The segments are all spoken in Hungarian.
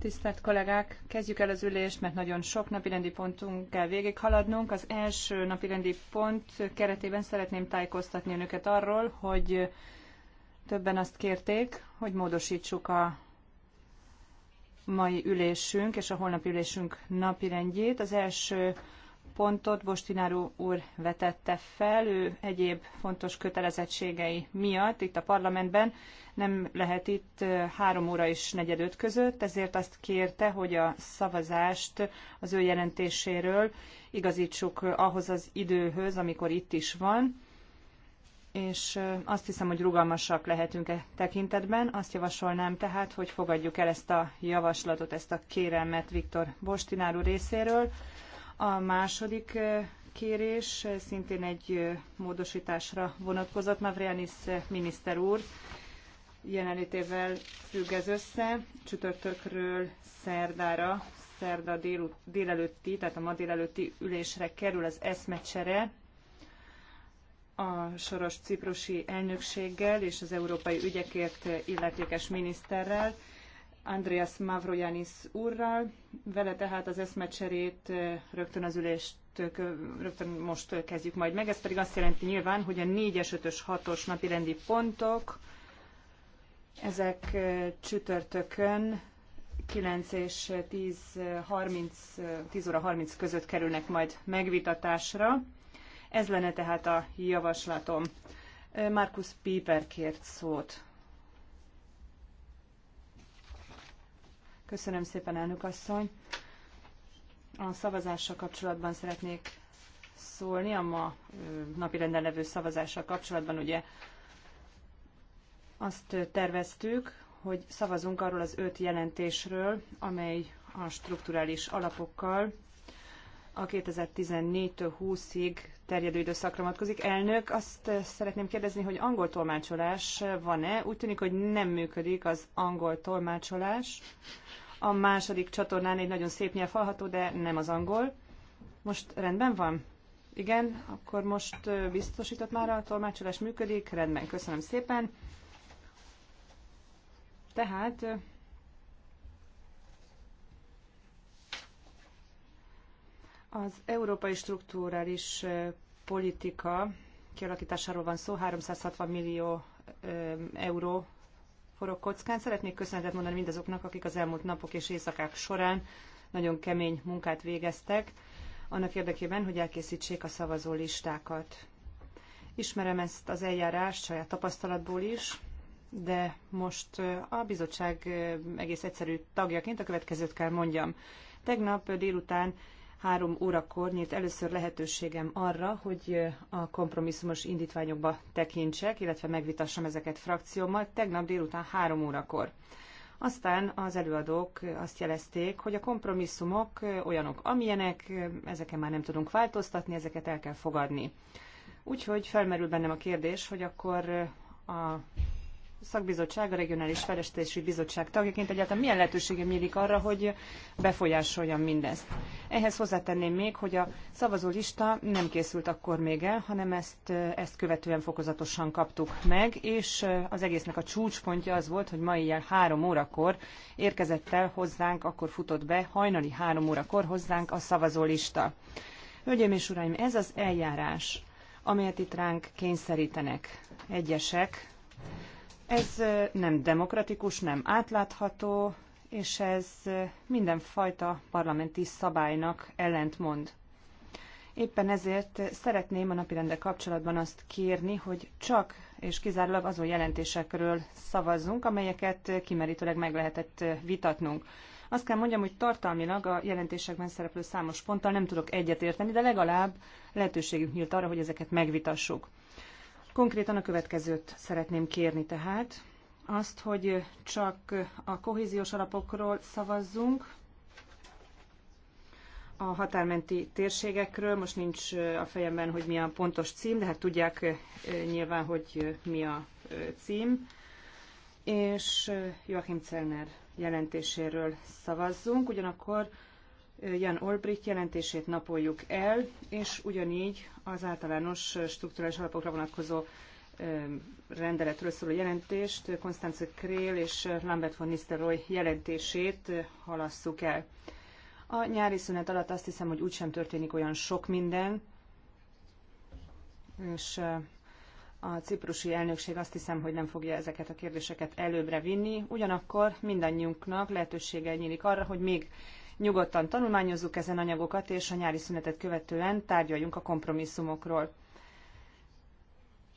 Tisztelt kollégák, kezdjük el az ülést, mert nagyon sok napirendi pontunk kell végighaladnunk. Az első napirendi pont keretében szeretném tájékoztatni önöket arról, hogy többen azt kérték, hogy módosítsuk a mai ülésünk és a holnapi ülésünk napirendjét. Az első pontot Bostináró úr vetette fel, ő egyéb fontos kötelezettségei miatt itt a parlamentben nem lehet itt három óra és negyedöt között, ezért azt kérte, hogy a szavazást az ő jelentéséről igazítsuk ahhoz az időhöz, amikor itt is van és azt hiszem, hogy rugalmasak lehetünk e tekintetben. Azt javasolnám tehát, hogy fogadjuk el ezt a javaslatot, ezt a kérelmet Viktor Bostináru részéről. A második kérés szintén egy módosításra vonatkozott. Mavrianis miniszter úr jelenlétével függ ez össze. Csütörtökről szerdára, szerda délelőtti, tehát a ma délelőtti ülésre kerül az eszmecsere a soros ciprusi elnökséggel és az európai ügyekért illetékes miniszterrel, Andreas Mavroyanis úrral. Vele tehát az eszmecserét rögtön az ülést rögtön most kezdjük majd meg. Ez pedig azt jelenti nyilván, hogy a 4-es, 5-ös, 6-os napi rendi pontok, ezek csütörtökön 9 és 10, 30, 10 óra 30 között kerülnek majd megvitatásra. Ez lenne tehát a javaslatom. Markus Piper kért szót. Köszönöm szépen, elnök asszony. A szavazással kapcsolatban szeretnék szólni, a ma napi levő szavazással kapcsolatban ugye azt terveztük, hogy szavazunk arról az öt jelentésről, amely a strukturális alapokkal a 2014 20-ig terjedő időszakra vonatkozik. Elnök, azt eh, szeretném kérdezni, hogy angol tolmácsolás eh, van-e? Úgy tűnik, hogy nem működik az angol tolmácsolás. A második csatornán egy nagyon szép nyelv hallható, de nem az angol. Most rendben van? Igen, akkor most eh, biztosított már a tolmácsolás működik. Rendben, köszönöm szépen. Tehát Az európai strukturális politika kialakításáról van szó, 360 millió euró forog kockán. Szeretnék köszönetet mondani mindazoknak, akik az elmúlt napok és éjszakák során nagyon kemény munkát végeztek, annak érdekében, hogy elkészítsék a szavazó listákat. Ismerem ezt az eljárást saját tapasztalatból is, de most a bizottság egész egyszerű tagjaként a következőt kell mondjam. Tegnap délután három órakor nyílt először lehetőségem arra, hogy a kompromisszumos indítványokba tekintsek, illetve megvitassam ezeket frakciómmal tegnap délután három órakor. Aztán az előadók azt jelezték, hogy a kompromisszumok olyanok, amilyenek, ezeken már nem tudunk változtatni, ezeket el kell fogadni. Úgyhogy felmerül bennem a kérdés, hogy akkor a szakbizottság, a Regionális Fejlesztési Bizottság tagjaként egyáltalán milyen lehetősége nyílik arra, hogy befolyásoljam mindezt. Ehhez hozzátenném még, hogy a szavazólista nem készült akkor még el, hanem ezt, ezt követően fokozatosan kaptuk meg, és az egésznek a csúcspontja az volt, hogy mai ilyen három órakor érkezett el hozzánk, akkor futott be hajnali három órakor hozzánk a szavazólista. Hölgyeim és uraim, ez az eljárás, amelyet itt ránk kényszerítenek egyesek, ez nem demokratikus, nem átlátható, és ez mindenfajta parlamenti szabálynak ellentmond. Éppen ezért szeretném a napirendel kapcsolatban azt kérni, hogy csak és kizárólag azon jelentésekről szavazzunk, amelyeket kimerítőleg meg lehetett vitatnunk. Azt kell mondjam, hogy tartalmilag a jelentésekben szereplő számos ponttal nem tudok egyetérteni, de legalább lehetőségünk nyílt arra, hogy ezeket megvitassuk. Konkrétan a következőt szeretném kérni tehát, azt, hogy csak a kohéziós alapokról szavazzunk, a határmenti térségekről, most nincs a fejemben, hogy mi a pontos cím, de hát tudják nyilván, hogy mi a cím, és Joachim Zellner jelentéséről szavazzunk, ugyanakkor Jan Olbricht jelentését napoljuk el, és ugyanígy az általános strukturális alapokra vonatkozó rendeletről szóló jelentést, Konstance Krél és Lambert von Nisteroy jelentését halasszuk el. A nyári szünet alatt azt hiszem, hogy úgysem történik olyan sok minden, és a ciprusi elnökség azt hiszem, hogy nem fogja ezeket a kérdéseket előbbre vinni. Ugyanakkor mindannyiunknak lehetősége nyílik arra, hogy még Nyugodtan tanulmányozzuk ezen anyagokat, és a nyári szünetet követően tárgyaljunk a kompromisszumokról.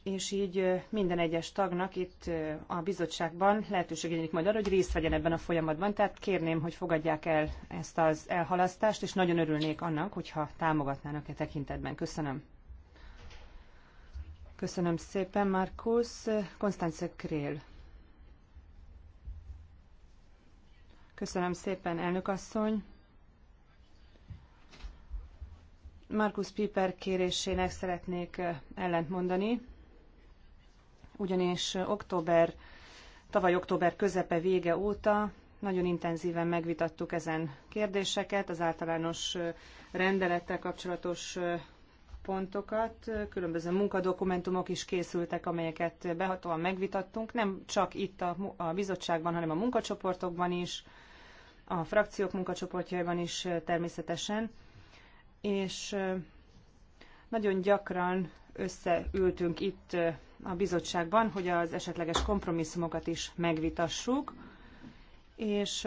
És így minden egyes tagnak itt a bizottságban lehetőség nyílik majd arra, hogy részt vegyen ebben a folyamatban. Tehát kérném, hogy fogadják el ezt az elhalasztást, és nagyon örülnék annak, hogyha támogatnának e tekintetben. Köszönöm. Köszönöm szépen, Markus. Konstance Krél Köszönöm szépen, elnök asszony. Markus Piper kérésének szeretnék eh, ellentmondani, ugyanis október, tavaly október közepe vége óta nagyon intenzíven megvitattuk ezen kérdéseket, az általános eh, rendelettel kapcsolatos eh, pontokat, különböző munkadokumentumok is készültek, amelyeket behatóan megvitattunk, nem csak itt a, a bizottságban, hanem a munkacsoportokban is, a frakciók munkacsoportjaiban is természetesen, és nagyon gyakran összeültünk itt a bizottságban, hogy az esetleges kompromisszumokat is megvitassuk, és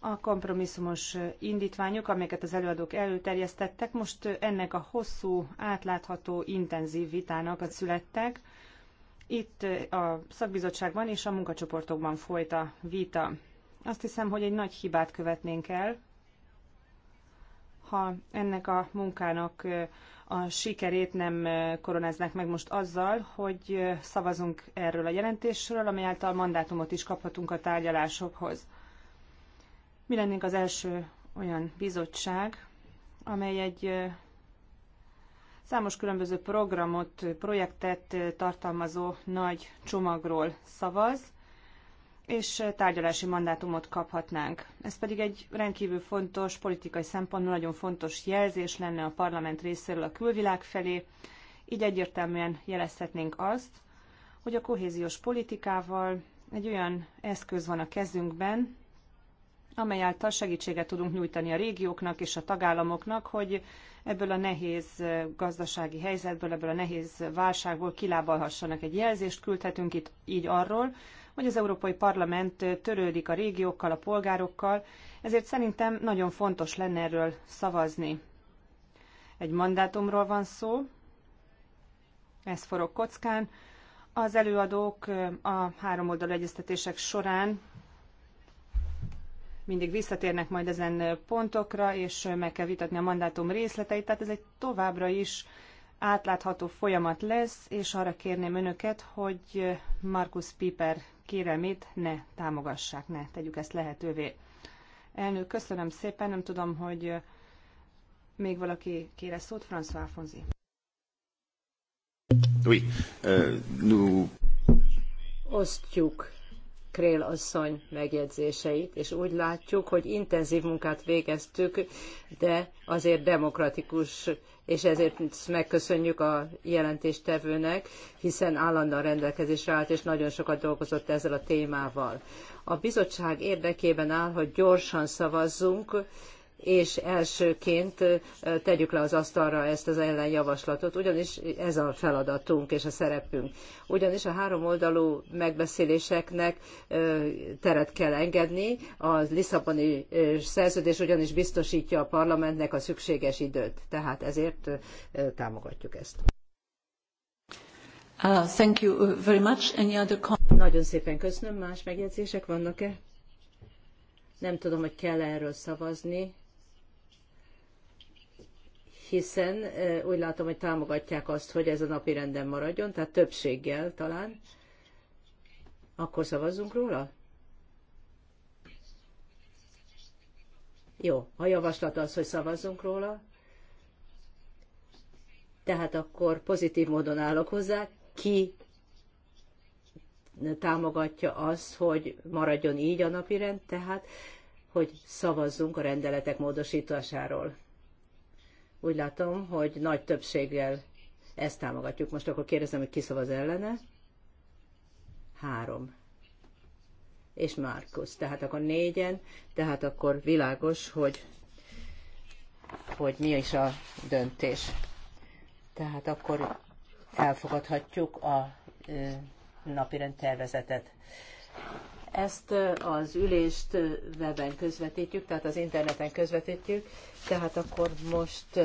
a kompromisszumos indítványok, amelyeket az előadók előterjesztettek, most ennek a hosszú, átlátható, intenzív vitának a születtek. Itt a szakbizottságban és a munkacsoportokban folyt a vita. Azt hiszem, hogy egy nagy hibát követnénk el, ha ennek a munkának a sikerét nem koronáznák meg most azzal, hogy szavazunk erről a jelentésről, amely által mandátumot is kaphatunk a tárgyalásokhoz. Mi lennénk az első olyan bizottság, amely egy számos különböző programot, projektet tartalmazó nagy csomagról szavaz, és tárgyalási mandátumot kaphatnánk. Ez pedig egy rendkívül fontos, politikai szempontból nagyon fontos jelzés lenne a parlament részéről a külvilág felé. Így egyértelműen jelezhetnénk azt, hogy a kohéziós politikával egy olyan eszköz van a kezünkben, amely által segítséget tudunk nyújtani a régióknak és a tagállamoknak, hogy ebből a nehéz gazdasági helyzetből, ebből a nehéz válságból kilábalhassanak. Egy jelzést küldhetünk itt így arról, hogy az Európai Parlament törődik a régiókkal, a polgárokkal, ezért szerintem nagyon fontos lenne erről szavazni. Egy mandátumról van szó, ez forog kockán. Az előadók a három oldal egyeztetések során mindig visszatérnek majd ezen pontokra, és meg kell vitatni a mandátum részleteit, tehát ez egy továbbra is átlátható folyamat lesz, és arra kérném önöket, hogy Markus Piper kérelmét ne támogassák, ne tegyük ezt lehetővé. Elnök, köszönöm szépen, nem tudom, hogy még valaki kére szót, François Alfonzi. Oui, uh, Osztjuk Krél asszony megjegyzéseit, és úgy látjuk, hogy intenzív munkát végeztük, de azért demokratikus, és ezért megköszönjük a jelentéstevőnek, hiszen állandóan rendelkezésre állt, és nagyon sokat dolgozott ezzel a témával. A bizottság érdekében áll, hogy gyorsan szavazzunk, és elsőként tegyük le az asztalra ezt az ellenjavaslatot, ugyanis ez a feladatunk és a szerepünk. Ugyanis a háromoldalú megbeszéléseknek teret kell engedni, a Lisszaboni szerződés ugyanis biztosítja a parlamentnek a szükséges időt, tehát ezért támogatjuk ezt. Uh, thank you very much. Any other Nagyon szépen köszönöm. Más megjegyzések vannak-e? Nem tudom, hogy kell -e erről szavazni hiszen úgy látom, hogy támogatják azt, hogy ez a napi renden maradjon, tehát többséggel talán. Akkor szavazzunk róla? Jó, a javaslat az, hogy szavazzunk róla. Tehát akkor pozitív módon állok hozzá. Ki támogatja azt, hogy maradjon így a napirend, tehát hogy szavazzunk a rendeletek módosításáról. Úgy látom, hogy nagy többséggel ezt támogatjuk. Most akkor kérdezem, hogy ki szavaz ellene. Három. És Márkus. Tehát akkor négyen, tehát akkor világos, hogy, hogy mi is a döntés. Tehát akkor elfogadhatjuk a napirend tervezetet. Ezt az ülést weben közvetítjük, tehát az interneten közvetítjük, tehát akkor most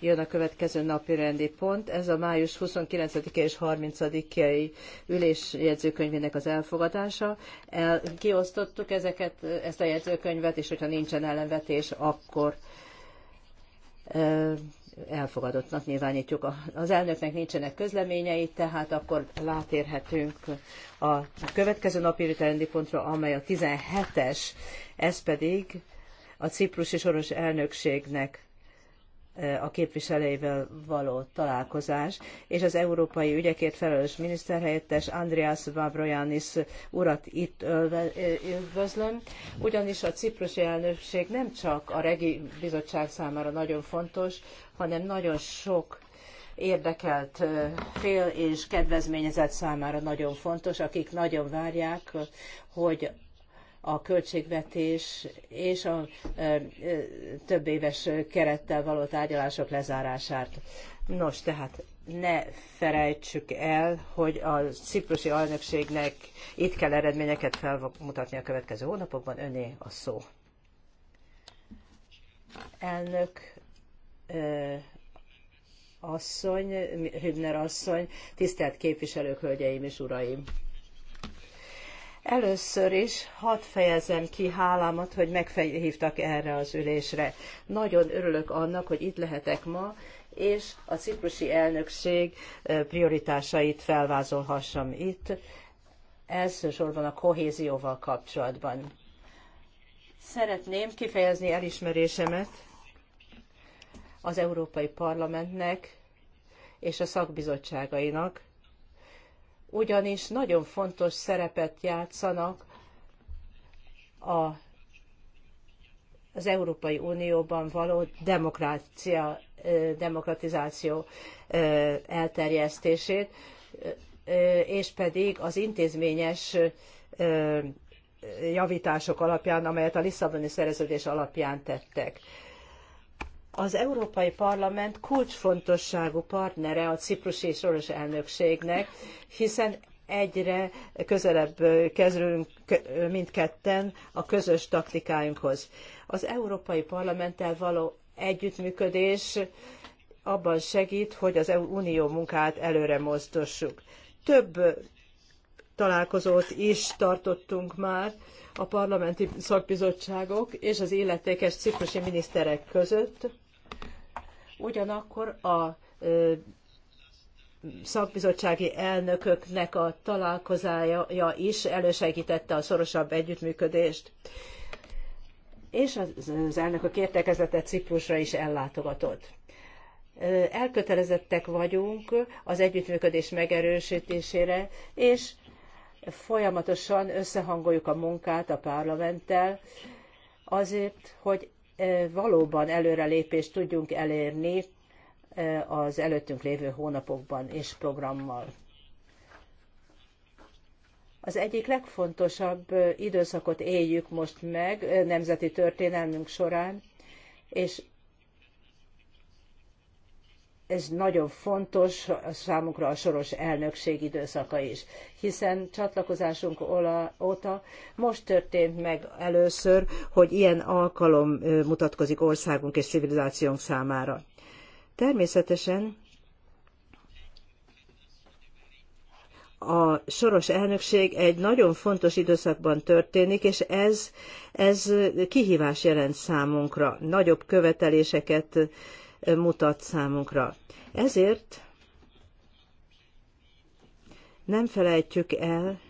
jön a következő napi rendi pont. Ez a május 29-e és 30-ai ülés jegyzőkönyvének az elfogadása. El, kiosztottuk ezeket, ezt a jegyzőkönyvet, és hogyha nincsen ellenvetés, akkor uh, elfogadottnak nyilvánítjuk. Az elnöknek nincsenek közleményei, tehát akkor látérhetünk a következő napi rendi pontra, amely a 17-es, ez pedig a ciprusi soros elnökségnek a képviselőivel való találkozás, és az európai ügyekért felelős miniszterhelyettes Andreas Vavroyanis urat itt üdvözlöm, ugyanis a ciprusi elnökség nem csak a regi bizottság számára nagyon fontos, hanem nagyon sok érdekelt fél és kedvezményezett számára nagyon fontos, akik nagyon várják, hogy a költségvetés és a e, e, több éves kerettel való tárgyalások lezárását. Nos, tehát ne felejtsük el, hogy a ciprusi alnökségnek itt kell eredményeket felmutatni a következő hónapokban. Öné a szó. Elnök e, asszony, Hübner asszony, tisztelt képviselők, hölgyeim és uraim! Először is hadd fejezem ki hálámat, hogy meghívtak erre az ülésre. Nagyon örülök annak, hogy itt lehetek ma, és a ciprusi elnökség prioritásait felvázolhassam itt, elsősorban a kohézióval kapcsolatban. Szeretném kifejezni elismerésemet az Európai Parlamentnek és a szakbizottságainak, ugyanis nagyon fontos szerepet játszanak a, az Európai Unióban való demokrácia, demokratizáció elterjesztését, és pedig az intézményes javítások alapján, amelyet a Lisszaboni szerződés alapján tettek. Az Európai Parlament kulcsfontosságú partnere a ciprusi soros elnökségnek, hiszen egyre közelebb kezdünk mindketten a közös taktikáinkhoz. Az Európai Parlamenttel való együttműködés abban segít, hogy az Unió munkát előre mozdossuk. Több találkozót is tartottunk már a parlamenti szakbizottságok és az illetékes ciprusi miniszterek között Ugyanakkor a szakbizottsági elnököknek a találkozája is elősegítette a szorosabb együttműködést. És az elnökök értekezete Ciprusra is ellátogatott. Elkötelezettek vagyunk az együttműködés megerősítésére, és folyamatosan összehangoljuk a munkát a parlamenttel, azért, hogy valóban előrelépést tudjunk elérni az előttünk lévő hónapokban és programmal. Az egyik legfontosabb időszakot éljük most meg nemzeti történelmünk során, és ez nagyon fontos számunkra a soros elnökség időszaka is, hiszen csatlakozásunk óta most történt meg először, hogy ilyen alkalom mutatkozik országunk és civilizációnk számára. Természetesen a soros elnökség egy nagyon fontos időszakban történik, és ez, ez kihívás jelent számunkra. Nagyobb követeléseket mutat számunkra. Ezért nem felejtjük el,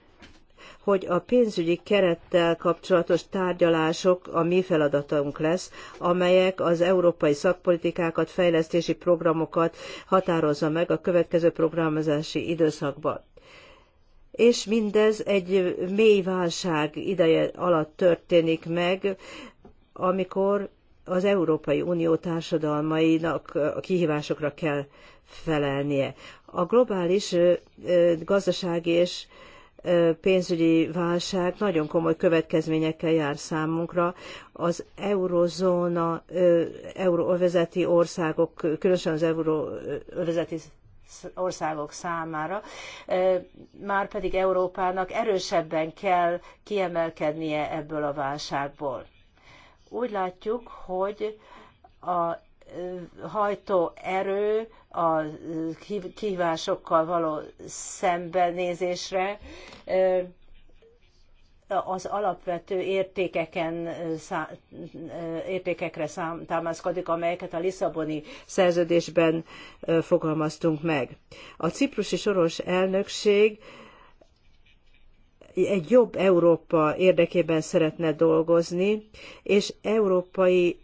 hogy a pénzügyi kerettel kapcsolatos tárgyalások a mi feladatunk lesz, amelyek az európai szakpolitikákat, fejlesztési programokat határozza meg a következő programozási időszakban. És mindez egy mély válság ideje alatt történik meg, amikor az Európai Unió társadalmainak a kihívásokra kell felelnie. A globális gazdasági és pénzügyi válság nagyon komoly következményekkel jár számunkra. Az eurozóna, euróvezeti országok, különösen az euróvezeti országok számára, már pedig Európának erősebben kell kiemelkednie ebből a válságból úgy látjuk, hogy a hajtó erő a kihívásokkal való szembenézésre az alapvető értékeken, értékekre szám, támaszkodik, amelyeket a Lisszaboni szerződésben fogalmaztunk meg. A ciprusi soros elnökség egy jobb Európa érdekében szeretne dolgozni, és európai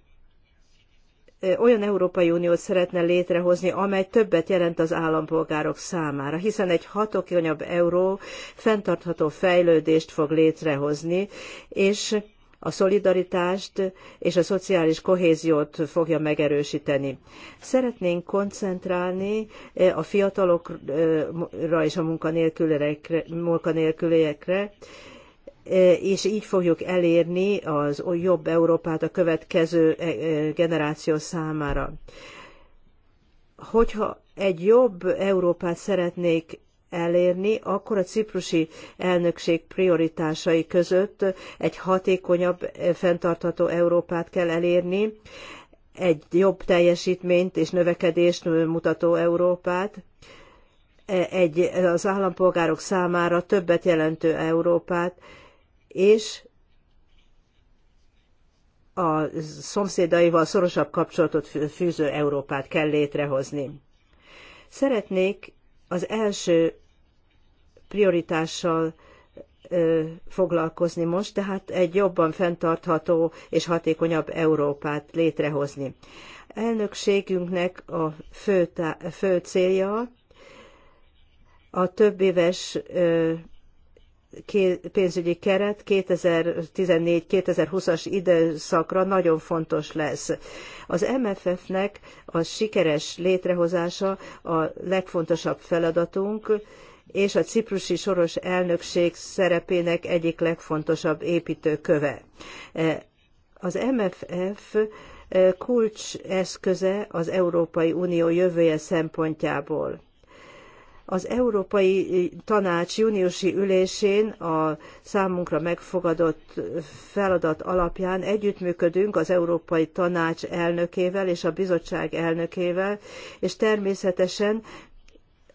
olyan Európai Uniót szeretne létrehozni, amely többet jelent az állampolgárok számára, hiszen egy hatókonyabb euró fenntartható fejlődést fog létrehozni, és a szolidaritást és a szociális kohéziót fogja megerősíteni. Szeretnénk koncentrálni eh, a fiatalokra és a munkanélküliekre, eh, és így fogjuk elérni az jobb Európát a következő eh, generáció számára. Hogyha egy jobb Európát szeretnék elérni, akkor a ciprusi elnökség prioritásai között egy hatékonyabb, fenntartható Európát kell elérni, egy jobb teljesítményt és növekedést mutató Európát, egy, az állampolgárok számára többet jelentő Európát, és a szomszédaival szorosabb kapcsolatot fűző Európát kell létrehozni. Szeretnék az első prioritással foglalkozni most, tehát egy jobban fenntartható és hatékonyabb Európát létrehozni. Elnökségünknek a fő, fő célja a több éves pénzügyi keret 2014-2020-as időszakra nagyon fontos lesz. Az MFF-nek a sikeres létrehozása a legfontosabb feladatunk, és a ciprusi soros elnökség szerepének egyik legfontosabb építőköve. E, az MFF e, kulcseszköze az Európai Unió jövője szempontjából. Az Európai Tanács júniusi ülésén a számunkra megfogadott feladat alapján együttműködünk az Európai Tanács elnökével és a bizottság elnökével, és természetesen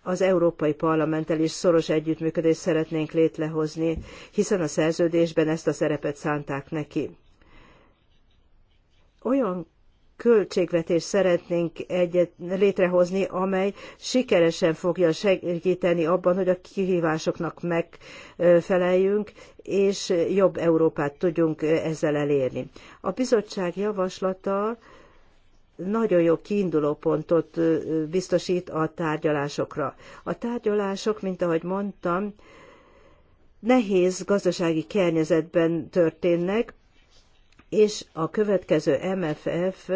az Európai Parlamenttel is szoros együttműködést szeretnénk létrehozni, hiszen a szerződésben ezt a szerepet szánták neki. Olyan költségvetést szeretnénk egyet létrehozni, amely sikeresen fogja segíteni abban, hogy a kihívásoknak megfeleljünk, és jobb Európát tudjunk ezzel elérni. A bizottság javaslata nagyon jó kiindulópontot biztosít a tárgyalásokra. A tárgyalások, mint ahogy mondtam, nehéz gazdasági környezetben történnek, és a következő MFF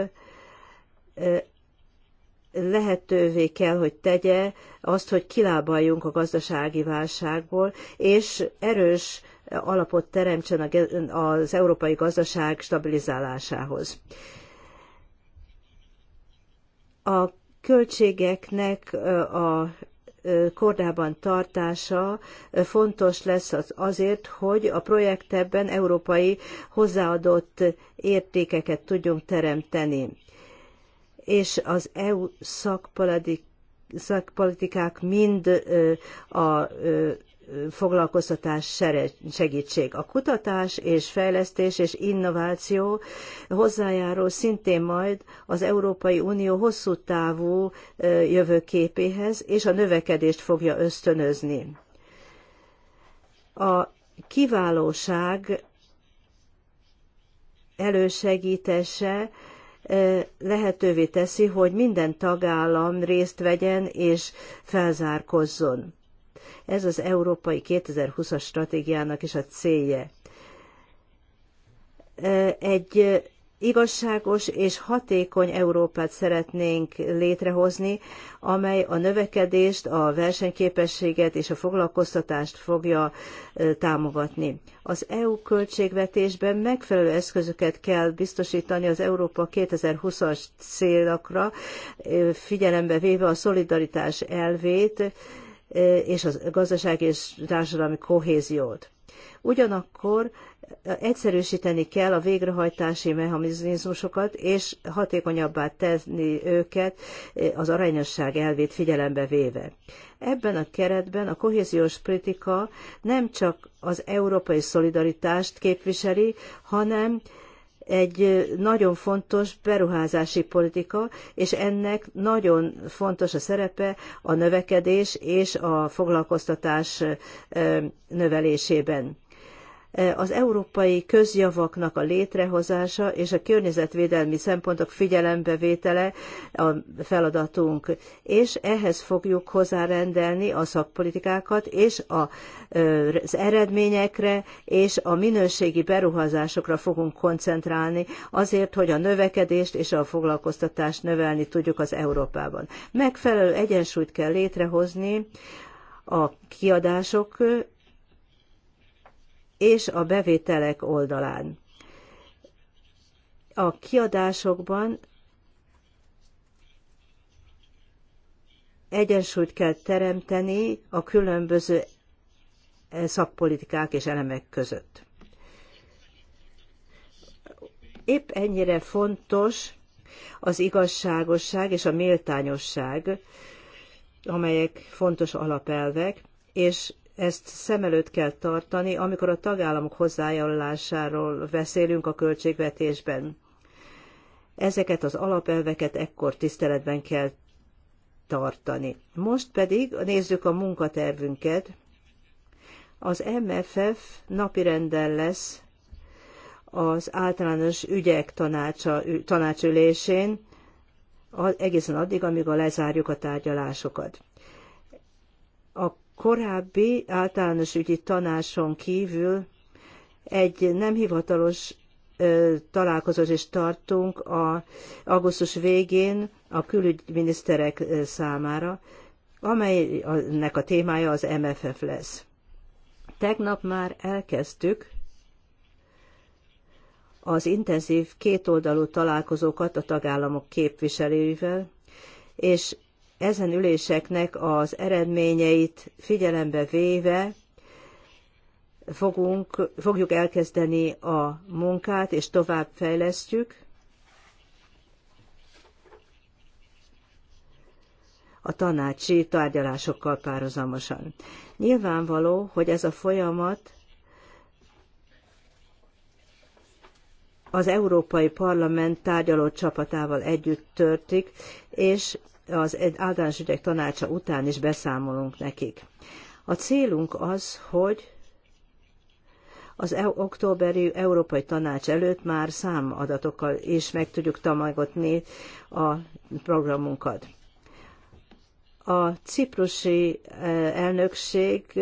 lehetővé kell, hogy tegye azt, hogy kilábaljunk a gazdasági válságból, és erős alapot teremtsen az európai gazdaság stabilizálásához. A költségeknek a kordában tartása fontos lesz az azért, hogy a projektebben európai hozzáadott értékeket tudjunk teremteni. És az EU szakpolitikák mind a foglalkoztatás segítség. A kutatás és fejlesztés és innováció hozzájárul szintén majd az Európai Unió hosszú távú jövőképéhez, és a növekedést fogja ösztönözni. A kiválóság elősegítése lehetővé teszi, hogy minden tagállam részt vegyen és felzárkozzon. Ez az Európai 2020-as stratégiának is a célja. Egy igazságos és hatékony Európát szeretnénk létrehozni, amely a növekedést, a versenyképességet és a foglalkoztatást fogja támogatni. Az EU költségvetésben megfelelő eszközöket kell biztosítani az Európa 2020-as célokra, figyelembe véve a szolidaritás elvét, és a gazdaság és társadalmi kohéziót. Ugyanakkor egyszerűsíteni kell a végrehajtási mechanizmusokat, és hatékonyabbá tenni őket az arányosság elvét figyelembe véve. Ebben a keretben a kohéziós politika nem csak az európai szolidaritást képviseli, hanem egy nagyon fontos beruházási politika, és ennek nagyon fontos a szerepe a növekedés és a foglalkoztatás növelésében. E, az európai közjavaknak a létrehozása és a környezetvédelmi szempontok figyelembevétele a feladatunk, és ehhez fogjuk hozzárendelni a szakpolitikákat és a, e, az eredményekre és a minőségi beruházásokra fogunk koncentrálni azért, hogy a növekedést és a foglalkoztatást növelni tudjuk az Európában. Megfelelő egyensúlyt kell létrehozni a kiadások és a bevételek oldalán. A kiadásokban egyensúlyt kell teremteni a különböző eh, szakpolitikák és elemek között. Épp ennyire fontos az igazságosság és a méltányosság, amelyek fontos alapelvek, és ezt szem előtt kell tartani, amikor a tagállamok hozzájárulásáról beszélünk a költségvetésben. Ezeket az alapelveket ekkor tiszteletben kell tartani. Most pedig nézzük a munkatervünket. Az MFF napirenden lesz az általános ügyek tanácsa, tanácsülésén, egészen addig, amíg a lezárjuk a tárgyalásokat. A korábbi általános ügyi tanáson kívül egy nem hivatalos találkozót is tartunk a, augusztus végén a külügyminiszterek számára, amelynek a témája az MFF lesz. Tegnap már elkezdtük az intenzív kétoldalú találkozókat a tagállamok képviselőivel, és ezen üléseknek az eredményeit figyelembe véve fogunk, fogjuk elkezdeni a munkát, és tovább fejlesztjük. a tanácsi tárgyalásokkal párhuzamosan. Nyilvánvaló, hogy ez a folyamat az Európai Parlament tárgyaló csapatával együtt törtik és az általános ügyek tanácsa után is beszámolunk nekik. A célunk az, hogy az e- októberi Európai Tanács előtt már számadatokkal is meg tudjuk tamagotni a programunkat. A ciprusi e, elnökség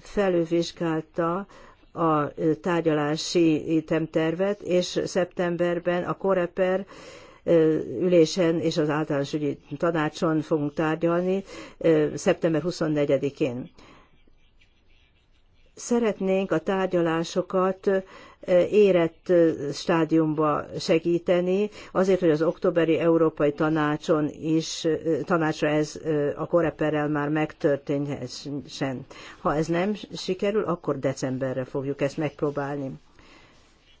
felülvizsgálta a e, tárgyalási itemtervet, és szeptemberben a Koreper ülésen és az általános ügyi tanácson fogunk tárgyalni szeptember 24-én. Szeretnénk a tárgyalásokat érett stádiumba segíteni, azért, hogy az októberi Európai Tanácson is, tanácsra ez a koreperrel már megtörténhessen. Ha ez nem sikerül, akkor decemberre fogjuk ezt megpróbálni.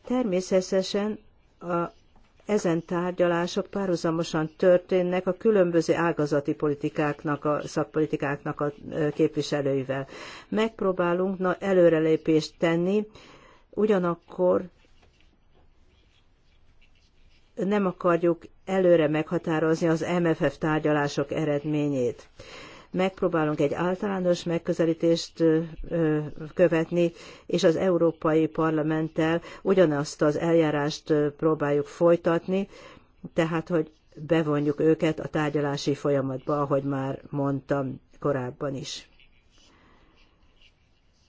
Természetesen a ezen tárgyalások párhuzamosan történnek a különböző ágazati politikáknak, a szakpolitikáknak a képviselőivel. Megpróbálunk na, előrelépést tenni, ugyanakkor nem akarjuk előre meghatározni az MFF tárgyalások eredményét megpróbálunk egy általános megközelítést követni, és az Európai Parlamenttel ugyanazt az eljárást próbáljuk folytatni, tehát hogy bevonjuk őket a tárgyalási folyamatba, ahogy már mondtam korábban is.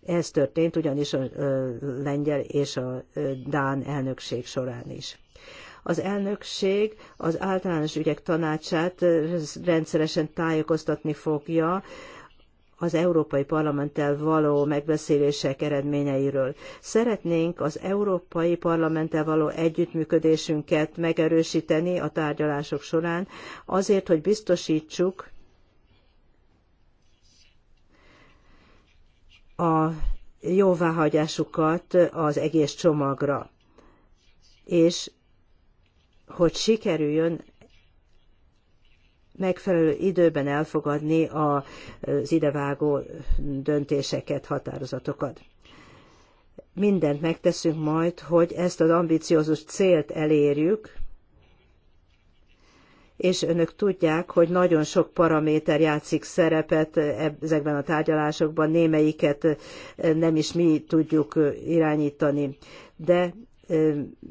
Ez történt ugyanis a lengyel és a dán elnökség során is. Az elnökség az általános ügyek tanácsát rendszeresen tájékoztatni fogja az Európai Parlamenttel való megbeszélések eredményeiről. Szeretnénk az Európai Parlamenttel való együttműködésünket megerősíteni a tárgyalások során, azért, hogy biztosítsuk a jóváhagyásukat az egész csomagra. És hogy sikerüljön megfelelő időben elfogadni az idevágó döntéseket, határozatokat. Mindent megteszünk majd, hogy ezt az ambiciózus célt elérjük, és önök tudják, hogy nagyon sok paraméter játszik szerepet ezekben a tárgyalásokban, némelyiket nem is mi tudjuk irányítani. De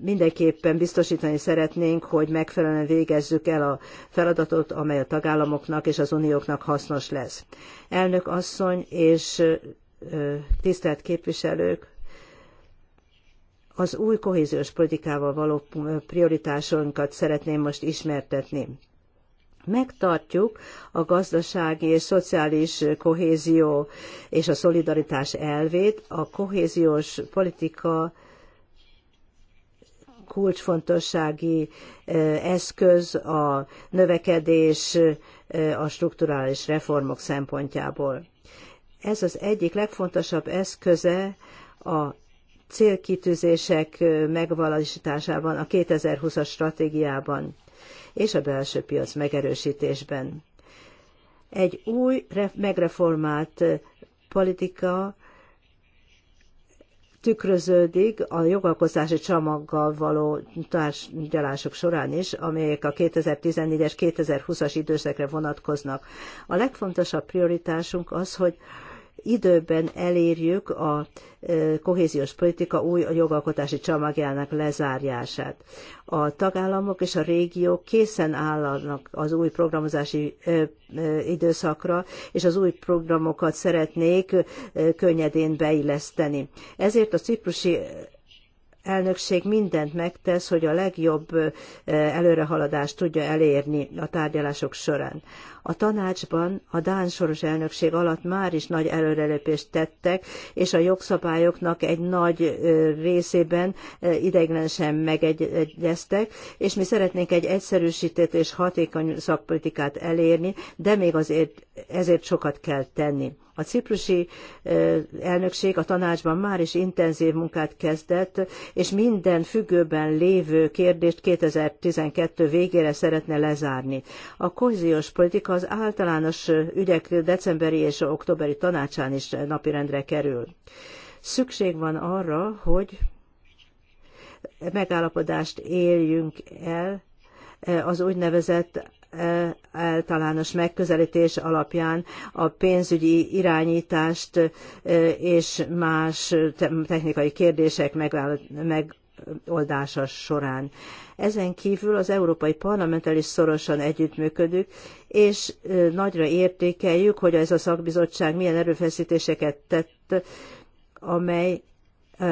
mindenképpen biztosítani szeretnénk, hogy megfelelően végezzük el a feladatot, amely a tagállamoknak és az unióknak hasznos lesz. Elnök asszony és tisztelt képviselők, az új kohéziós politikával való prioritásunkat szeretném most ismertetni. Megtartjuk a gazdasági és szociális kohézió és a szolidaritás elvét, a kohéziós politika kulcsfontossági eszköz a növekedés a strukturális reformok szempontjából. Ez az egyik legfontosabb eszköze a célkitűzések megvalósításában, a 2020-as stratégiában és a belső piac megerősítésben. Egy új, megreformált politika tükröződik a jogalkotási csomaggal való tárgyalások során is, amelyek a 2014-es, 2020-as időszakra vonatkoznak. A legfontosabb prioritásunk az, hogy időben elérjük a e, kohéziós politika új jogalkotási csomagjának lezárását. A tagállamok és a régiók készen állnak az új programozási e, e, időszakra, és az új programokat szeretnék könnyedén beilleszteni. Ezért a ciprusi elnökség mindent megtesz, hogy a legjobb előrehaladást tudja elérni a tárgyalások során. A tanácsban a Dán soros elnökség alatt már is nagy előrelépést tettek, és a jogszabályoknak egy nagy részében ideiglenesen megegyeztek, és mi szeretnénk egy egyszerűsített és hatékony szakpolitikát elérni, de még azért ezért sokat kell tenni. A ciprusi elnökség a tanácsban már is intenzív munkát kezdett, és minden függőben lévő kérdést 2012 végére szeretne lezárni. A kohéziós politika az általános ügyek decemberi és októberi tanácsán is napirendre kerül. Szükség van arra, hogy megállapodást éljünk el e, az úgynevezett e, általános megközelítés alapján a pénzügyi irányítást e, és más technikai kérdések meg oldása során. Ezen kívül az Európai Parlamenttel is szorosan együttműködünk, és nagyra értékeljük, hogy ez a szakbizottság milyen erőfeszítéseket tett, amely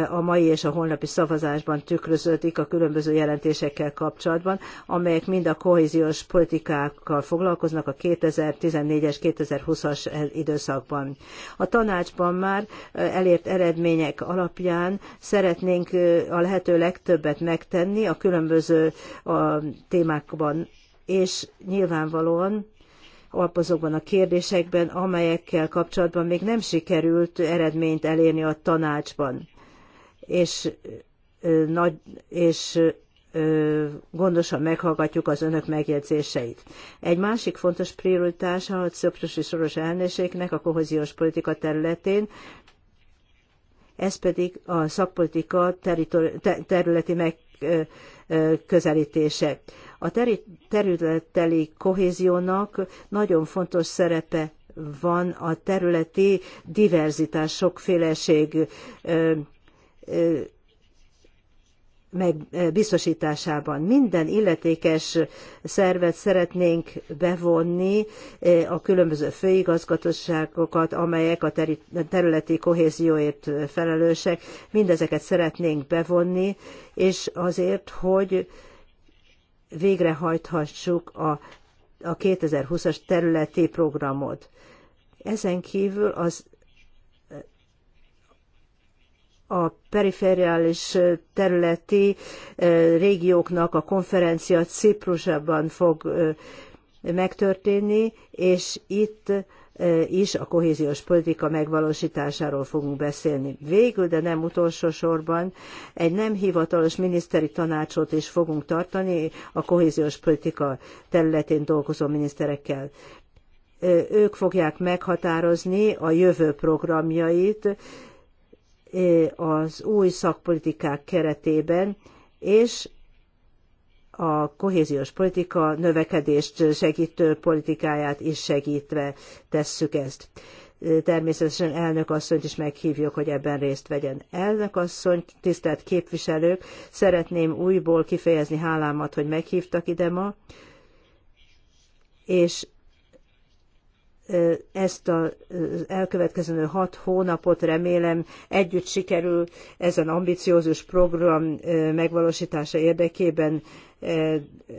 a mai és a holnapi szavazásban tükröződik a különböző jelentésekkel kapcsolatban, amelyek mind a kohéziós politikákkal foglalkoznak a 2014-es, 2020-as időszakban. A tanácsban már elért eredmények alapján szeretnénk a lehető legtöbbet megtenni a különböző a témákban, és nyilvánvalóan azokban a kérdésekben, amelyekkel kapcsolatban még nem sikerült eredményt elérni a tanácsban és, nagy, és gondosan meghallgatjuk az önök megjegyzéseit. Egy másik fontos prioritása a Szöprösi Soros elnökségnek a kohéziós politika területén, ez pedig a szakpolitika területi megközelítése. A teri- területeli kohéziónak nagyon fontos szerepe van a területi diverzitás, sokféleség meg biztosításában. Minden illetékes szervet szeretnénk bevonni a különböző főigazgatóságokat, amelyek a területi kohézióért felelősek. Mindezeket szeretnénk bevonni, és azért, hogy végrehajthassuk a, a 2020-as területi programot. Ezen kívül az a perifériális területi régióknak a konferencia Ciprusban fog megtörténni, és itt is a kohéziós politika megvalósításáról fogunk beszélni. Végül, de nem utolsó sorban, egy nem hivatalos miniszteri tanácsot is fogunk tartani a kohéziós politika területén dolgozó miniszterekkel. Ők fogják meghatározni a jövő programjait, az új szakpolitikák keretében, és a kohéziós politika növekedést segítő politikáját is segítve tesszük ezt. Természetesen elnök asszonyt is meghívjuk, hogy ebben részt vegyen. Elnök asszony, tisztelt képviselők, szeretném újból kifejezni hálámat, hogy meghívtak ide ma, és ezt az elkövetkező hat hónapot remélem együtt sikerül ezen ambiciózus program megvalósítása érdekében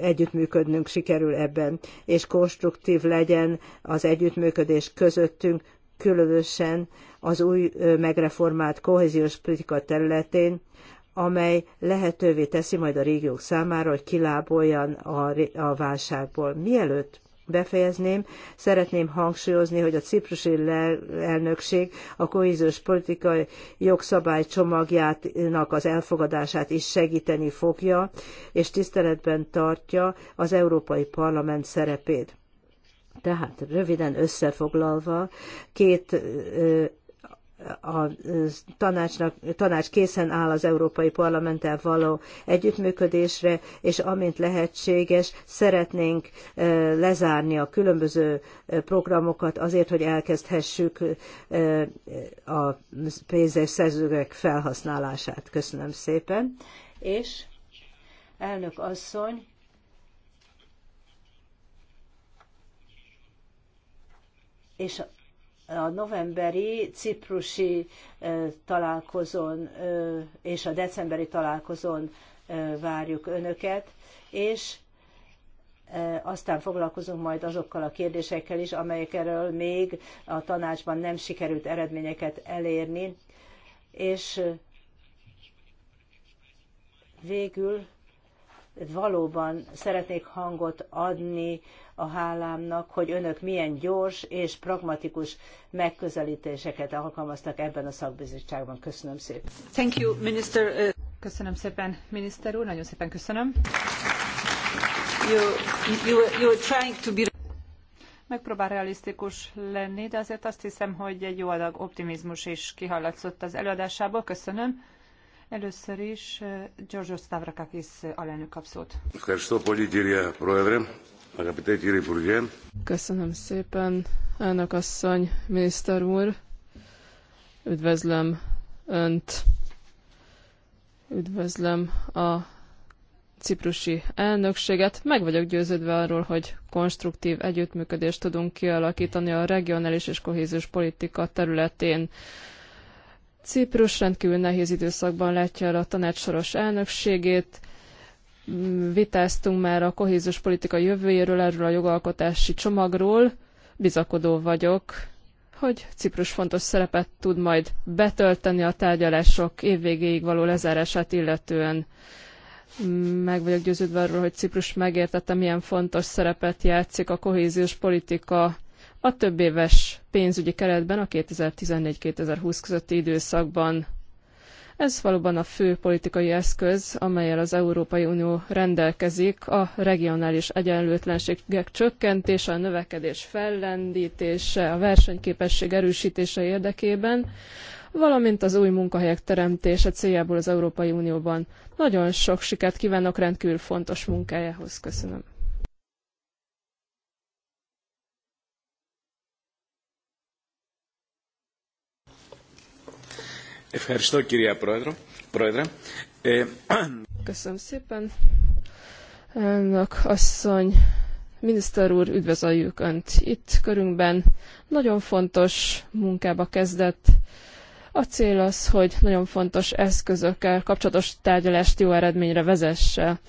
együttműködnünk sikerül ebben, és konstruktív legyen az együttműködés közöttünk, különösen az új megreformált kohéziós politika területén, amely lehetővé teszi majd a régiók számára, hogy kiláboljan a, a válságból. Mielőtt befejezném, szeretném hangsúlyozni, hogy a ciprusi elnökség a kohéziós politikai jogszabály csomagjának az elfogadását is segíteni fogja, és tiszteletben tartja az Európai Parlament szerepét. Tehát röviden összefoglalva, két a tanácsnak, tanács készen áll az Európai Parlamenttel való együttműködésre, és amint lehetséges, szeretnénk lezárni a különböző programokat azért, hogy elkezdhessük a pénzes szerzőgek felhasználását. Köszönöm szépen. És elnök asszony, és a novemberi ciprusi találkozón és a decemberi találkozón várjuk önöket, és aztán foglalkozunk majd azokkal a kérdésekkel is, amelyekről még a tanácsban nem sikerült eredményeket elérni, és végül valóban szeretnék hangot adni a hálámnak, hogy önök milyen gyors és pragmatikus megközelítéseket alkalmaztak ebben a szakbizottságban. Köszönöm szépen. Thank you, Minister. Uh, köszönöm szépen, miniszter úr, nagyon szépen köszönöm. You, you, you trying to be... Megpróbál realisztikus lenni, de azért azt hiszem, hogy egy jó adag optimizmus is kihallatszott az előadásából. Köszönöm. Először is eh, Georgios Stavrakakis eh, alelnök kap szót. Köszönöm szépen, elnök asszony, miniszter úr. Üdvözlöm Önt. Üdvözlöm a ciprusi elnökséget. Meg vagyok győződve arról, hogy konstruktív együttműködést tudunk kialakítani a regionális és kohéziós politika területén. Ciprus rendkívül nehéz időszakban látja el a tanács soros elnökségét, vitáztunk már a kohézus politika jövőjéről, erről a jogalkotási csomagról. Bizakodó vagyok, hogy Ciprus fontos szerepet tud majd betölteni a tárgyalások évvégéig való lezárását illetően. Meg vagyok győződve arról, hogy Ciprus megértette, milyen fontos szerepet játszik a kohéziós politika a több éves pénzügyi keretben a 2014-2020 közötti időszakban ez valóban a fő politikai eszköz, amelyel az Európai Unió rendelkezik a regionális egyenlőtlenségek csökkentése, a növekedés fellendítése, a versenyképesség erősítése érdekében, valamint az új munkahelyek teremtése céljából az Európai Unióban. Nagyon sok sikert kívánok rendkívül fontos munkájához. Köszönöm. Ευχαριστώ κυρία Πρόεδρο. Πρόεδρε. Köszönöm szépen. Elnök asszony, miniszter úr, üdvözöljük Önt itt körünkben. Nagyon fontos munkába kezdett. A cél az, hogy nagyon fontos eszközökkel kapcsolatos tárgyalást jó eredményre vezesse.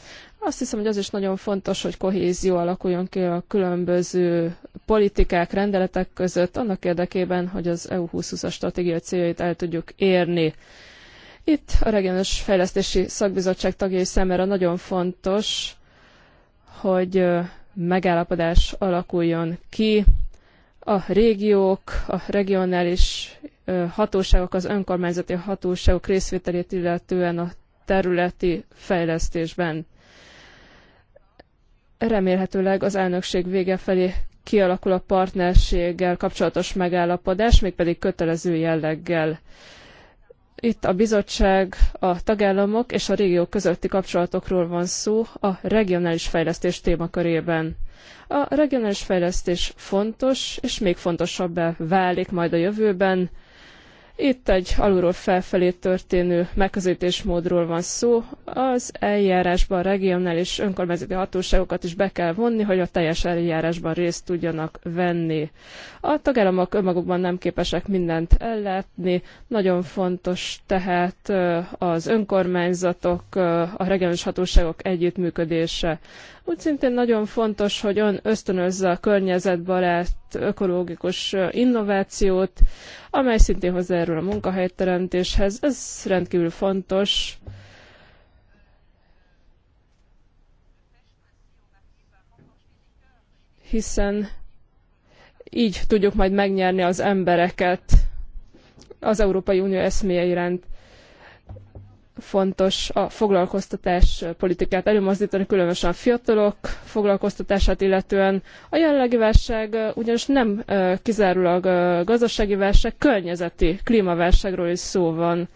Azt hiszem, hogy az is nagyon fontos, hogy kohézió alakuljon ki a különböző politikák, rendeletek között, annak érdekében, hogy az EU 2020-as stratégia céljait el tudjuk érni. Itt a Regionális Fejlesztési Szakbizottság tagjai számára nagyon fontos, hogy megállapodás alakuljon ki a régiók, a regionális hatóságok, az önkormányzati hatóságok részvételét illetően a területi fejlesztésben remélhetőleg az elnökség vége felé kialakul a partnerséggel kapcsolatos megállapodás, mégpedig kötelező jelleggel. Itt a bizottság, a tagállamok és a régiók közötti kapcsolatokról van szó a regionális fejlesztés témakörében. A regionális fejlesztés fontos, és még fontosabbá válik majd a jövőben, itt egy alulról felfelé történő megközelítésmódról van szó. Az eljárásban regionális önkormányzati hatóságokat is be kell vonni, hogy a teljes eljárásban részt tudjanak venni. A tagállamok önmagukban nem képesek mindent ellátni. Nagyon fontos tehát az önkormányzatok, a regionális hatóságok együttműködése. Úgy szintén nagyon fontos, hogy ön ösztönözze a környezetbarát ökológikus innovációt, amely szintén hozzájárul a munkahelyteremtéshez. Ez rendkívül fontos. hiszen így tudjuk majd megnyerni az embereket az Európai Unió eszméje iránt fontos a foglalkoztatás politikát előmozdítani, különösen a fiatalok foglalkoztatását illetően. A jelenlegi válság ugyanis nem kizárólag gazdasági válság, környezeti klímaválságról is szó van.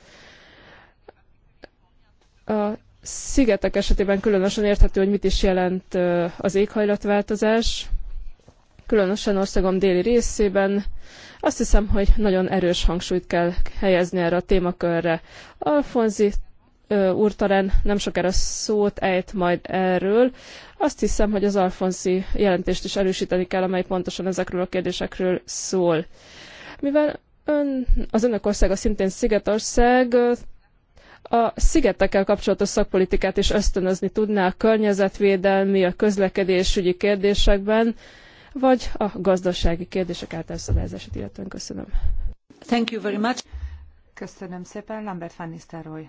A szigetek esetében különösen érthető, hogy mit is jelent az éghajlatváltozás, különösen országom déli részében. Azt hiszem, hogy nagyon erős hangsúlyt kell helyezni erre a témakörre. Alfonzi úr nem sokára szót ejt majd erről. Azt hiszem, hogy az Alfonszi jelentést is erősíteni kell, amely pontosan ezekről a kérdésekről szól. Mivel ön, az önök országa szintén Szigetország, a szigetekkel kapcsolatos szakpolitikát is ösztönözni tudná a környezetvédelmi, a közlekedésügyi kérdésekben, vagy a gazdasági kérdések által szabályozását illetően. Köszönöm. Thank you very much. Köszönöm szépen, Lambert van Nistelrooy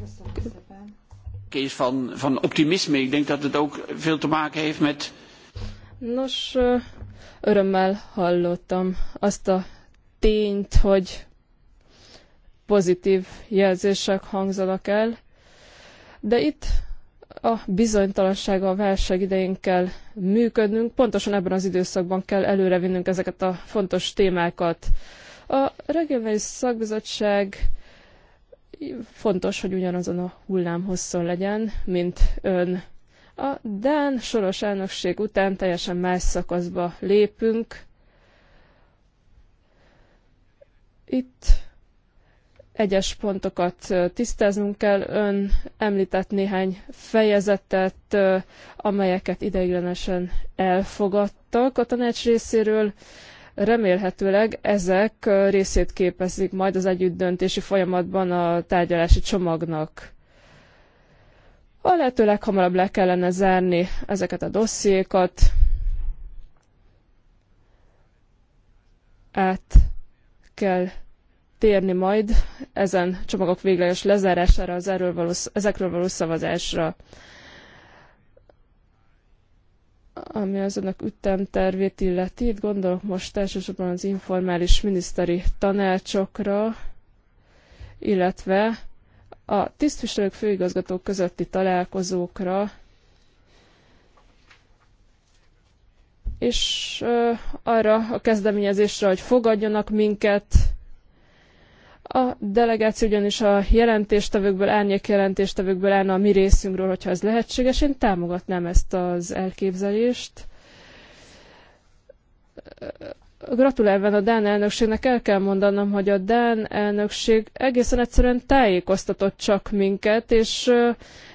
Köszönöm Is van, van optimisme. Ik denk dat het ook veel te maken heeft met... Nos, örömmel hallottam azt a tényt, hogy pozitív jelzések hangzanak el, de itt a bizonytalansága a válság idején kell működnünk, pontosan ebben az időszakban kell előrevinnünk ezeket a fontos témákat. A regionális szakbizottság Fontos, hogy ugyanazon a hullám hosszon legyen, mint ön. A Dán soros elnökség után teljesen más szakaszba lépünk. Itt egyes pontokat tisztáznunk kell. Ön említett néhány fejezetet, amelyeket ideiglenesen elfogadtak a tanács részéről. Remélhetőleg ezek részét képezik majd az együttdöntési folyamatban a tárgyalási csomagnak. A lehető leghamarabb le kellene zárni ezeket a dossziékat, át kell térni majd ezen csomagok végleges lezárására, az erről való, ezekről való szavazásra ami az önök ütemtervét illeti. Itt gondolok most elsősorban az informális miniszteri tanácsokra, illetve a tisztviselők főigazgatók közötti találkozókra, és arra a kezdeményezésre, hogy fogadjanak minket, a delegáció ugyanis a jelentéstevőkből, árnyék jelentéstevőkből állna a mi részünkről, hogyha ez lehetséges. Én támogatnám ezt az elképzelést. Gratulálván a Dán elnökségnek el kell mondanom, hogy a Dán elnökség egészen egyszerűen tájékoztatott csak minket, és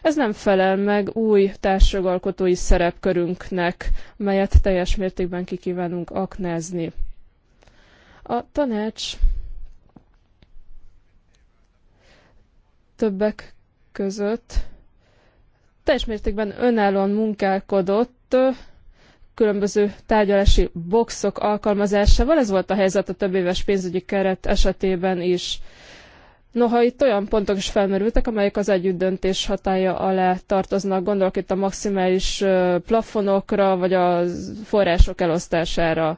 ez nem felel meg új társjogalkotói szerepkörünknek, melyet teljes mértékben kikívánunk aknázni. A tanács többek között teljes mértékben önállóan munkálkodott különböző tárgyalási boxok alkalmazásával. Ez volt a helyzet a több éves pénzügyi keret esetében is. Noha itt olyan pontok is felmerültek, amelyek az együttdöntés hatája alá tartoznak, gondolok itt a maximális plafonokra, vagy a források elosztására.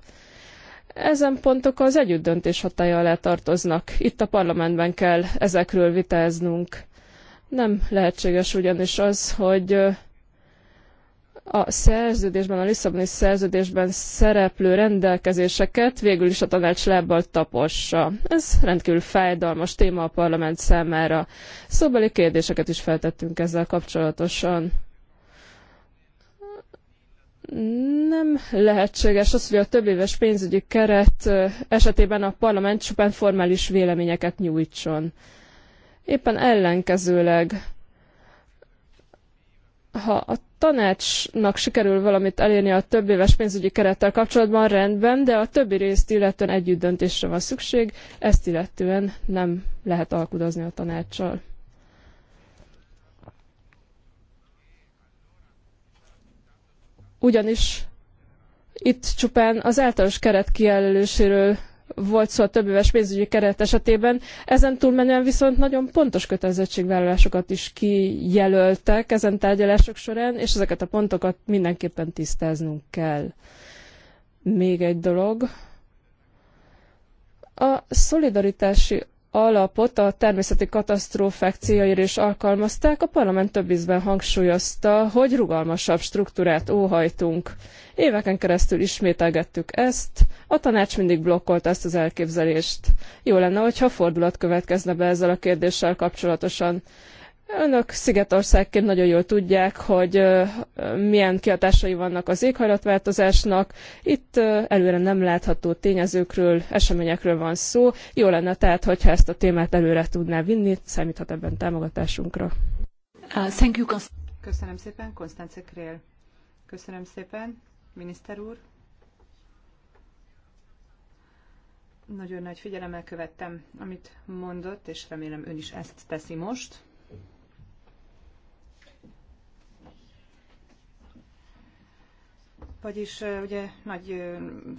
Ezen pontok az együttdöntés hatája alá tartoznak. Itt a parlamentben kell ezekről vitáznunk. Nem lehetséges ugyanis az, hogy a szerződésben, a Lisszaboni szerződésben szereplő rendelkezéseket végül is a tanács lábbal tapossa. Ez rendkívül fájdalmas téma a parlament számára. Szóbeli kérdéseket is feltettünk ezzel kapcsolatosan nem lehetséges az, hogy a több éves pénzügyi keret esetében a parlament csupán formális véleményeket nyújtson. Éppen ellenkezőleg, ha a tanácsnak sikerül valamit elérni a több éves pénzügyi kerettel kapcsolatban, rendben, de a többi részt illetően együtt döntésre van szükség, ezt illetően nem lehet alkudozni a tanácssal. ugyanis itt csupán az általános keret kijelöléséről volt szó a többéves pénzügyi keret esetében, ezen túlmenően viszont nagyon pontos kötelezettségvállalásokat is kijelöltek ezen tárgyalások során, és ezeket a pontokat mindenképpen tisztáznunk kell. Még egy dolog. A szolidaritási alapot a természeti katasztrófák céljaira is alkalmazták, a parlament több ízben hangsúlyozta, hogy rugalmasabb struktúrát óhajtunk. Éveken keresztül ismételgettük ezt, a tanács mindig blokkolt ezt az elképzelést. Jó lenne, hogyha fordulat következne be ezzel a kérdéssel kapcsolatosan. Önök Szigetországként nagyon jól tudják, hogy milyen kiadásai vannak az éghajlatváltozásnak. Itt előre nem látható tényezőkről, eseményekről van szó. Jó lenne tehát, hogyha ezt a témát előre tudná vinni, számíthat ebben támogatásunkra. Uh, thank you, Köszönöm szépen, Konstance Krél. Köszönöm szépen, miniszter úr. Nagyon nagy figyelemmel követtem, amit mondott, és remélem ön is ezt teszi most. vagyis ugye nagy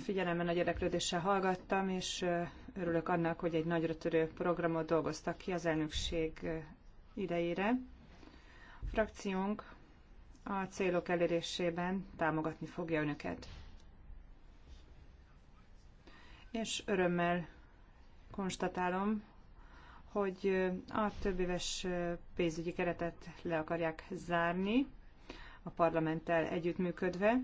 figyelemmel, nagy érdeklődéssel hallgattam, és örülök annak, hogy egy nagyra törő programot dolgoztak ki az elnökség idejére. A frakciónk a célok elérésében támogatni fogja önöket. És örömmel konstatálom, hogy a éves pénzügyi keretet le akarják zárni a parlamenttel együttműködve,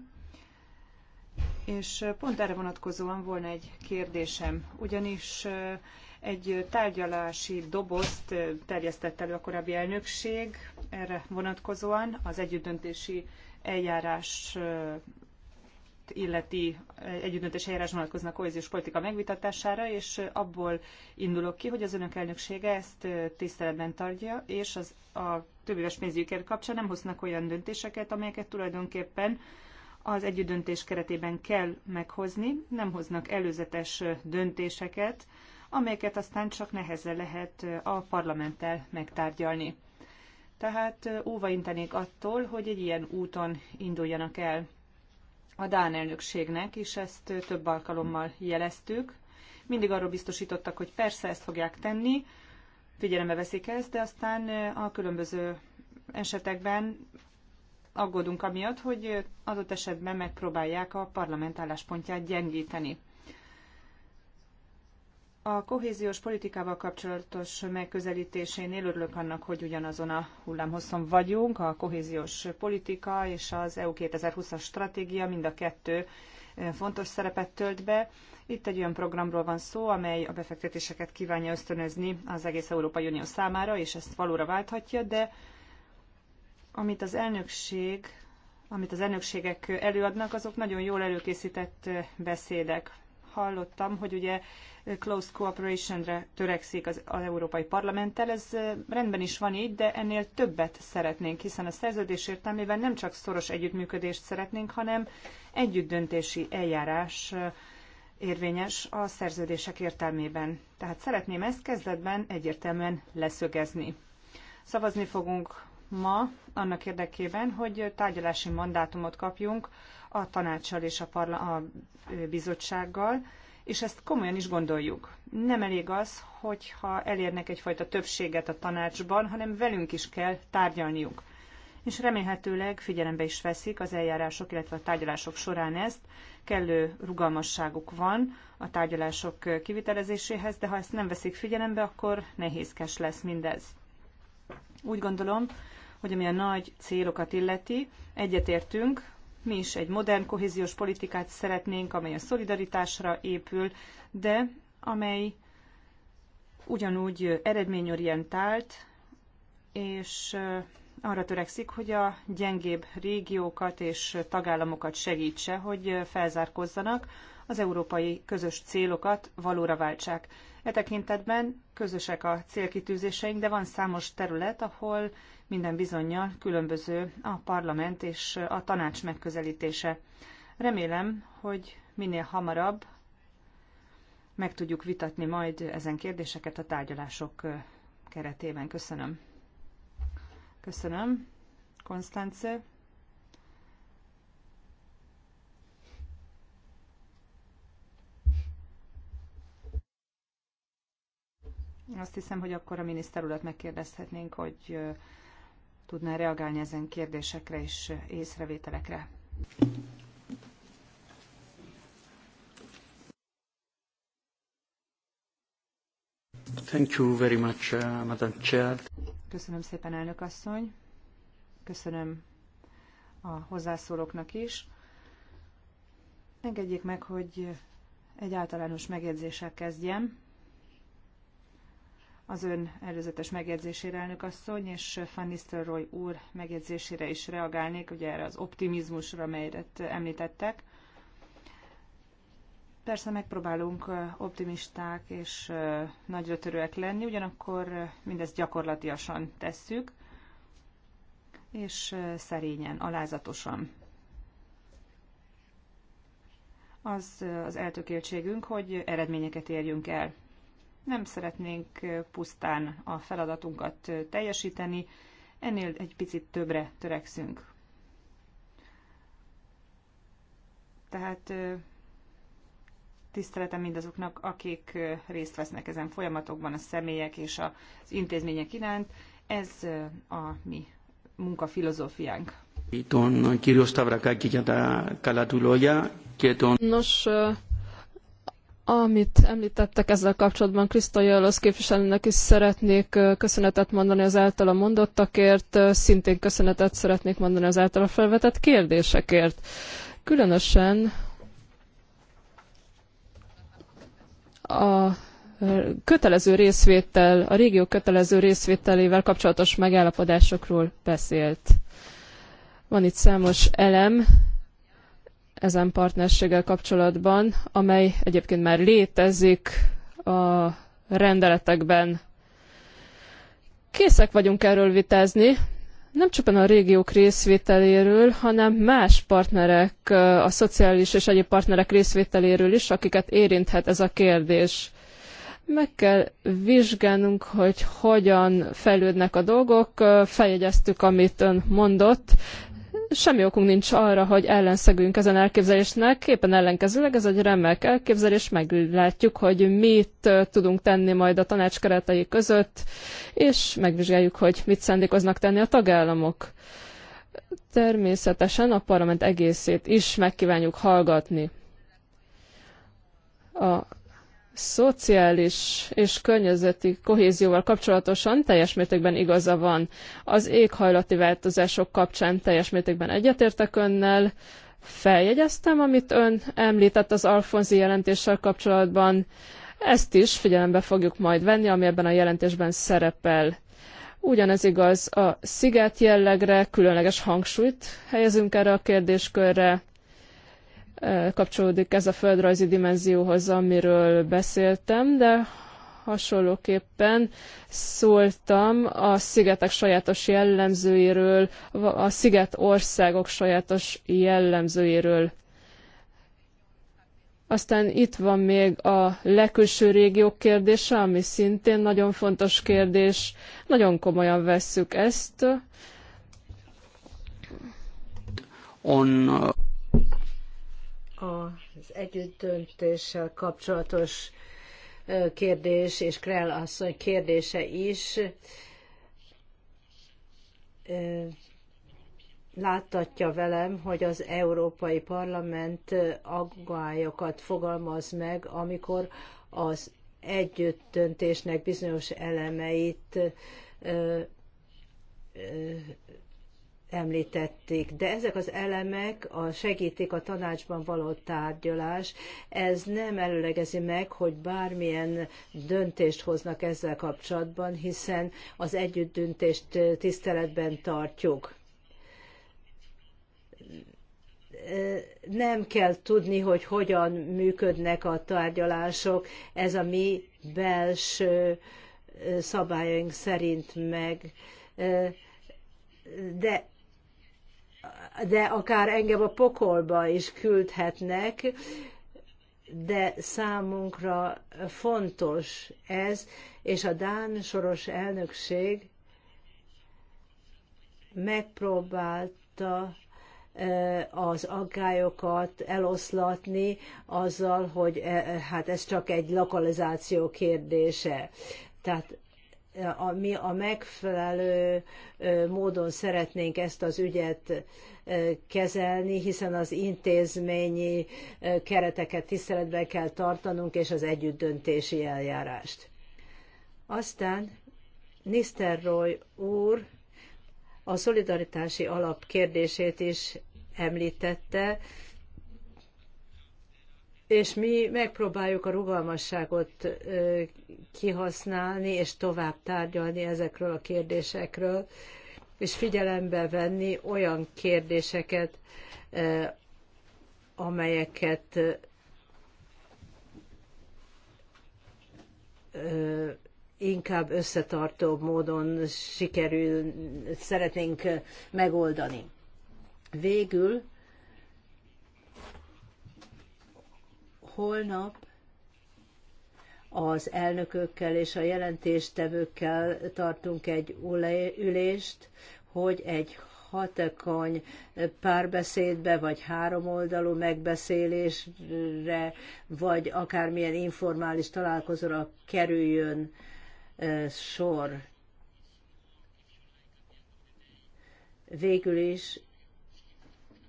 és pont erre vonatkozóan volna egy kérdésem, ugyanis egy tárgyalási dobozt terjesztett elő a korábbi elnökség erre vonatkozóan az együttdöntési eljárás illeti együttdöntési eljárás vonatkozna a kohéziós politika megvitatására, és abból indulok ki, hogy az önök elnöksége ezt tiszteletben tartja, és az, a többéves pénzügyi kapcsán nem hoznak olyan döntéseket, amelyeket tulajdonképpen az együttdöntés keretében kell meghozni, nem hoznak előzetes döntéseket, amelyeket aztán csak nehezen lehet a parlamenttel megtárgyalni. Tehát óvaintenék attól, hogy egy ilyen úton induljanak el a Dán elnökségnek, és ezt több alkalommal jeleztük. Mindig arról biztosítottak, hogy persze ezt fogják tenni, figyelembe veszik ezt, de aztán a különböző esetekben aggódunk amiatt, hogy adott esetben megpróbálják a parlament álláspontját gyengíteni. A kohéziós politikával kapcsolatos megközelítésénél örülök annak, hogy ugyanazon a hullámhosszon vagyunk. A kohéziós politika és az EU 2020-as stratégia mind a kettő eh, fontos szerepet tölt be. Itt egy olyan programról van szó, amely a befektetéseket kívánja ösztönözni az egész Európai Unió számára, és ezt valóra válthatja, de amit az elnökség, amit az elnökségek előadnak, azok nagyon jól előkészített beszédek. Hallottam, hogy ugye close cooperationre törekszik az, az Európai Parlamenttel. Ez rendben is van így, de ennél többet szeretnénk, hiszen a szerződés értelmében nem csak szoros együttműködést szeretnénk, hanem együttdöntési eljárás érvényes a szerződések értelmében. Tehát szeretném ezt kezdetben egyértelműen leszögezni. Szavazni fogunk ma annak érdekében, hogy tárgyalási mandátumot kapjunk a tanácssal és a, parla- a bizottsággal, és ezt komolyan is gondoljuk. Nem elég az, hogyha elérnek egyfajta többséget a tanácsban, hanem velünk is kell tárgyalniuk. És remélhetőleg figyelembe is veszik az eljárások, illetve a tárgyalások során ezt. Kellő rugalmasságuk van a tárgyalások kivitelezéséhez, de ha ezt nem veszik figyelembe, akkor nehézkes lesz mindez. Úgy gondolom, hogy ami a nagy célokat illeti, egyetértünk, mi is egy modern kohéziós politikát szeretnénk, amely a szolidaritásra épül, de amely ugyanúgy eredményorientált, és arra törekszik, hogy a gyengébb régiókat és tagállamokat segítse, hogy felzárkozzanak, az európai közös célokat valóra váltsák. E tekintetben közösek a célkitűzéseink, de van számos terület, ahol minden bizonyal különböző a parlament és a tanács megközelítése. Remélem, hogy minél hamarabb meg tudjuk vitatni majd ezen kérdéseket a tárgyalások keretében. Köszönöm. Köszönöm. Konstance. Azt hiszem, hogy akkor a miniszter urat megkérdezhetnénk, hogy tudná reagálni ezen kérdésekre és észrevételekre. Thank you very much, uh, Madam Chair. Köszönöm szépen, elnök asszony. Köszönöm a hozzászólóknak is. Engedjék meg, hogy egy általános megjegyzéssel kezdjem az ön előzetes megjegyzésére, elnök asszony, és Van Nistelrooy úr megjegyzésére is reagálnék, ugye erre az optimizmusra, melyet említettek. Persze megpróbálunk optimisták és nagyra törőek lenni, ugyanakkor mindezt gyakorlatiasan tesszük, és szerényen, alázatosan. Az az eltökéltségünk, hogy eredményeket érjünk el nem szeretnénk pusztán a feladatunkat teljesíteni, ennél egy picit többre törekszünk. Tehát tiszteletem mindazoknak, akik részt vesznek ezen folyamatokban, a személyek és az intézmények iránt. Ez a mi munkafilozófiánk. Nos, amit említettek ezzel kapcsolatban, Kriszta Jelösz képviselőnek is szeretnék köszönetet mondani az általa mondottakért, szintén köszönetet szeretnék mondani az általa felvetett kérdésekért. Különösen a kötelező részvétel, a régió kötelező részvételével kapcsolatos megállapodásokról beszélt. Van itt számos elem, ezen partnerséggel kapcsolatban, amely egyébként már létezik a rendeletekben. Készek vagyunk erről vitázni, nem csupán a régiók részvételéről, hanem más partnerek, a szociális és egyéb partnerek részvételéről is, akiket érinthet ez a kérdés. Meg kell vizsgálnunk, hogy hogyan fejlődnek a dolgok. Feljegyeztük, amit ön mondott, semmi okunk nincs arra, hogy ellenszegünk ezen elképzelésnek, éppen ellenkezőleg ez egy remek elképzelés, meglátjuk, hogy mit tudunk tenni majd a tanács keretei között, és megvizsgáljuk, hogy mit szándékoznak tenni a tagállamok. Természetesen a parlament egészét is megkívánjuk hallgatni. A szociális és környezeti kohézióval kapcsolatosan teljes mértékben igaza van. Az éghajlati változások kapcsán teljes mértékben egyetértek önnel. Feljegyeztem, amit ön említett az Alfonzi jelentéssel kapcsolatban. Ezt is figyelembe fogjuk majd venni, ami ebben a jelentésben szerepel. Ugyanez igaz a sziget jellegre, különleges hangsúlyt helyezünk erre a kérdéskörre kapcsolódik ez a földrajzi dimenzióhoz, amiről beszéltem, de hasonlóképpen szóltam a szigetek sajátos jellemzőiről, a sziget országok sajátos jellemzőiről. Aztán itt van még a legkülső régiók kérdése, ami szintén nagyon fontos kérdés. Nagyon komolyan vesszük ezt. On, uh, az együttdöntéssel kapcsolatos kérdés és Krell asszony kérdése is láttatja velem, hogy az Európai Parlament aggályokat fogalmaz meg, amikor az együttdöntésnek bizonyos elemeit említették, de ezek az elemek a segítik a tanácsban való tárgyalás. Ez nem előlegezi meg, hogy bármilyen döntést hoznak ezzel kapcsolatban, hiszen az együtt döntést tiszteletben tartjuk nem kell tudni, hogy hogyan működnek a tárgyalások, ez a mi belső eh, szabályaink szerint meg. Eh, de de akár engem a pokolba is küldhetnek, de számunkra fontos ez, és a Dán soros elnökség megpróbálta e, az aggályokat eloszlatni azzal, hogy e, e, hát ez csak egy lokalizáció kérdése. Tehát mi a megfelelő módon szeretnénk ezt az ügyet kezelni, hiszen az intézményi kereteket tiszteletben kell tartanunk, és az együttdöntési eljárást. Aztán Nisztelrooy úr a szolidaritási alap kérdését is említette, és mi megpróbáljuk a rugalmasságot kihasználni, és tovább tárgyalni ezekről a kérdésekről, és figyelembe venni olyan kérdéseket, amelyeket inkább összetartó módon sikerül, szeretnénk megoldani. Végül holnap az elnökökkel és a jelentéstevőkkel tartunk egy ülést, hogy egy hatékony párbeszédbe, vagy háromoldalú megbeszélésre, vagy akármilyen informális találkozóra kerüljön sor. Végül is,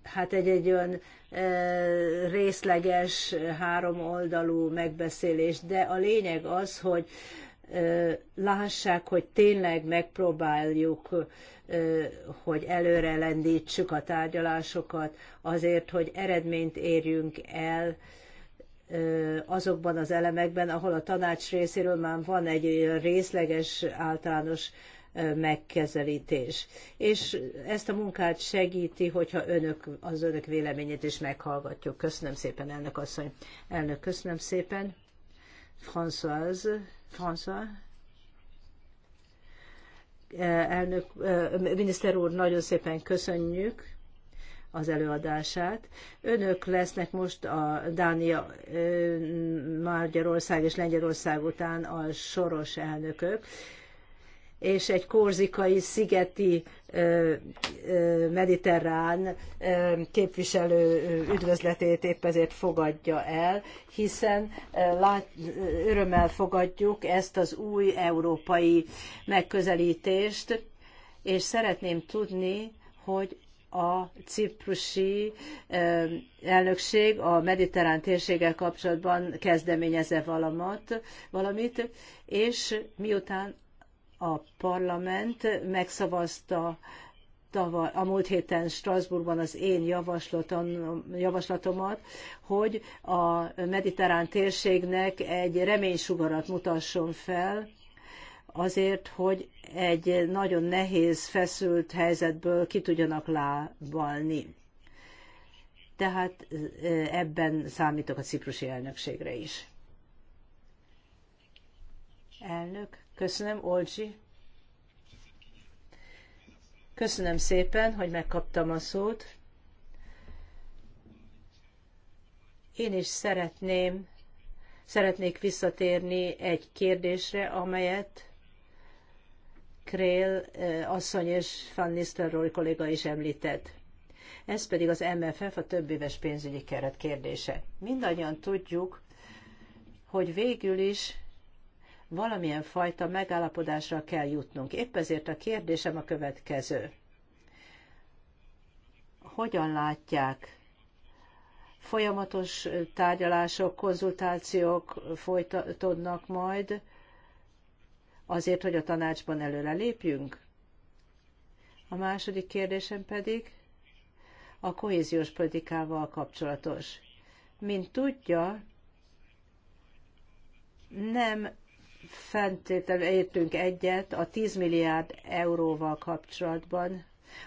hát egy, egy olyan részleges háromoldalú megbeszélés, de a lényeg az, hogy lássák, hogy tényleg megpróbáljuk, hogy előre lendítsük a tárgyalásokat azért, hogy eredményt érjünk el azokban az elemekben, ahol a tanács részéről már van egy részleges általános megkezelítés. És ezt a munkát segíti, hogyha önök, az önök véleményét is meghallgatjuk. Köszönöm szépen, elnök asszony. Elnök, köszönöm szépen. Françoise, François, elnök, miniszter úr, nagyon szépen köszönjük az előadását. Önök lesznek most a Dánia, Magyarország és Lengyelország után a soros elnökök és egy korzikai szigeti mediterrán képviselő üdvözletét épp ezért fogadja el, hiszen lát, örömmel fogadjuk ezt az új európai megközelítést, és szeretném tudni, hogy a ciprusi elnökség a mediterrán térséggel kapcsolatban kezdeményeze valamat, valamit, és miután a parlament megszavazta tavaly, a múlt héten Strasbourgban az én javaslatomat, hogy a mediterrán térségnek egy reménysugarat mutasson fel, azért, hogy egy nagyon nehéz, feszült helyzetből ki tudjanak lábalni. Tehát ebben számítok a ciprusi elnökségre is. Elnök, Köszönöm, Olcsi. Köszönöm szépen, hogy megkaptam a szót. Én is szeretném, szeretnék visszatérni egy kérdésre, amelyet Krél eh, asszony és Van Nistelrooy kolléga is említett. Ez pedig az MFF, a többéves pénzügyi keret kérdése. Mindannyian tudjuk, hogy végül is valamilyen fajta megállapodásra kell jutnunk. Épp ezért a kérdésem a következő. Hogyan látják folyamatos tárgyalások, konzultációk folytatódnak majd, azért, hogy a tanácsban előre lépjünk? A második kérdésem pedig a kohéziós politikával kapcsolatos. Mint tudja, nem feltétlenül értünk egyet a 10 milliárd euróval kapcsolatban,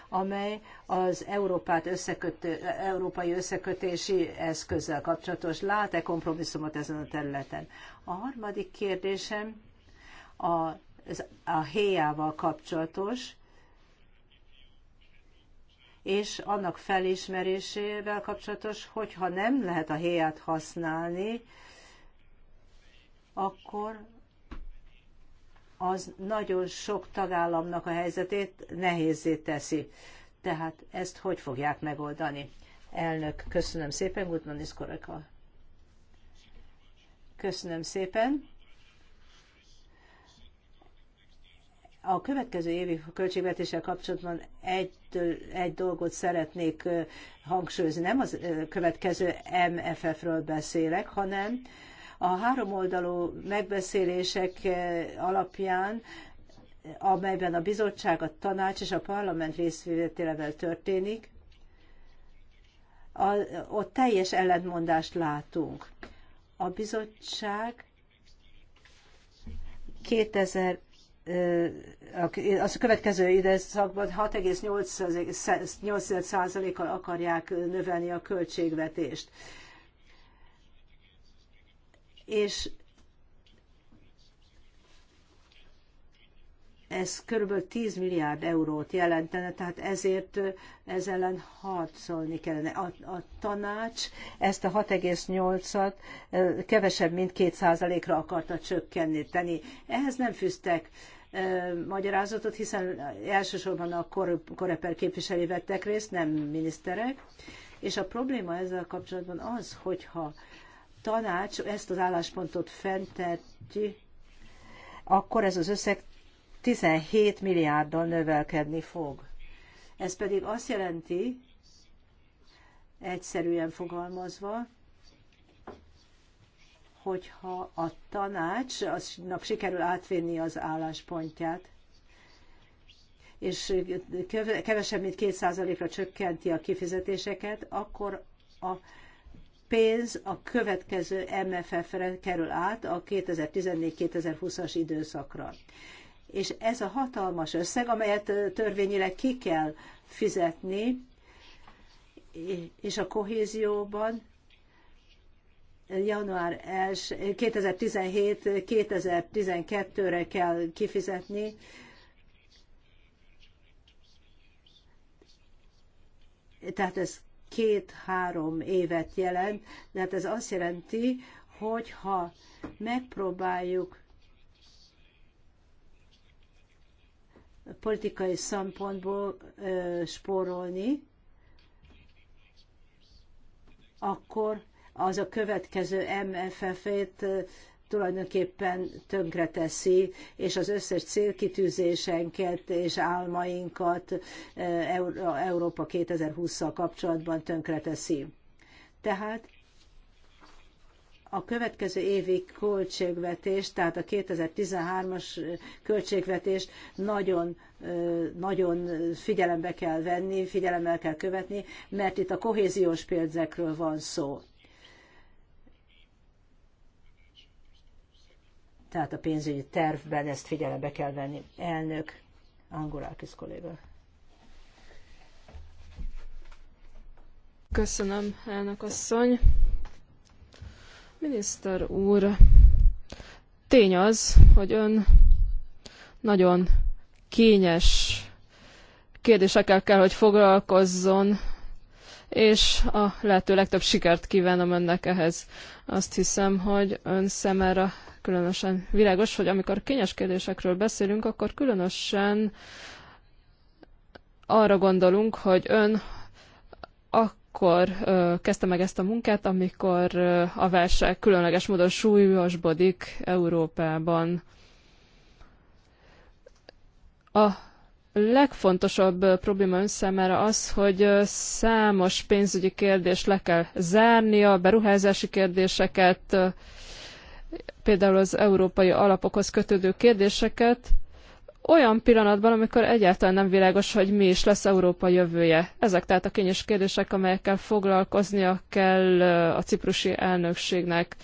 amely az Európát összekötő, európai összekötési eszközzel kapcsolatos. Lát-e kompromisszumot ezen a területen? A harmadik kérdésem a, a héjával kapcsolatos, és annak felismerésével kapcsolatos, hogyha nem lehet a héját használni, akkor az nagyon sok tagállamnak a helyzetét nehézé teszi. Tehát ezt hogy fogják megoldani? Elnök, köszönöm szépen, is koreka. Köszönöm szépen. A következő évi költségvetéssel kapcsolatban egy, egy dolgot szeretnék hangsúlyozni. Nem az következő MFF-ről beszélek, hanem a háromoldalú megbeszélések eh, alapján amelyben a bizottság, a tanács és a parlament részvételével történik, a, ott teljes ellentmondást látunk. A bizottság 2000 eh, az a következő időszakban 6,8%-kal akarják növelni a költségvetést és ez körülbelül 10 milliárd eurót jelentene, tehát ezért ez ellen harcolni kellene. A, a tanács ezt a 6,8-at kevesebb, mint 2%-ra akarta csökkenteni. Ehhez nem fűztek magyarázatot, hiszen elsősorban a koreper képviselői vettek részt, nem miniszterek. És a probléma ezzel kapcsolatban az, hogyha tanács ezt az álláspontot fenntartja, akkor ez az összeg 17 milliárddal növelkedni fog. Ez pedig azt jelenti, egyszerűen fogalmazva, hogyha a tanácsnak sikerül átvinni az álláspontját, és kevesebb mint 2%-ra csökkenti a kifizetéseket, akkor a pénz a következő MFF-re kerül át a 2014-2020-as időszakra. És ez a hatalmas összeg, amelyet törvényileg ki kell fizetni, és a kohézióban január 2017-2012-re kell kifizetni, tehát ez két-három évet jelent, de hát ez azt jelenti, hogy ha megpróbáljuk politikai szempontból ö, spórolni, akkor az a következő MFF-ét tulajdonképpen tönkreteszi, és az összes célkitűzésenket és álmainkat e, Európa 2020-szal kapcsolatban tönkreteszi. Tehát a következő évi költségvetés, tehát a 2013-as költségvetést nagyon, e, nagyon figyelembe kell venni, figyelemmel kell követni, mert itt a kohéziós pénzekről van szó. Tehát a pénzügyi tervben ezt figyelembe kell venni. Elnök, Angulákis kolléga. Köszönöm, elnök asszony. Miniszter úr, tény az, hogy ön nagyon kényes kérdésekkel kell, hogy foglalkozzon, és a lehető legtöbb sikert kívánom önnek ehhez. Azt hiszem, hogy ön szemére különösen világos, hogy amikor kényes kérdésekről beszélünk, akkor különösen arra gondolunk, hogy ön akkor ö, kezdte meg ezt a munkát, amikor ö, a válság különleges módon súlyosbodik Európában. A legfontosabb probléma ön számára az, hogy számos pénzügyi kérdést le kell zárnia, beruházási kérdéseket, például az európai alapokhoz kötődő kérdéseket, olyan pillanatban, amikor egyáltalán nem világos, hogy mi is lesz Európa jövője. Ezek tehát a kényes kérdések, amelyekkel foglalkoznia kell a ciprusi elnökségnek.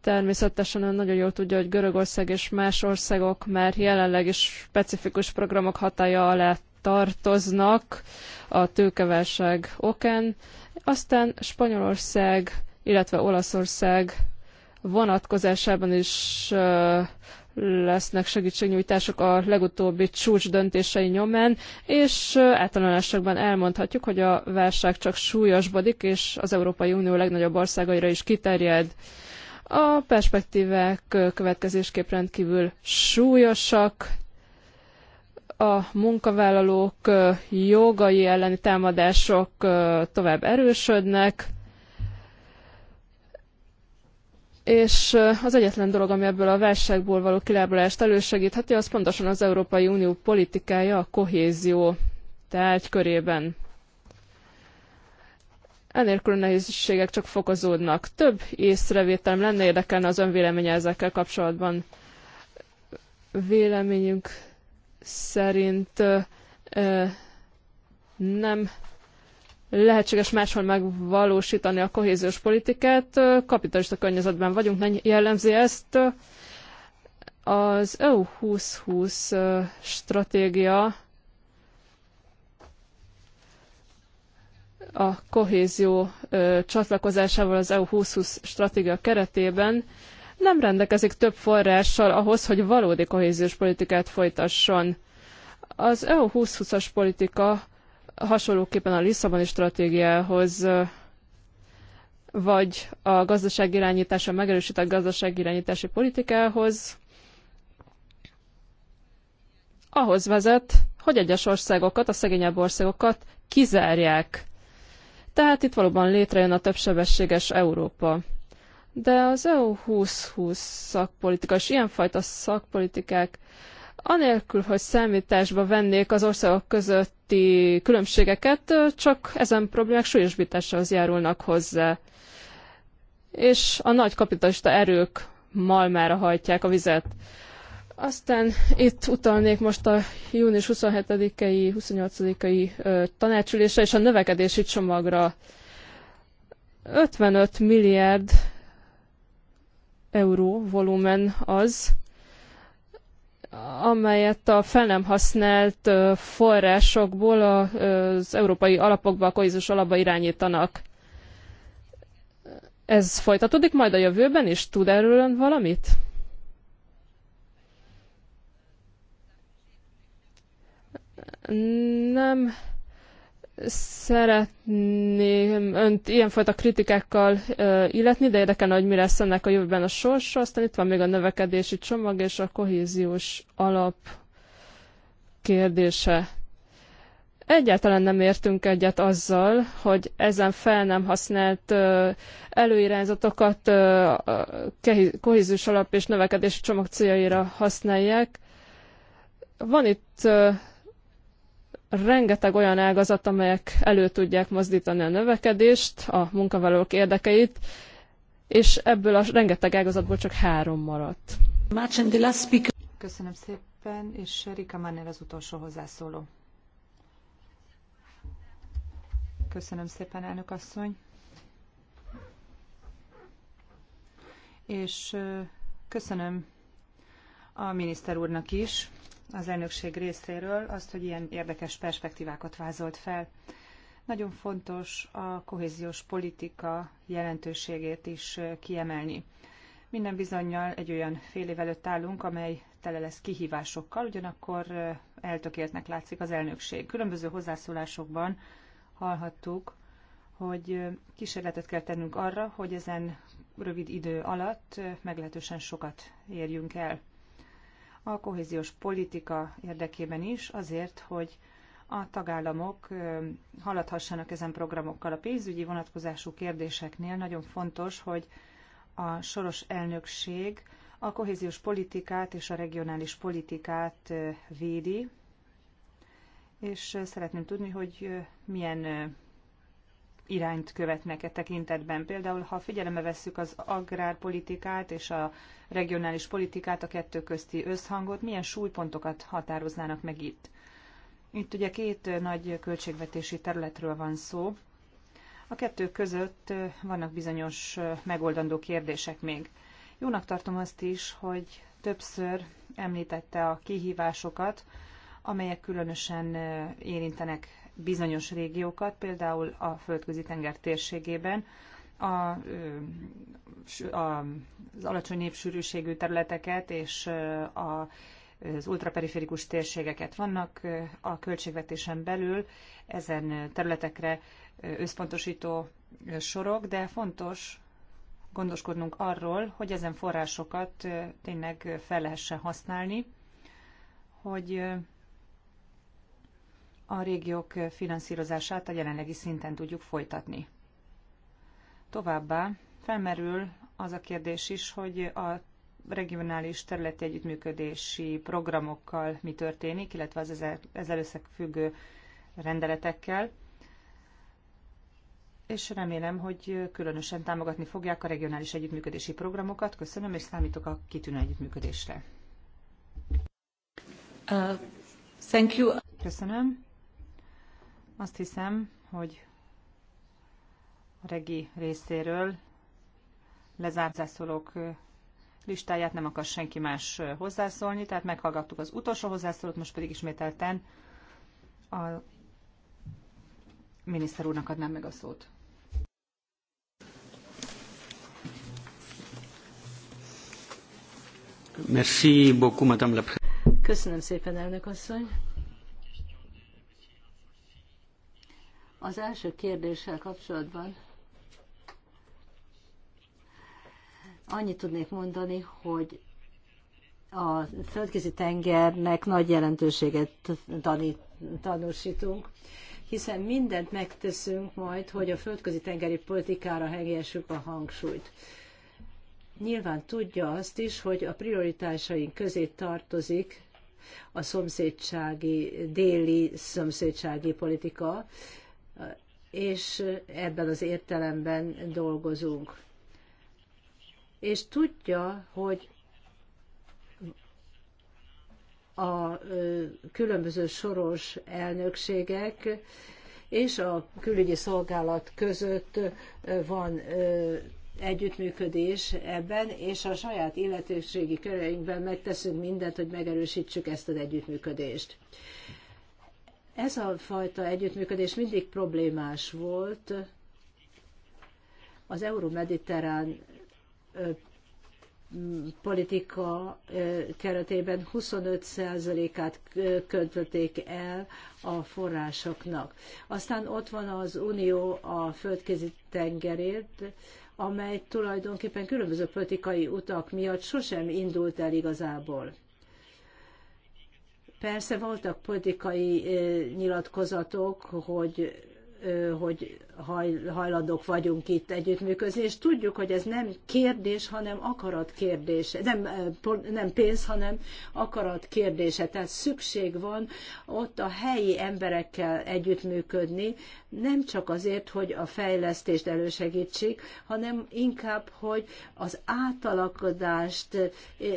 Természetesen ön nagyon jól tudja, hogy Görögország és más országok már jelenleg is specifikus programok hatája alá tartoznak a tőkeválság okán. Aztán Spanyolország, illetve Olaszország vonatkozásában is lesznek segítségnyújtások a legutóbbi csúcs döntései nyomán, és általánosságban elmondhatjuk, hogy a válság csak súlyosbodik, és az Európai Unió legnagyobb országaira is kiterjed. A perspektívek következésképp rendkívül súlyosak, a munkavállalók jogai elleni támadások tovább erősödnek, és az egyetlen dolog, ami ebből a válságból való kilábalást elősegítheti, az pontosan az Európai Unió politikája a kohézió tárgy körében. Enélkül a nehézségek csak fokozódnak. Több észrevételem lenne érdekelne az önvéleménye ezekkel kapcsolatban. Véleményünk szerint nem lehetséges máshol megvalósítani a kohéziós politikát. Kapitalista környezetben vagyunk, nem jellemzi ezt. Az EU 2020 stratégia a kohézió csatlakozásával az EU 2020 stratégia keretében nem rendelkezik több forrással ahhoz, hogy valódi kohéziós politikát folytasson. Az EU 2020-as politika hasonlóképpen a Lisszaboni stratégiához, vagy a gazdaságirányítása, megerősített gazdaságirányítási politikához, ahhoz vezet, hogy egyes országokat, a szegényebb országokat kizárják. Tehát itt valóban létrejön a többsebességes Európa. De az EU 2020 szakpolitika és ilyenfajta szakpolitikák Anélkül, hogy számításba vennék az országok közötti különbségeket, csak ezen problémák súlyosbításához járulnak hozzá. És a nagy kapitalista erők malmára hajtják a vizet. Aztán itt utalnék most a június 27-i, 28-i tanácsülésre és a növekedési csomagra. 55 milliárd euró volumen az, amelyet a fel nem használt forrásokból az európai alapokba, a kohézus alapba irányítanak. Ez folytatódik majd a jövőben is? Tud erről ön valamit? Nem szeretném önt ilyenfajta kritikákkal illetni, de érdekelne, hogy mi lesz ennek a jövőben a sorsa. Aztán itt van még a növekedési csomag és a kohéziós alap kérdése. Egyáltalán nem értünk egyet azzal, hogy ezen fel nem használt előirányzatokat kohéziós alap és növekedési csomag céljaira használják. Van itt rengeteg olyan ágazat, amelyek elő tudják mozdítani a növekedést, a munkavállalók érdekeit, és ebből a rengeteg ágazatból csak három maradt. Köszönöm szépen, és Rika Manner az utolsó hozzászóló. Köszönöm szépen, elnök asszony. És köszönöm a miniszter úrnak is, az elnökség részéről azt, hogy ilyen érdekes perspektívákat vázolt fel. Nagyon fontos a kohéziós politika jelentőségét is kiemelni. Minden bizonyal egy olyan fél év előtt állunk, amely tele lesz kihívásokkal, ugyanakkor eltökéltnek látszik az elnökség. Különböző hozzászólásokban hallhattuk, hogy kísérletet kell tennünk arra, hogy ezen rövid idő alatt meglehetősen sokat érjünk el a kohéziós politika érdekében is, azért, hogy a tagállamok haladhassanak ezen programokkal. A pénzügyi vonatkozású kérdéseknél nagyon fontos, hogy a soros elnökség a kohéziós politikát és a regionális politikát védi, és szeretném tudni, hogy milyen irányt követnek e tekintetben. Például, ha figyelembe vesszük az agrárpolitikát és a regionális politikát, a kettő közti összhangot, milyen súlypontokat határoznának meg itt? Itt ugye két nagy költségvetési területről van szó. A kettő között vannak bizonyos megoldandó kérdések még. Jónak tartom azt is, hogy többször említette a kihívásokat, amelyek különösen érintenek bizonyos régiókat, például a földközi tenger térségében, a, a, az alacsony népsűrűségű területeket és a, az ultraperiférikus térségeket. Vannak a költségvetésen belül ezen területekre összpontosító sorok, de fontos gondoskodnunk arról, hogy ezen forrásokat tényleg fel lehessen használni, hogy a régiók finanszírozását a jelenlegi szinten tudjuk folytatni. Továbbá felmerül az a kérdés is, hogy a regionális területi együttműködési programokkal mi történik, illetve az ezzel, összefüggő rendeletekkel. És remélem, hogy különösen támogatni fogják a regionális együttműködési programokat. Köszönöm, és számítok a kitűnő együttműködésre. Uh, thank you. Köszönöm. Azt hiszem, hogy a regi részéről lezárt zászolók listáját nem akar senki más hozzászólni, tehát meghallgattuk az utolsó hozzászólót, most pedig ismételten a miniszter úrnak adnám meg a szót. Merci beaucoup, madame la Köszönöm szépen, elnök asszony. Az első kérdéssel kapcsolatban annyit tudnék mondani, hogy a földközi tengernek nagy jelentőséget tanít, tanúsítunk, hiszen mindent megteszünk majd, hogy a földközi tengeri politikára helyesük a hangsúlyt. Nyilván tudja azt is, hogy a prioritásaink közé tartozik a szomszédsági, déli szomszédsági politika, és ebben az értelemben dolgozunk. És tudja, hogy a különböző soros elnökségek és a külügyi szolgálat között van együttműködés ebben, és a saját illetőségi köreinkben megteszünk mindent, hogy megerősítsük ezt az együttműködést. Ez a fajta együttműködés mindig problémás volt az euró-mediterrán politika keretében 25%-át költötték el a forrásoknak. Aztán ott van az Unió a földközi tengerért, amely tulajdonképpen különböző politikai utak miatt sosem indult el igazából. Persze voltak politikai eh, nyilatkozatok, hogy hogy hajlandók vagyunk itt együttműködni, és tudjuk, hogy ez nem kérdés, hanem akarat kérdése, nem, nem pénz, hanem akarat kérdése. Tehát szükség van ott a helyi emberekkel együttműködni, nem csak azért, hogy a fejlesztést elősegítsék, hanem inkább, hogy az átalakodást,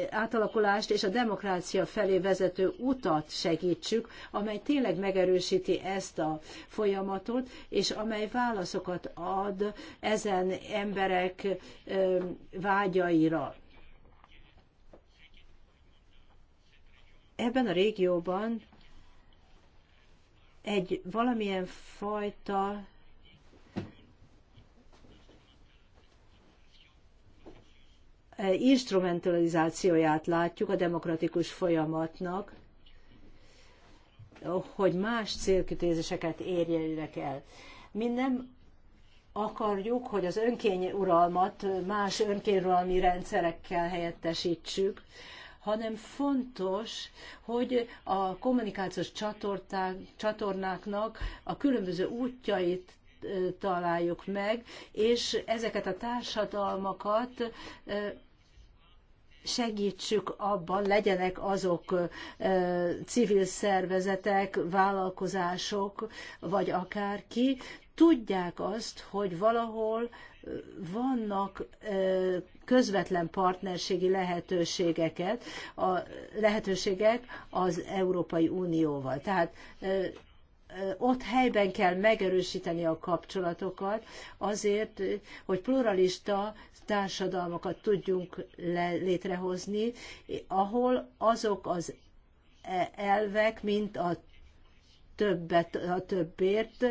átalakulást és a demokrácia felé vezető utat segítsük, amely tényleg megerősíti ezt a folyamatot, és amely válaszokat ad ezen emberek vágyaira. Ebben a régióban egy valamilyen fajta instrumentalizációját látjuk a demokratikus folyamatnak, hogy más célkütézéseket érjenek el. Mi nem akarjuk, hogy az önkényuralmat más önkényuralmi rendszerekkel helyettesítsük, hanem fontos, hogy a kommunikációs csatornáknak a különböző útjait találjuk meg, és ezeket a társadalmakat segítsük abban, legyenek azok civil szervezetek, vállalkozások, vagy akárki, tudják azt, hogy valahol vannak közvetlen partnerségi lehetőségeket, a lehetőségek az Európai Unióval. Tehát ott helyben kell megerősíteni a kapcsolatokat azért, hogy pluralista társadalmakat tudjunk le, létrehozni, ahol azok az e, elvek, mint a többet, a többért,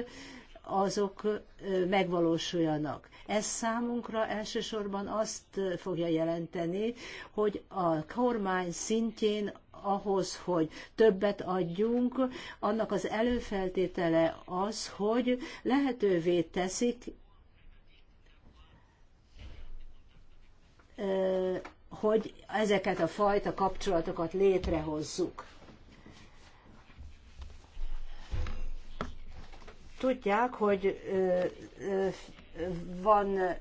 azok megvalósuljanak. Ez számunkra elsősorban azt fogja jelenteni, hogy a kormány szintjén ahhoz, hogy többet adjunk, annak az előfeltétele az, hogy lehetővé teszik hogy ezeket a fajta kapcsolatokat létrehozzuk. Tudják, hogy van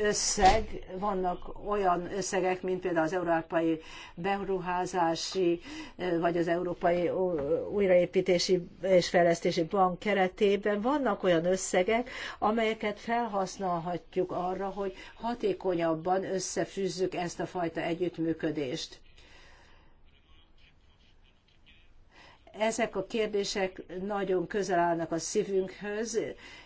összeg, vannak olyan összegek, mint például az Európai Beruházási, vagy az Európai Újraépítési és Fejlesztési Bank keretében vannak olyan összegek, amelyeket felhasználhatjuk arra, hogy hatékonyabban összefűzzük ezt a fajta együttműködést Ezek a kérdések nagyon közel állnak a szívünkhöz,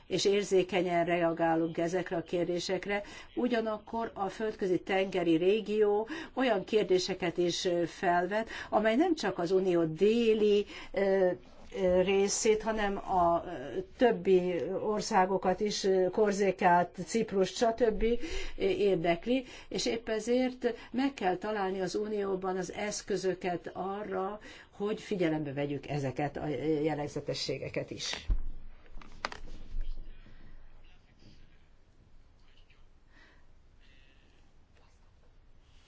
és érzékenyen reagálunk ezekre a kérdésekre. Ugyanakkor a földközi tengeri régió olyan kérdéseket is felvet, amely nem csak az unió déli részét, hanem a többi országokat is, Korzékát, Ciprus, stb. érdekli, és épp ezért meg kell találni az Unióban az eszközöket arra, hogy figyelembe vegyük ezeket a jellegzetességeket is.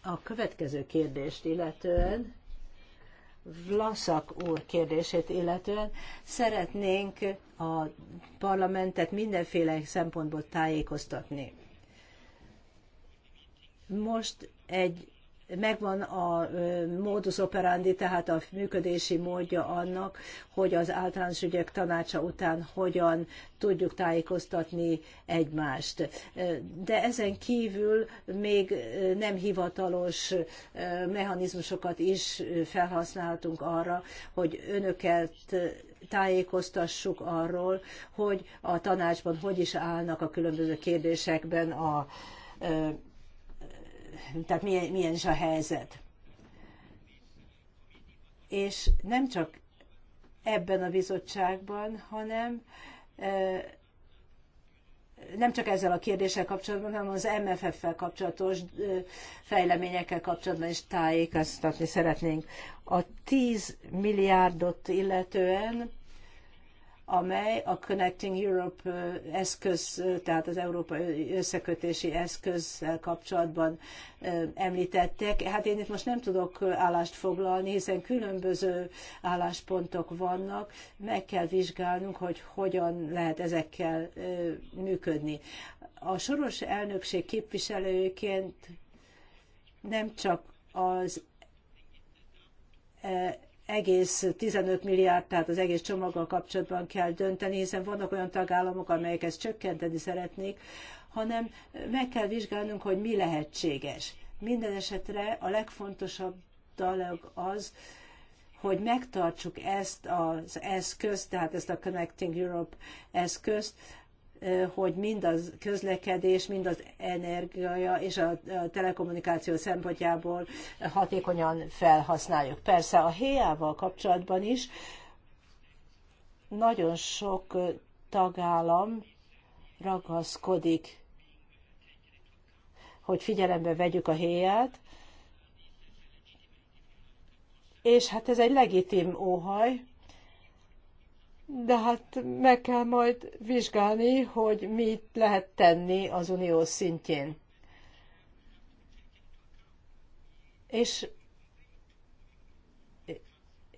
A következő kérdést illetően, Vlaszak úr kérdését illetően szeretnénk a parlamentet mindenféle szempontból tájékoztatni. Most egy megvan a modus operandi, tehát a működési módja annak, hogy az általános ügyek tanácsa után hogyan tudjuk tájékoztatni egymást. De ezen kívül még nem hivatalos mechanizmusokat is felhasználhatunk arra, hogy önöket tájékoztassuk arról, hogy a tanácsban hogy is állnak a különböző kérdésekben a tehát milyen, milyen is a helyzet. És nem csak ebben a bizottságban, hanem nem csak ezzel a kérdéssel kapcsolatban, hanem az MFF-fel kapcsolatos fejleményekkel kapcsolatban is tájékoztatni szeretnénk. A 10 milliárdot illetően amely a Connecting Europe eszköz, tehát az európai összekötési eszközzel kapcsolatban említettek. Hát én itt most nem tudok állást foglalni, hiszen különböző álláspontok vannak, meg kell vizsgálnunk, hogy hogyan lehet ezekkel működni. A soros elnökség képviselőként nem csak az egész 15 milliárd, tehát az egész csomaggal kapcsolatban kell dönteni, hiszen vannak olyan tagállamok, amelyek ezt csökkenteni szeretnék, hanem meg kell vizsgálnunk, hogy mi lehetséges. Minden esetre a legfontosabb dolog az, hogy megtartsuk ezt az eszközt, tehát ezt a Connecting Europe eszközt, hogy mind az közlekedés, mind az energia és a telekommunikáció szempontjából hatékonyan felhasználjuk. Persze a héjával kapcsolatban is nagyon sok tagállam ragaszkodik, hogy figyelembe vegyük a héját, és hát ez egy legitim óhaj, de hát meg kell majd vizsgálni, hogy mit lehet tenni az unió szintjén. És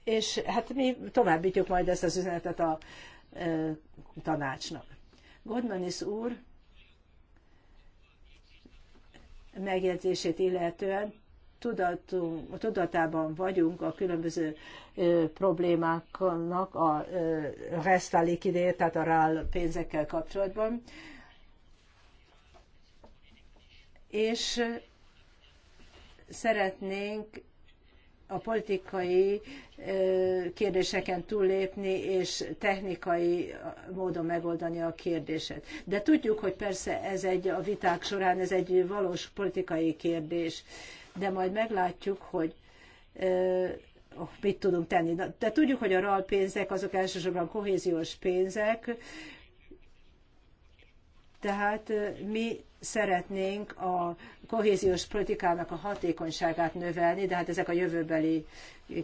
és hát mi továbbítjuk majd ezt az üzenetet a e, tanácsnak. Godmanis úr megjegyzését illetően tudatunk, a tudatában vagyunk a különböző ö, problémáknak a resztválikidé, tehát a rál pénzekkel kapcsolatban. És szeretnénk a politikai kérdéseken túllépni, és technikai módon megoldani a kérdéset. De tudjuk, hogy persze ez egy a viták során, ez egy valós politikai kérdés de majd meglátjuk, hogy oh, mit tudunk tenni. De tudjuk, hogy a RAL pénzek azok elsősorban kohéziós pénzek, tehát mi szeretnénk a kohéziós politikának a hatékonyságát növelni, de hát ezek a jövőbeli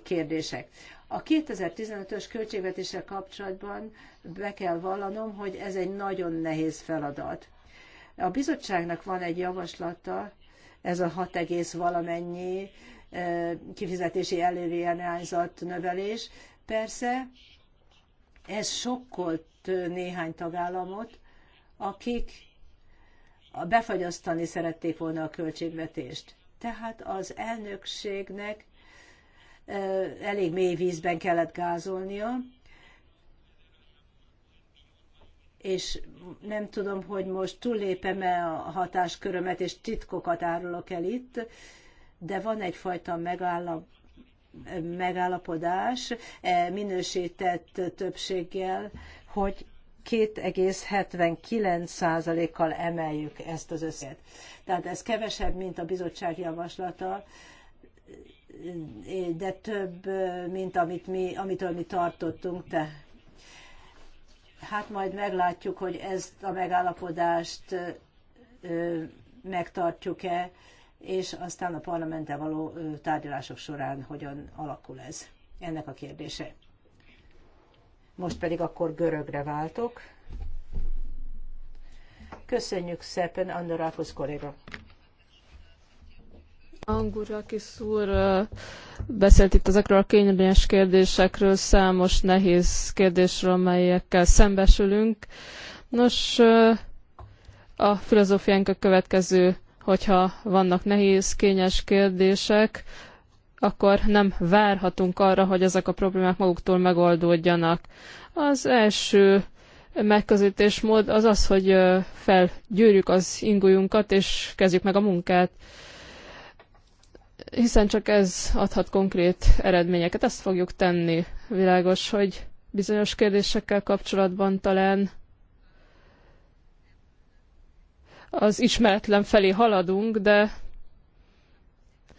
kérdések. A 2015-ös költségvetéssel kapcsolatban be kell vallanom, hogy ez egy nagyon nehéz feladat. A bizottságnak van egy javaslata, ez a 6, valamennyi kifizetési előirányzat növelés. Persze ez sokkolt néhány tagállamot, akik befagyasztani szerették volna a költségvetést. Tehát az elnökségnek elég mély vízben kellett gázolnia, és nem tudom, hogy most túllépem-e a hatáskörömet, és titkokat árulok el itt, de van egyfajta megállap, megállapodás e, minősített többséggel, hogy 2,79%-kal emeljük ezt az összeget. Tehát ez kevesebb, mint a bizottság javaslata, de több, mint amit mi, amitől mi tartottunk, te Hát majd meglátjuk, hogy ezt a megállapodást megtartjuk-e, és aztán a parlamenten való tárgyalások során hogyan alakul ez. Ennek a kérdése. Most pedig akkor görögre váltok. Köszönjük szépen, Andorákos kolléga. Angurakis úr beszélt itt ezekről a kényelmes kérdésekről, számos nehéz kérdésről, amelyekkel szembesülünk. Nos, a filozófiánk a következő, hogyha vannak nehéz, kényes kérdések, akkor nem várhatunk arra, hogy ezek a problémák maguktól megoldódjanak. Az első megközelítésmód az az, hogy felgyűrjük az ingujunkat és kezdjük meg a munkát hiszen csak ez adhat konkrét eredményeket. Ezt fogjuk tenni. Világos, hogy bizonyos kérdésekkel kapcsolatban talán az ismeretlen felé haladunk, de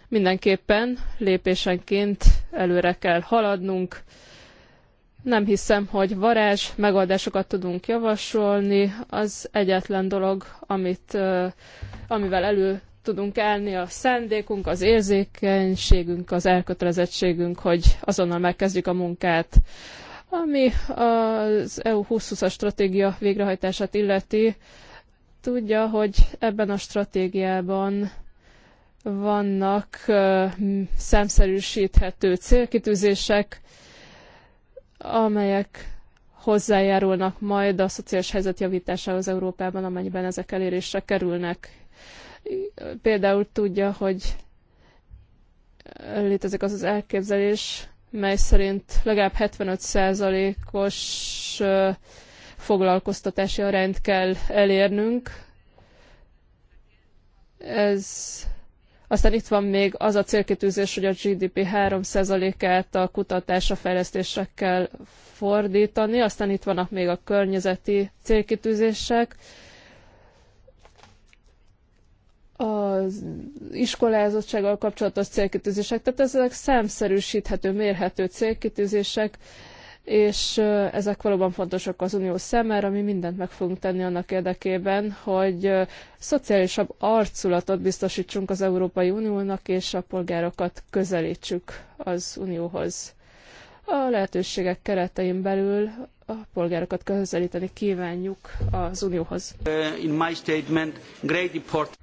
mindenképpen lépésenként előre kell haladnunk. Nem hiszem, hogy varázs megoldásokat tudunk javasolni. Az egyetlen dolog, amit, amivel elő tudunk állni a szándékunk, az érzékenységünk, az elkötelezettségünk, hogy azonnal megkezdjük a munkát. Ami az EU 2020-as stratégia végrehajtását illeti, tudja, hogy ebben a stratégiában vannak szemszerűsíthető célkitűzések, amelyek hozzájárulnak majd a szociális helyzet javításához Európában, amennyiben ezek elérésre kerülnek. Például tudja, hogy létezik az az elképzelés, mely szerint legalább 75%-os foglalkoztatási arányt kell elérnünk. Ez aztán itt van még az a célkitűzés, hogy a GDP 3%-át a kutatásra, fejlesztésre kell fordítani, aztán itt vannak még a környezeti célkitűzések, az iskolázottsággal kapcsolatos célkitűzések, tehát ezek számszerűsíthető, mérhető célkitűzések, és ezek valóban fontosak az unió számára, mi mindent meg fogunk tenni annak érdekében, hogy szociálisabb arculatot biztosítsunk az Európai Uniónak, és a polgárokat közelítsük az unióhoz. A lehetőségek keretein belül a polgárokat közelíteni kívánjuk az unióhoz. Uh, in my statement, great import.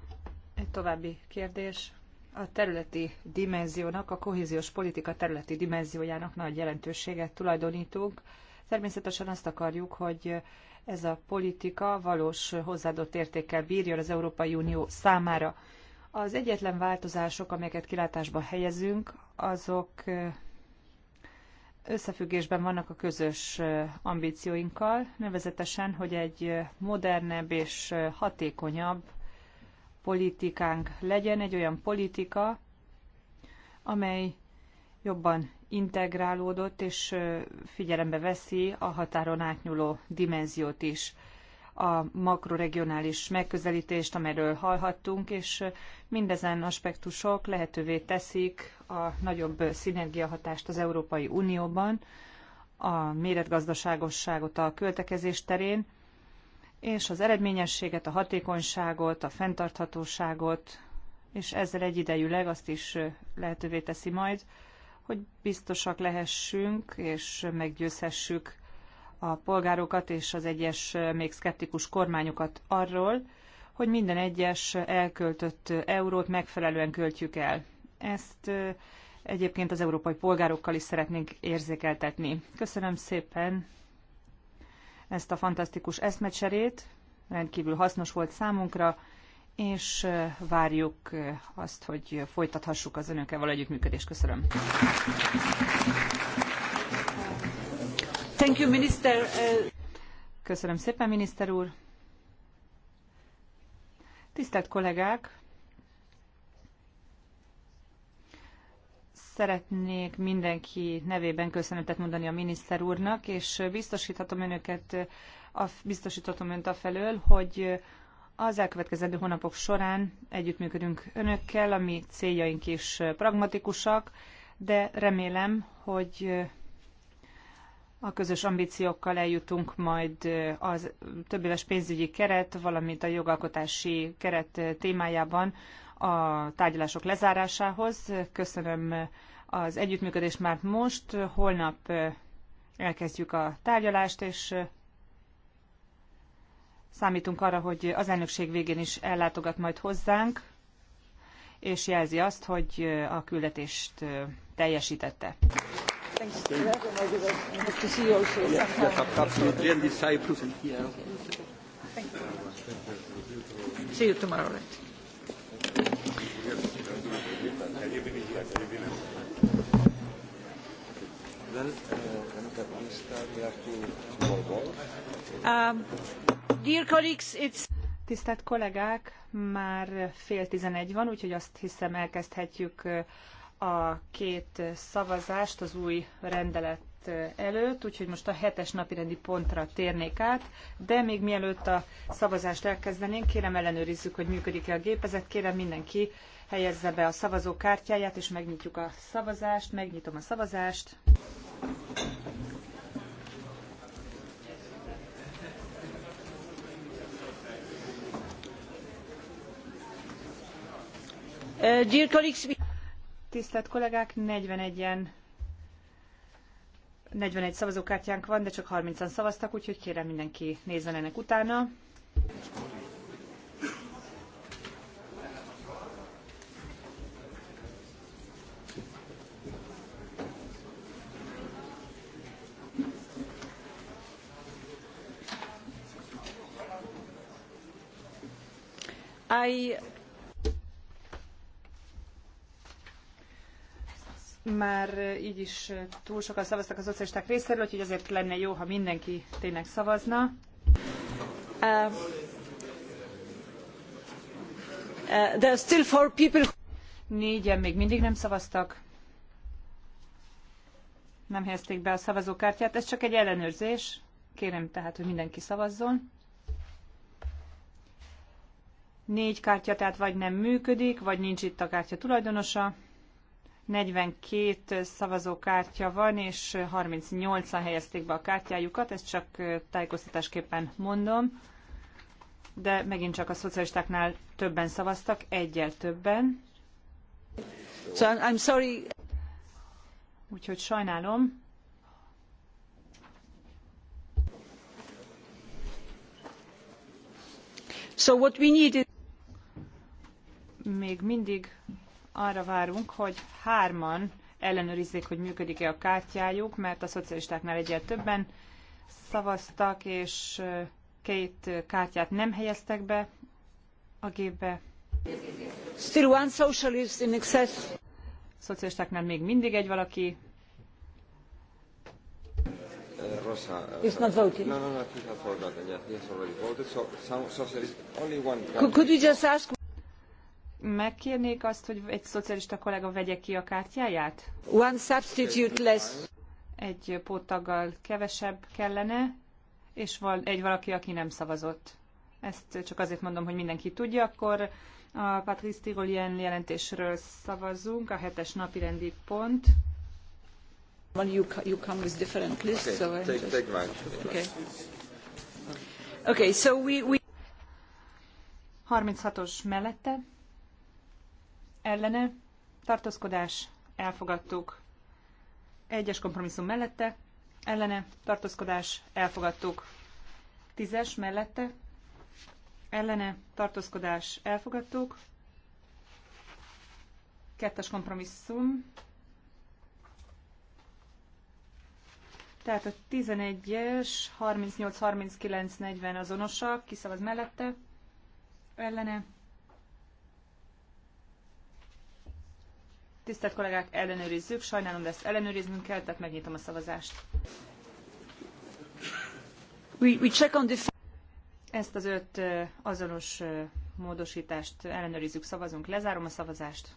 Egy további kérdés. A területi dimenziónak, a kohéziós politika területi dimenziójának nagy jelentőséget tulajdonítunk. Természetesen azt akarjuk, hogy ez a politika valós hozzáadott értékkel bírjon az Európai Unió számára. Az egyetlen változások, amelyeket kilátásba helyezünk, azok összefüggésben vannak a közös ambícióinkkal, nevezetesen, hogy egy modernebb és hatékonyabb politikánk legyen, egy olyan politika, amely jobban integrálódott és figyelembe veszi a határon átnyúló dimenziót is a makroregionális megközelítést, amelyről hallhattunk, és mindezen aspektusok lehetővé teszik a nagyobb szinergiahatást az Európai Unióban, a méretgazdaságosságot a költekezés terén, és az eredményességet, a hatékonyságot, a fenntarthatóságot, és ezzel egyidejűleg azt is lehetővé teszi majd, hogy biztosak lehessünk és meggyőzhessük a polgárokat és az egyes még szkeptikus kormányokat arról, hogy minden egyes elköltött eurót megfelelően költjük el. Ezt egyébként az európai polgárokkal is szeretnénk érzékeltetni. Köszönöm szépen ezt a fantasztikus eszmecserét, rendkívül hasznos volt számunkra, és várjuk azt, hogy folytathassuk az önökkel való együttműködést. Köszönöm. Thank you, minister. Uh, Köszönöm szépen, miniszter úr. Tisztelt kollégák! Szeretnék mindenki nevében köszönetet mondani a miniszter úrnak, és biztosíthatom önöket, biztosítottam önt a felől, hogy az elkövetkezendő hónapok során együttműködünk önökkel, ami céljaink is pragmatikusak, de remélem, hogy a közös ambíciókkal eljutunk majd az többéves pénzügyi keret, valamint a jogalkotási keret témájában a tárgyalások lezárásához. Köszönöm az együttműködést már most, holnap elkezdjük a tárgyalást, és számítunk arra, hogy az elnökség végén is ellátogat majd hozzánk, és jelzi azt, hogy a küldetést teljesítette. See you tomorrow. Um, Tisztelt kollégák, már fél tizenegy van, úgyhogy azt hiszem elkezdhetjük uh, a két szavazást az új rendelet uh, előtt, úgyhogy most a hetes napirendi pontra térnék át, de még mielőtt a szavazást elkezdenénk, kérem ellenőrizzük, hogy működik-e a gépezet, kérem mindenki helyezze be a szavazókártyáját, és megnyitjuk a szavazást. Megnyitom a szavazást. Tisztelt kollégák, 41-en 41 szavazókártyánk van, de csak 30-an szavaztak, úgyhogy kérem mindenki nézzen ennek utána. már így is túl sokan szavaztak a szocialisták részéről, úgyhogy azért lenne jó, ha mindenki tényleg szavazna. Uh, uh, still four people. Négyen még mindig nem szavaztak. Nem helyezték be a szavazókártyát. Ez csak egy ellenőrzés. Kérem tehát, hogy mindenki szavazzon. Négy kártya tehát vagy nem működik, vagy nincs itt a kártya tulajdonosa. 42 szavazókártya van, és 38-an helyezték be a kártyájukat, ezt csak tájékoztatásképpen mondom. De megint csak a szocialistáknál többen szavaztak, egyel többen. So I'm sorry. Úgyhogy sajnálom. So what we need is még mindig arra várunk, hogy hárman ellenőrizzék, hogy működik-e a kártyájuk, mert a szocialistáknál egyel többen szavaztak, és két kártyát nem helyeztek be a gépbe. Still one socialist in excess. Szocialistáknál még mindig egy valaki. Eh, Rosa, uh, eh, It's not voting. No, no, no, I think I Yeah, he has already voted. So, some socialist, only one. Could, could you just ask? megkérnék azt, hogy egy szocialista kollega vegye ki a kártyáját? One substitute less. Egy póttaggal kevesebb kellene, és van egy valaki, aki nem szavazott. Ezt csak azért mondom, hogy mindenki tudja, akkor a Patrice Tirolien jelentésről szavazunk, a hetes napi rendi pont. Well, you, you come with different lists, okay, so take, just... take mine. Okay. Okay, so we, we... 36-os mellette ellene, tartózkodás, elfogadtuk. Egyes kompromisszum mellette, ellene, tartózkodás, elfogadtuk. Tízes mellette, ellene, tartózkodás, elfogadtuk. Kettes kompromisszum. Tehát a 11-es, 38, 39, 40 azonosak, kiszavaz mellette, ellene, Tisztelt kollégák, ellenőrizzük. Sajnálom, de ezt ellenőriznünk kell, tehát megnyitom a szavazást. We, we check on the... Ezt az öt azonos módosítást ellenőrizzük, szavazunk, lezárom a szavazást.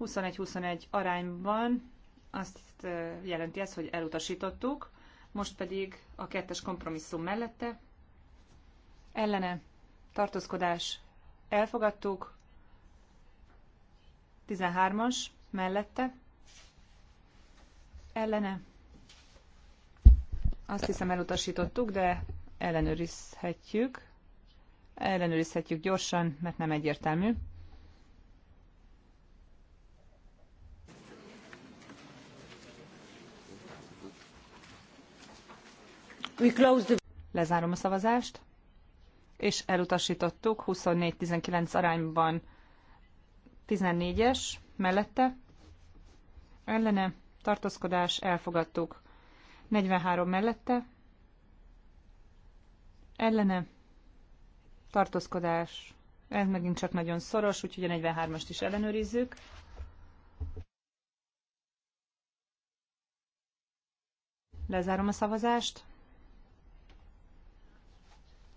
21-21 arányban azt jelenti ez, hogy elutasítottuk, most pedig a kettes kompromisszum mellette ellene tartózkodás elfogadtuk, 13-as mellette. Ellene. Azt hiszem elutasítottuk, de ellenőrizhetjük. Ellenőrizhetjük gyorsan, mert nem egyértelmű. We close the... Lezárom a szavazást, és elutasítottuk 24-19 arányban 14-es mellette ellene tartózkodás elfogadtuk. 43 mellette ellene tartózkodás. Ez megint csak nagyon szoros, úgyhogy a 43-ast is ellenőrizzük. Lezárom a szavazást.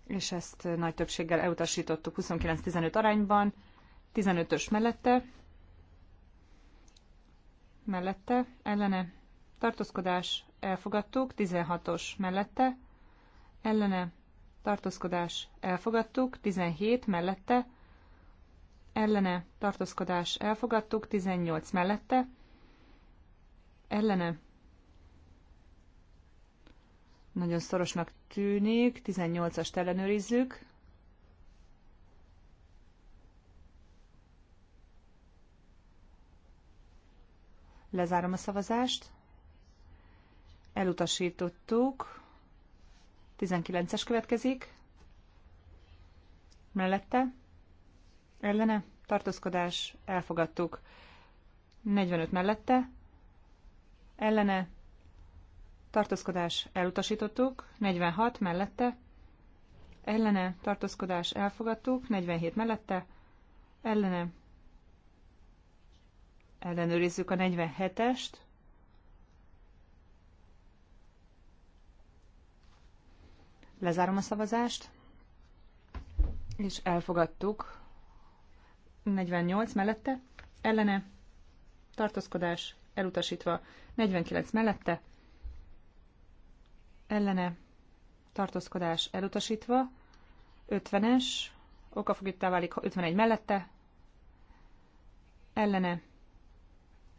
És ezt nagy többséggel elutasítottuk 29-15 arányban. 15-ös mellette, mellette, ellene, tartózkodás, elfogadtuk, 16-os mellette, ellene, tartózkodás, elfogadtuk, 17 mellette, ellene, tartózkodás, elfogadtuk, 18 mellette, ellene, nagyon szorosnak tűnik, 18-ast ellenőrizzük, Lezárom a szavazást. Elutasítottuk. 19-es következik. Mellette. Ellene. Tartózkodás. Elfogadtuk. 45 mellette. Ellene. Tartózkodás. Elutasítottuk. 46 mellette. Ellene. Tartózkodás. Elfogadtuk. 47 mellette. Ellene ellenőrizzük a 47-est. Lezárom a szavazást, és elfogadtuk 48 mellette, ellene, tartózkodás, elutasítva 49 mellette, ellene, tartózkodás, elutasítva 50-es, Okafogítá válik 51 mellette, ellene,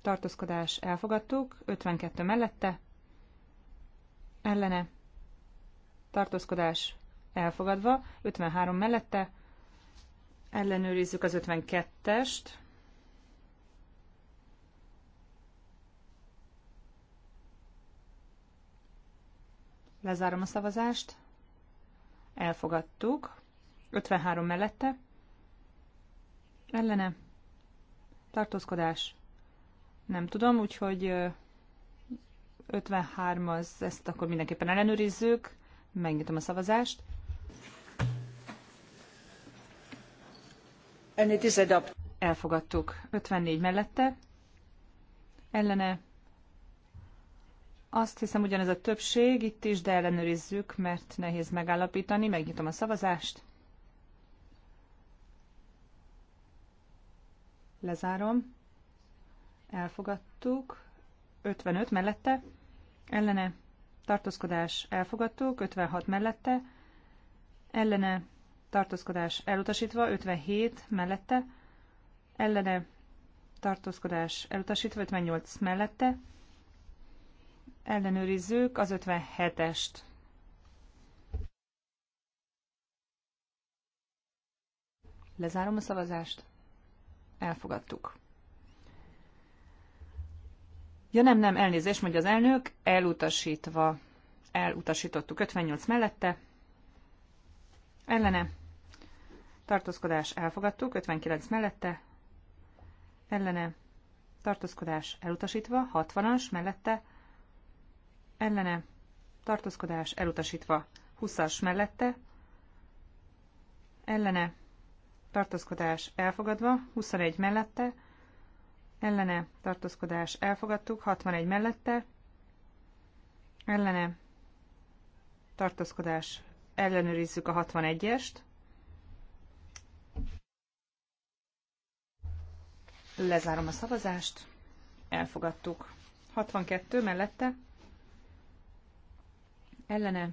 tartózkodás elfogadtuk, 52 mellette, ellene, tartózkodás elfogadva, 53 mellette, ellenőrizzük az 52-est, Lezárom a szavazást. Elfogadtuk. 53 mellette. Ellene. Tartózkodás. Nem tudom, úgyhogy 53 az, ezt akkor mindenképpen ellenőrizzük. Megnyitom a szavazást. And it is Elfogadtuk. 54 mellette. Ellene. Azt hiszem ugyanez a többség itt is, de ellenőrizzük, mert nehéz megállapítani. Megnyitom a szavazást. Lezárom elfogadtuk, 55 mellette, ellene tartózkodás elfogadtuk, 56 mellette, ellene tartózkodás elutasítva, 57 mellette, ellene tartózkodás elutasítva, 58 mellette, ellenőrizzük az 57-est. Lezárom a szavazást. Elfogadtuk. Ja nem, nem, elnézést, mondja az elnök, elutasítva. Elutasítottuk 58 mellette. Ellene. Tartózkodás elfogadtuk, 59 mellette. Ellene. Tartózkodás elutasítva, 60-as mellette. Ellene. Tartózkodás elutasítva, 20-as mellette. Ellene. Tartózkodás elfogadva, 21 mellette ellene tartózkodás elfogadtuk, 61 mellette, ellene tartózkodás ellenőrizzük a 61-est, lezárom a szavazást, elfogadtuk, 62 mellette, ellene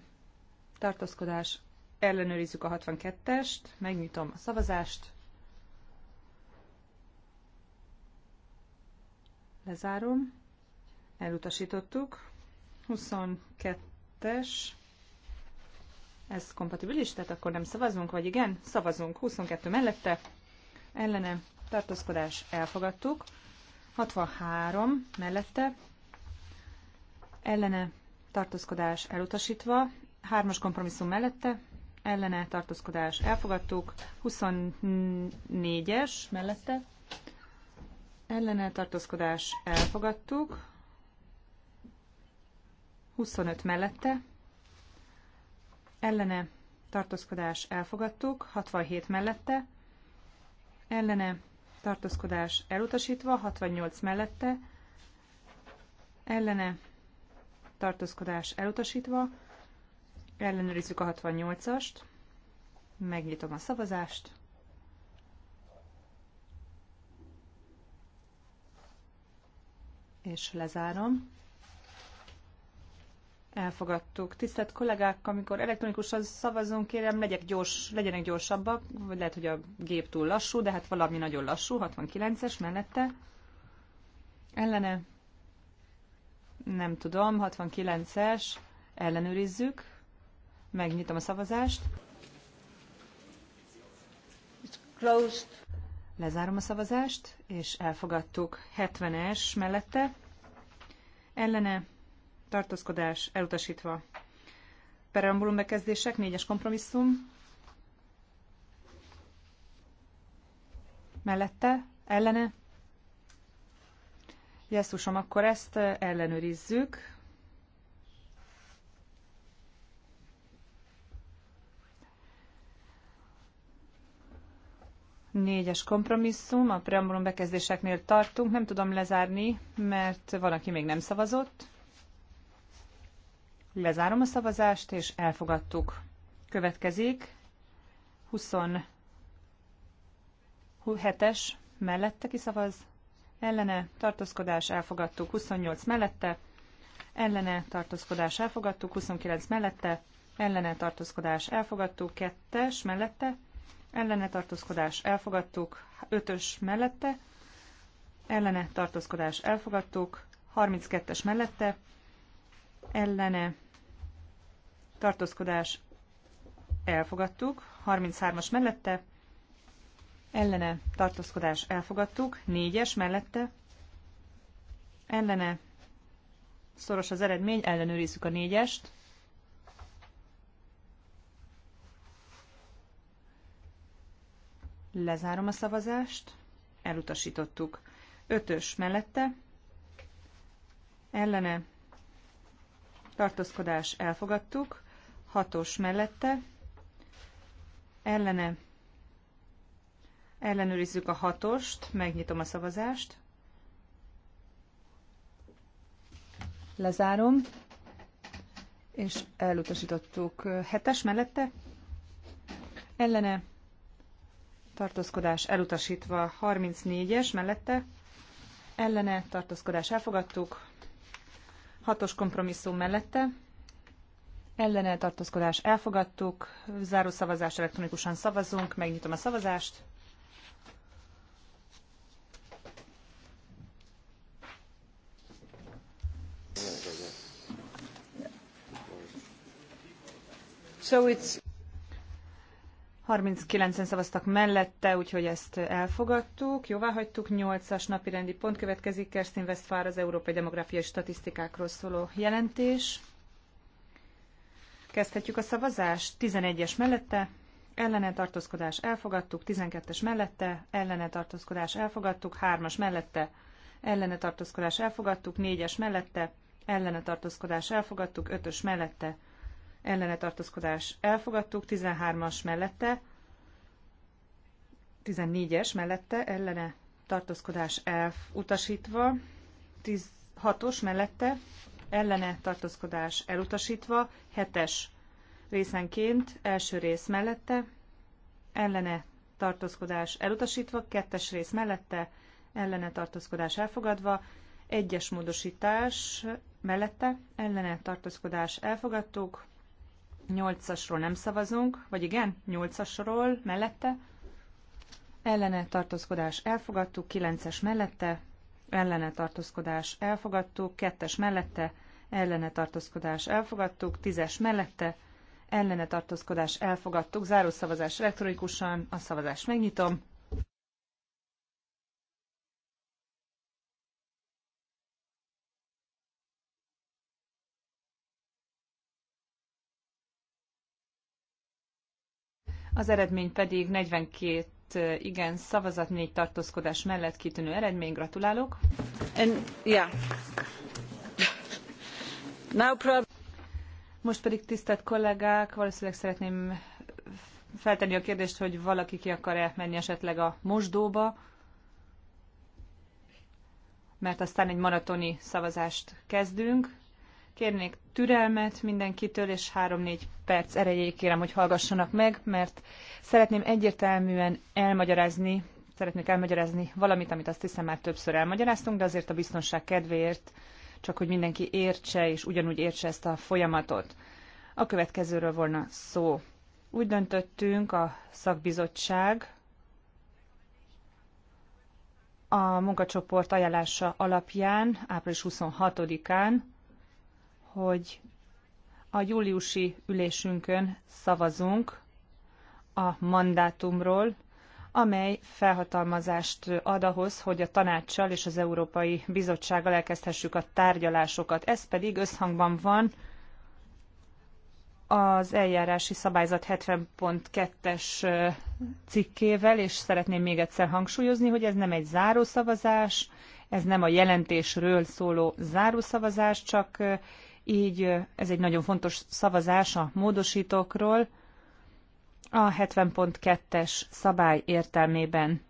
tartózkodás ellenőrizzük a 62-est, megnyitom a szavazást, Lezárom. Elutasítottuk. 22-es. Ez kompatibilis, tehát akkor nem szavazunk, vagy igen? Szavazunk. 22 mellette. Ellene. Tartózkodás. Elfogadtuk. 63 mellette. Ellene. Tartózkodás. Elutasítva. 3-as kompromisszum mellette ellene tartózkodás elfogadtuk, 24-es mellette ellene tartózkodás elfogadtuk, 25 mellette, ellene tartózkodás elfogadtuk, 67 mellette, ellene tartózkodás elutasítva, 68 mellette, ellene tartózkodás elutasítva, ellenőrizzük a 68-ast, megnyitom a szavazást, és lezárom. Elfogadtuk. Tisztelt kollégák, amikor elektronikusan szavazunk, kérem, legyek gyors, legyenek gyorsabbak, vagy lehet, hogy a gép túl lassú, de hát valami nagyon lassú, 69-es mellette. Ellene? Nem tudom, 69-es, ellenőrizzük. Megnyitom a szavazást. It's closed. Lezárom a szavazást, és elfogadtuk 70-es mellette. Ellene tartózkodás elutasítva. Perambulum bekezdések, négyes kompromisszum. Mellette, ellene. Jesszusom, akkor ezt ellenőrizzük. Négyes kompromisszum, a preambulum bekezdéseknél tartunk, nem tudom lezárni, mert van, aki még nem szavazott. Lezárom a szavazást, és elfogadtuk. Következik 27-es, mellette kiszavaz, ellene, tartózkodás, elfogadtuk, 28 mellette, ellene, tartózkodás, elfogadtuk, 29 mellette, ellene, tartózkodás, elfogadtuk, 2-es, mellette, ellene tartózkodás elfogadtuk, 5-ös mellette, ellene tartózkodás elfogadtuk, 32-es mellette, ellene tartózkodás elfogadtuk, 33-as mellette, ellene tartózkodás elfogadtuk, 4-es mellette, ellene szoros az eredmény, ellenőrizzük a 4-est, Lezárom a szavazást. Elutasítottuk. Ötös mellette. Ellene. Tartózkodás elfogadtuk. Hatos mellette. Ellene. Ellenőrizzük a hatost. Megnyitom a szavazást. Lezárom. És elutasítottuk. Hetes mellette. Ellene tartózkodás elutasítva 34-es mellette, ellene tartózkodás elfogadtuk, 6-os kompromisszum mellette, ellene tartózkodás elfogadtuk, záró szavazás elektronikusan szavazunk, megnyitom a szavazást. So it's 39-en szavaztak mellette, úgyhogy ezt elfogadtuk, jóvá hagytuk. 8-as napi rendi pont következik, Kerstin Westphal az Európai Demográfiai Statisztikákról szóló jelentés. Kezdhetjük a szavazást. 11-es mellette, ellene tartózkodás elfogadtuk, 12-es mellette, ellene tartózkodás elfogadtuk, 3-as mellette, ellene tartózkodás elfogadtuk, 4-es mellette, ellene tartózkodás elfogadtuk, 5-ös mellette, ellene tartózkodás elfogadtuk, 13-as mellette, 14-es mellette ellene tartózkodás utasítva 6-os mellette ellene tartózkodás elutasítva, 7-es részenként első rész mellette, ellene tartózkodás elutasítva, kettes rész mellette, ellene tartózkodás elfogadva, egyes módosítás mellette, ellene tartózkodás elfogadtuk, 8-asról nem szavazunk, vagy igen, 8-asról mellette. Ellene tartózkodás elfogadtuk, 9-es mellette, ellene tartózkodás elfogadtuk, 2-es mellette, ellene tartózkodás elfogadtuk, 10-es mellette, ellene tartózkodás elfogadtuk, zárószavazás elektronikusan, a szavazást megnyitom. az eredmény pedig 42 eh, igen szavazat, négy tartózkodás mellett kitűnő eredmény. Gratulálok! And, yeah. Now prob- Most pedig tisztelt kollégák, valószínűleg szeretném feltenni a kérdést, hogy valaki ki akar elmenni esetleg a mosdóba, mert aztán egy maratoni szavazást kezdünk. Kérnék türelmet mindenkitől, és három-négy perc erejéig kérem, hogy hallgassanak meg, mert szeretném egyértelműen elmagyarázni, szeretnék elmagyarázni valamit, amit azt hiszem már többször elmagyaráztunk, de azért a biztonság kedvéért, csak hogy mindenki értse, és ugyanúgy értse ezt a folyamatot. A következőről volna szó. Úgy döntöttünk a szakbizottság, a munkacsoport ajánlása alapján április 26-án hogy a júliusi ülésünkön szavazunk a mandátumról, amely felhatalmazást ad ahhoz, hogy a tanácssal és az Európai Bizottsággal elkezdhessük a tárgyalásokat. Ez pedig összhangban van az eljárási szabályzat 70.2-es cikkével, és szeretném még egyszer hangsúlyozni, hogy ez nem egy zárószavazás, ez nem a jelentésről szóló zárószavazás, csak így ez egy nagyon fontos szavazás a módosítókról a 70.2-es szabály értelmében.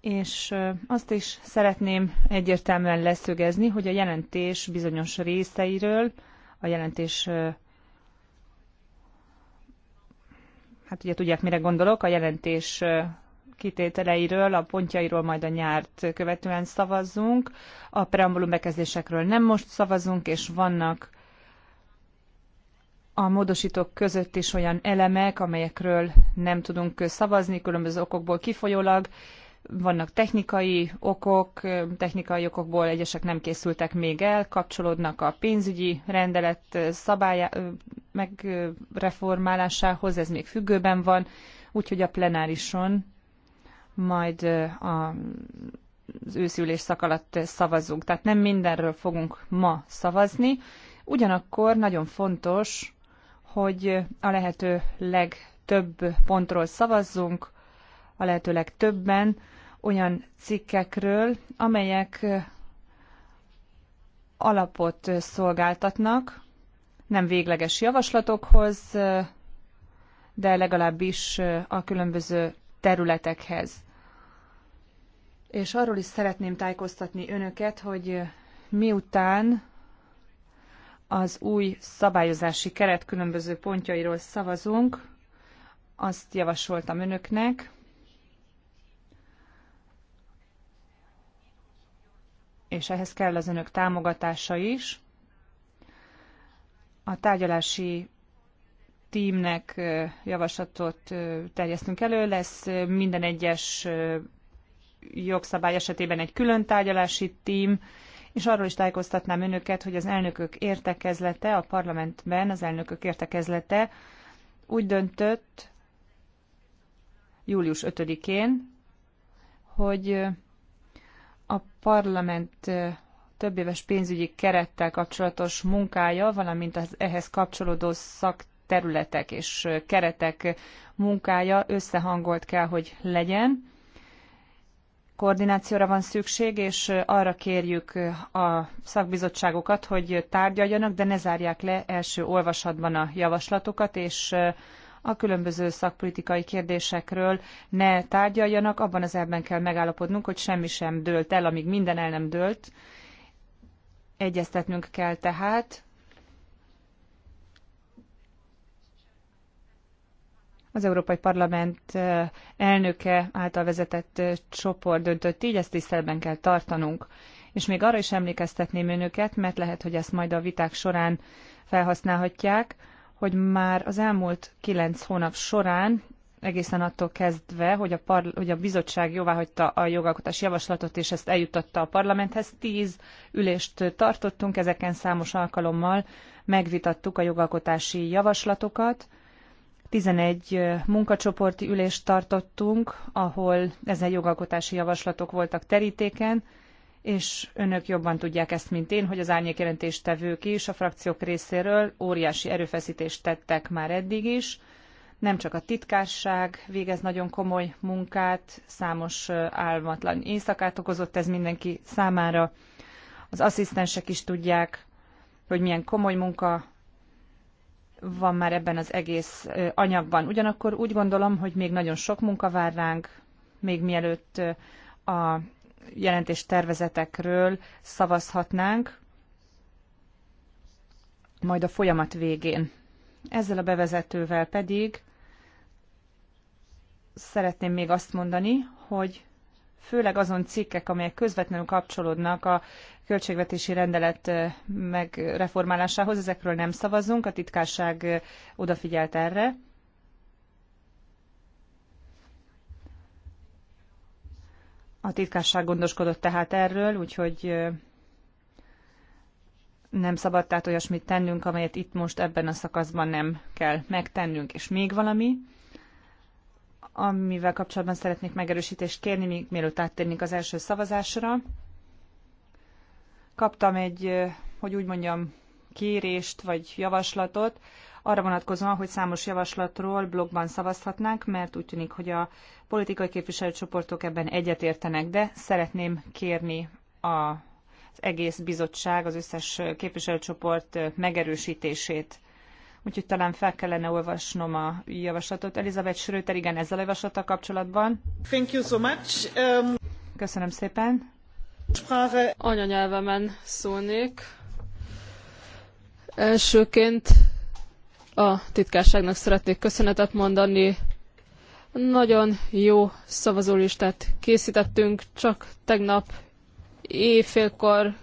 És azt is szeretném egyértelműen leszögezni, hogy a jelentés bizonyos részeiről, a jelentés hát ugye tudják, mire gondolok, a jelentés kitételeiről, a pontjairól majd a nyárt követően szavazzunk. A preambulum bekezdésekről nem most szavazunk, és vannak a módosítók között is olyan elemek, amelyekről nem tudunk szavazni, különböző okokból kifolyólag. Vannak technikai okok, technikai okokból egyesek nem készültek még el, kapcsolódnak a pénzügyi rendelet szabály megreformálásához, ez még függőben van, úgyhogy a plenárison majd a az őszülés szak alatt szavazunk. Tehát nem mindenről fogunk ma szavazni. Ugyanakkor nagyon fontos, hogy a lehető legtöbb pontról szavazzunk, a lehető legtöbben olyan cikkekről, amelyek alapot szolgáltatnak, nem végleges javaslatokhoz, de legalábbis a különböző területekhez és arról is szeretném tájékoztatni önöket, hogy miután az új szabályozási keret különböző pontjairól szavazunk, azt javasoltam önöknek, és ehhez kell az önök támogatása is. A tárgyalási tímnek javaslatot terjesztünk elő, lesz minden egyes jogszabály esetében egy külön tárgyalási tím, és arról is tájékoztatnám önöket, hogy az elnökök értekezlete, a parlamentben az elnökök értekezlete úgy döntött július 5-én, hogy a parlament több éves pénzügyi kerettel kapcsolatos munkája, valamint az ehhez kapcsolódó szakterületek és keretek munkája összehangolt kell, hogy legyen koordinációra van szükség, és arra kérjük a szakbizottságokat, hogy tárgyaljanak, de ne zárják le első olvasatban a javaslatokat, és a különböző szakpolitikai kérdésekről ne tárgyaljanak, abban az elben kell megállapodnunk, hogy semmi sem dőlt el, amíg minden el nem dőlt. Egyeztetnünk kell tehát, az Európai Parlament elnöke által vezetett csoport döntött így, ezt tisztelben kell tartanunk. És még arra is emlékeztetném önöket, mert lehet, hogy ezt majd a viták során felhasználhatják, hogy már az elmúlt kilenc hónap során egészen attól kezdve, hogy a, par, hogy a bizottság jóváhagyta a jogalkotási javaslatot, és ezt eljuttatta a parlamenthez. Tíz ülést tartottunk, ezeken számos alkalommal megvitattuk a jogalkotási javaslatokat, 11 munkacsoporti ülést tartottunk, ahol ezen jogalkotási javaslatok voltak terítéken, és önök jobban tudják ezt, mint én, hogy az árnyékjelentéstevők is a frakciók részéről óriási erőfeszítést tettek már eddig is. Nem csak a titkárság végez nagyon komoly munkát, számos álmatlan éjszakát okozott ez mindenki számára. Az asszisztensek is tudják, hogy milyen komoly munka van már ebben az egész anyagban. Ugyanakkor úgy gondolom, hogy még nagyon sok munka vár ránk, még mielőtt a jelentés tervezetekről szavazhatnánk, majd a folyamat végén. Ezzel a bevezetővel pedig szeretném még azt mondani, hogy főleg azon cikkek, amelyek közvetlenül kapcsolódnak a költségvetési rendelet megreformálásához. Ezekről nem szavazunk, a titkárság odafigyelt erre. A titkárság gondoskodott tehát erről, úgyhogy nem szabad tehát olyasmit tennünk, amelyet itt most ebben a szakaszban nem kell megtennünk. És még valami, amivel kapcsolatban szeretnék megerősítést kérni, még mielőtt áttérnénk az első szavazásra. Kaptam egy, hogy úgy mondjam, kérést vagy javaslatot arra vonatkozóan, hogy számos javaslatról blogban szavazhatnánk, mert úgy tűnik, hogy a politikai képviselőcsoportok ebben egyetértenek, de szeretném kérni a az egész bizottság, az összes képviselőcsoport megerősítését úgyhogy talán fel kellene olvasnom a javaslatot. Elizabeth Schröter, igen, ezzel a javaslattal kapcsolatban. Thank you so much. Um... Köszönöm szépen. Sprache. Anyanyelvemen szólnék. Elsőként a titkárságnak szeretnék köszönetet mondani. Nagyon jó szavazólistát készítettünk, csak tegnap éjfélkor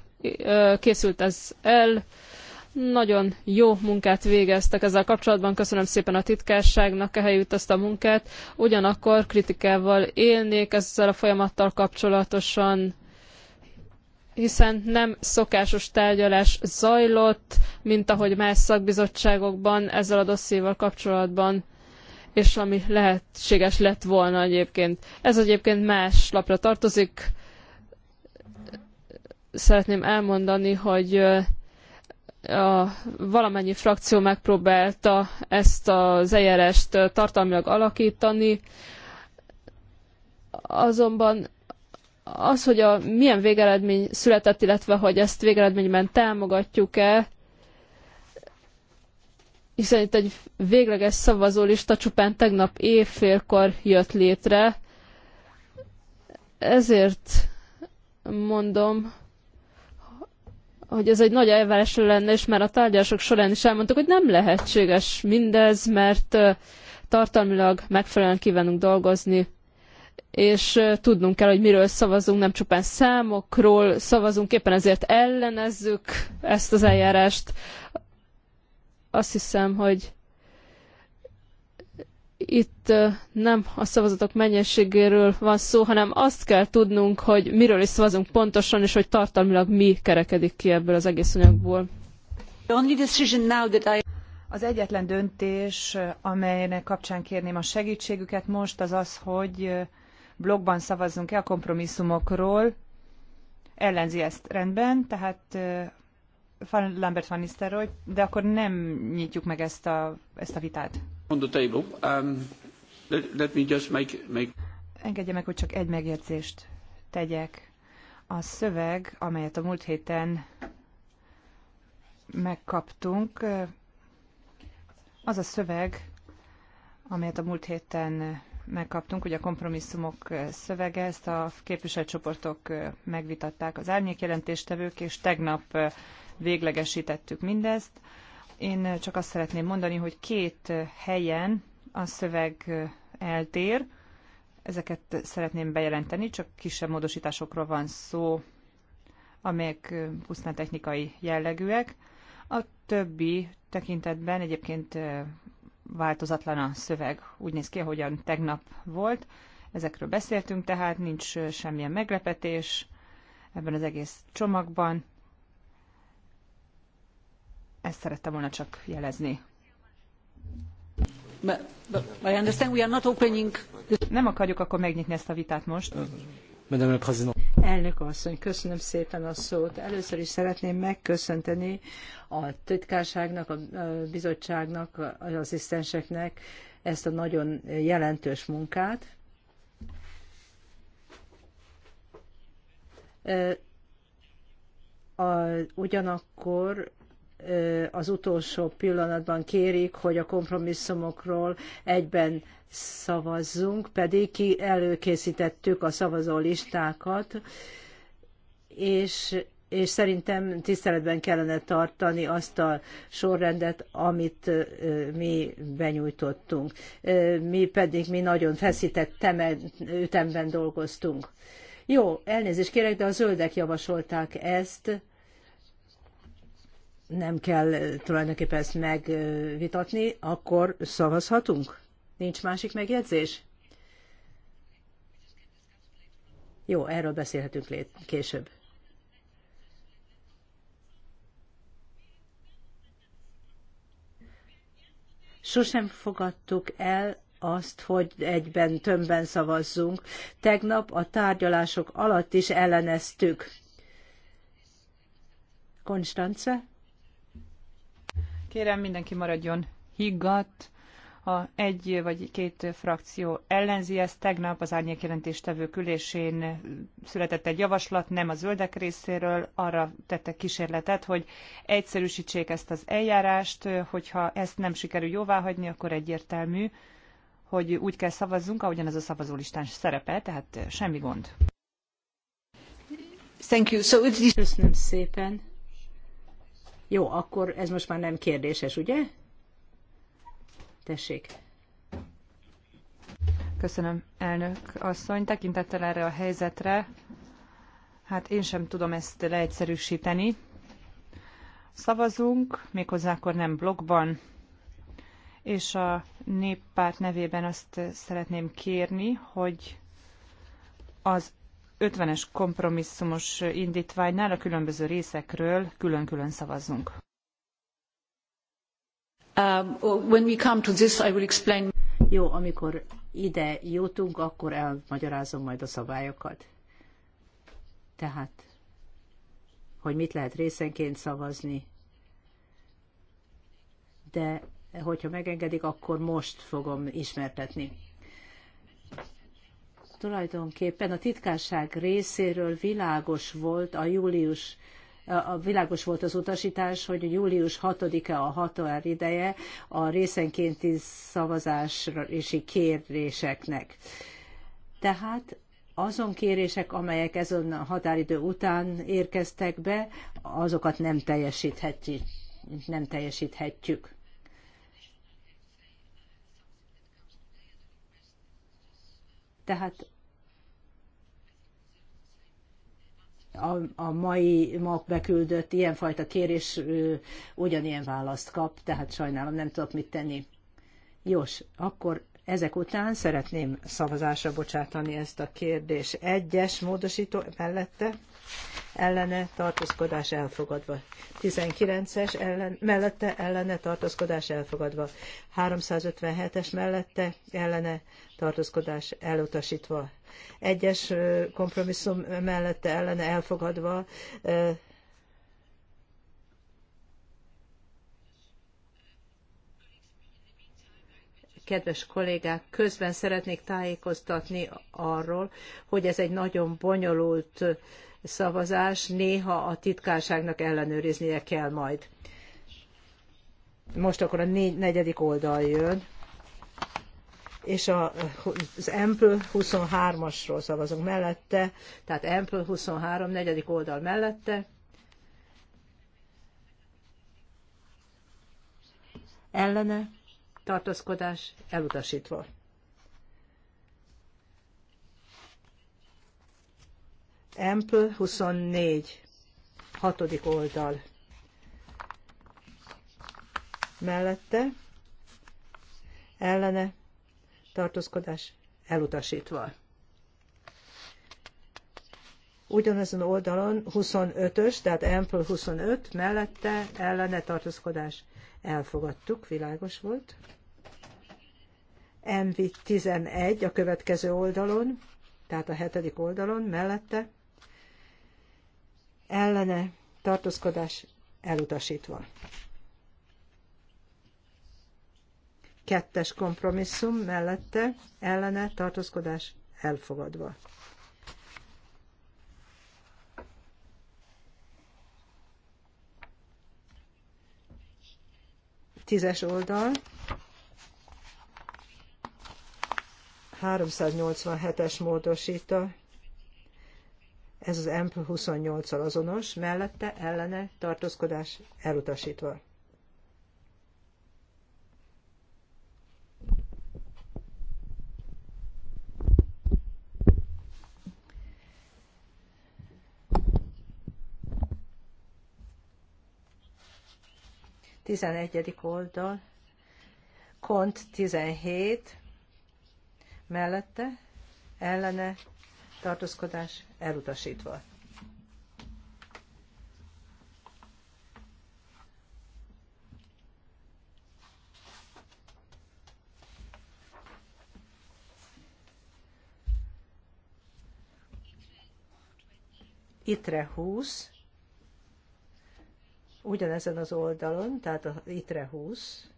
készült ez el. Nagyon jó munkát végeztek ezzel kapcsolatban, köszönöm szépen a titkárságnak ehelyütt ezt a munkát. Ugyanakkor kritikával élnék ezzel a folyamattal kapcsolatosan, hiszen nem szokásos tárgyalás zajlott, mint ahogy más szakbizottságokban ezzel a dosszéval kapcsolatban és ami lehetséges lett volna egyébként. Ez egyébként más lapra tartozik. Szeretném elmondani, hogy a valamennyi frakció megpróbálta ezt az eljárást tartalmilag alakítani, azonban az, hogy a milyen végeredmény született, illetve hogy ezt végeredményben támogatjuk-e, hiszen itt egy végleges szavazólista csupán tegnap évfélkor jött létre, ezért mondom, hogy ez egy nagy elvárás lenne, és már a tárgyalások során is elmondtuk, hogy nem lehetséges mindez, mert tartalmilag megfelelően kívánunk dolgozni, és tudnunk kell, hogy miről szavazunk, nem csupán számokról szavazunk, éppen ezért ellenezzük ezt az eljárást. Azt hiszem, hogy itt nem a szavazatok mennyiségéről van szó, hanem azt kell tudnunk, hogy miről is szavazunk pontosan, és hogy tartalmilag mi kerekedik ki ebből az egész anyagból. Az egyetlen döntés, amelynek kapcsán kérném a segítségüket most, az az, hogy blogban szavazzunk a kompromisszumokról. Ellenzi ezt rendben, tehát Lambert van Nistelrooy, de akkor nem nyitjuk meg ezt a, ezt a vitát on the table. Um, let, let me just make, make... Engedje meg, hogy csak egy megjegyzést tegyek. A szöveg, amelyet a múlt héten megkaptunk, az a szöveg, amelyet a múlt héten megkaptunk, ugye a kompromisszumok szövege, ezt a képviselőcsoportok megvitatták az árnyékjelentéstevők, és tegnap véglegesítettük mindezt. Én csak azt szeretném mondani, hogy két helyen a szöveg eltér, ezeket szeretném bejelenteni, csak kisebb módosításokról van szó, amelyek pusztán technikai jellegűek. A többi tekintetben egyébként változatlan a szöveg. Úgy néz ki, ahogyan tegnap volt. Ezekről beszéltünk, tehát nincs semmilyen meglepetés ebben az egész csomagban. Ezt szerette volna csak jelezni. Nem akarjuk akkor megnyitni ezt a vitát most. Elnök asszony, köszönöm szépen a szót. Először is szeretném megköszönteni a titkárságnak, a bizottságnak, az asszisztenseknek ezt a nagyon jelentős munkát. ugyanakkor az utolsó pillanatban kérik, hogy a kompromisszumokról egyben szavazzunk, pedig ki előkészítettük a szavazólistákat, és, és szerintem tiszteletben kellene tartani azt a sorrendet, amit mi benyújtottunk. Mi pedig mi nagyon feszített ütemben dolgoztunk. Jó, elnézést kérek, de a zöldek javasolták ezt, nem kell tulajdonképpen ezt megvitatni, akkor szavazhatunk? Nincs másik megjegyzés? Jó, erről beszélhetünk később. Sosem fogadtuk el azt, hogy egyben tömbben szavazzunk. Tegnap a tárgyalások alatt is elleneztük. Konstance? Kérem, mindenki maradjon higgadt. Ha egy vagy két frakció ellenzi ezt, tegnap az árnyékjelentéstevő külésén született egy javaslat, nem a zöldek részéről, arra tette kísérletet, hogy egyszerűsítsék ezt az eljárást, hogyha ezt nem sikerül jóváhagyni, akkor egyértelmű, hogy úgy kell szavazzunk, ahogyan az a szavazólistán szerepel, tehát semmi gond. Thank you. So it's... Köszönöm szépen jó, akkor ez most már nem kérdéses, ugye? Tessék. Köszönöm, elnök asszony. Tekintettel erre a helyzetre, hát én sem tudom ezt leegyszerűsíteni. Szavazunk, méghozzá akkor nem blogban, és a néppárt nevében azt szeretném kérni, hogy az 50-es kompromisszumos indítványnál a különböző részekről külön-külön szavazzunk. Um, when we come to this, I will explain. Jó, amikor ide jutunk, akkor elmagyarázom majd a szabályokat. Tehát, hogy mit lehet részenként szavazni. De hogyha megengedik, akkor most fogom ismertetni tulajdonképpen a titkárság részéről világos volt a július a világos volt az utasítás, hogy a július 6-a a határ ideje a részenkénti szavazási kéréseknek. Tehát azon kérések, amelyek ezen a határidő után érkeztek be, azokat nem teljesíthetjük. Nem teljesíthetjük. Tehát a, a mai mag beküldött ilyenfajta kérés ő, ugyanilyen választ kap, tehát sajnálom, nem tudok mit tenni. Jós, akkor ezek után szeretném szavazásra bocsátani ezt a kérdés. Egyes módosító mellette ellene tartózkodás elfogadva. 19-es ellen, mellette ellene tartózkodás elfogadva. 357-es mellette ellene tartózkodás elutasítva egyes kompromisszum mellette ellene elfogadva kedves kollégák, közben szeretnék tájékoztatni arról, hogy ez egy nagyon bonyolult szavazás, néha a titkárságnak ellenőriznie kell majd. Most akkor a négy, negyedik oldal jön és a, az Empl 23-asról szavazunk mellette, tehát Empl 23, negyedik oldal mellette. Ellene tartózkodás elutasítva. Empl 24, hatodik oldal mellette, ellene tartózkodás elutasítva. Ugyanazon oldalon 25-ös, tehát M 25 mellette ellene tartózkodás elfogadtuk, világos volt. MV 11 a következő oldalon, tehát a hetedik oldalon mellette ellene tartózkodás elutasítva. Kettes kompromisszum mellette ellene tartózkodás elfogadva. Tízes oldal. 387-es módosíta, ez az M28-al azonos, mellette ellene tartózkodás elutasítva. 11. oldal, kont 17, mellette, ellene, tartózkodás elutasítva. Itre 20, ugyanezen az oldalon, tehát a ITRE 20,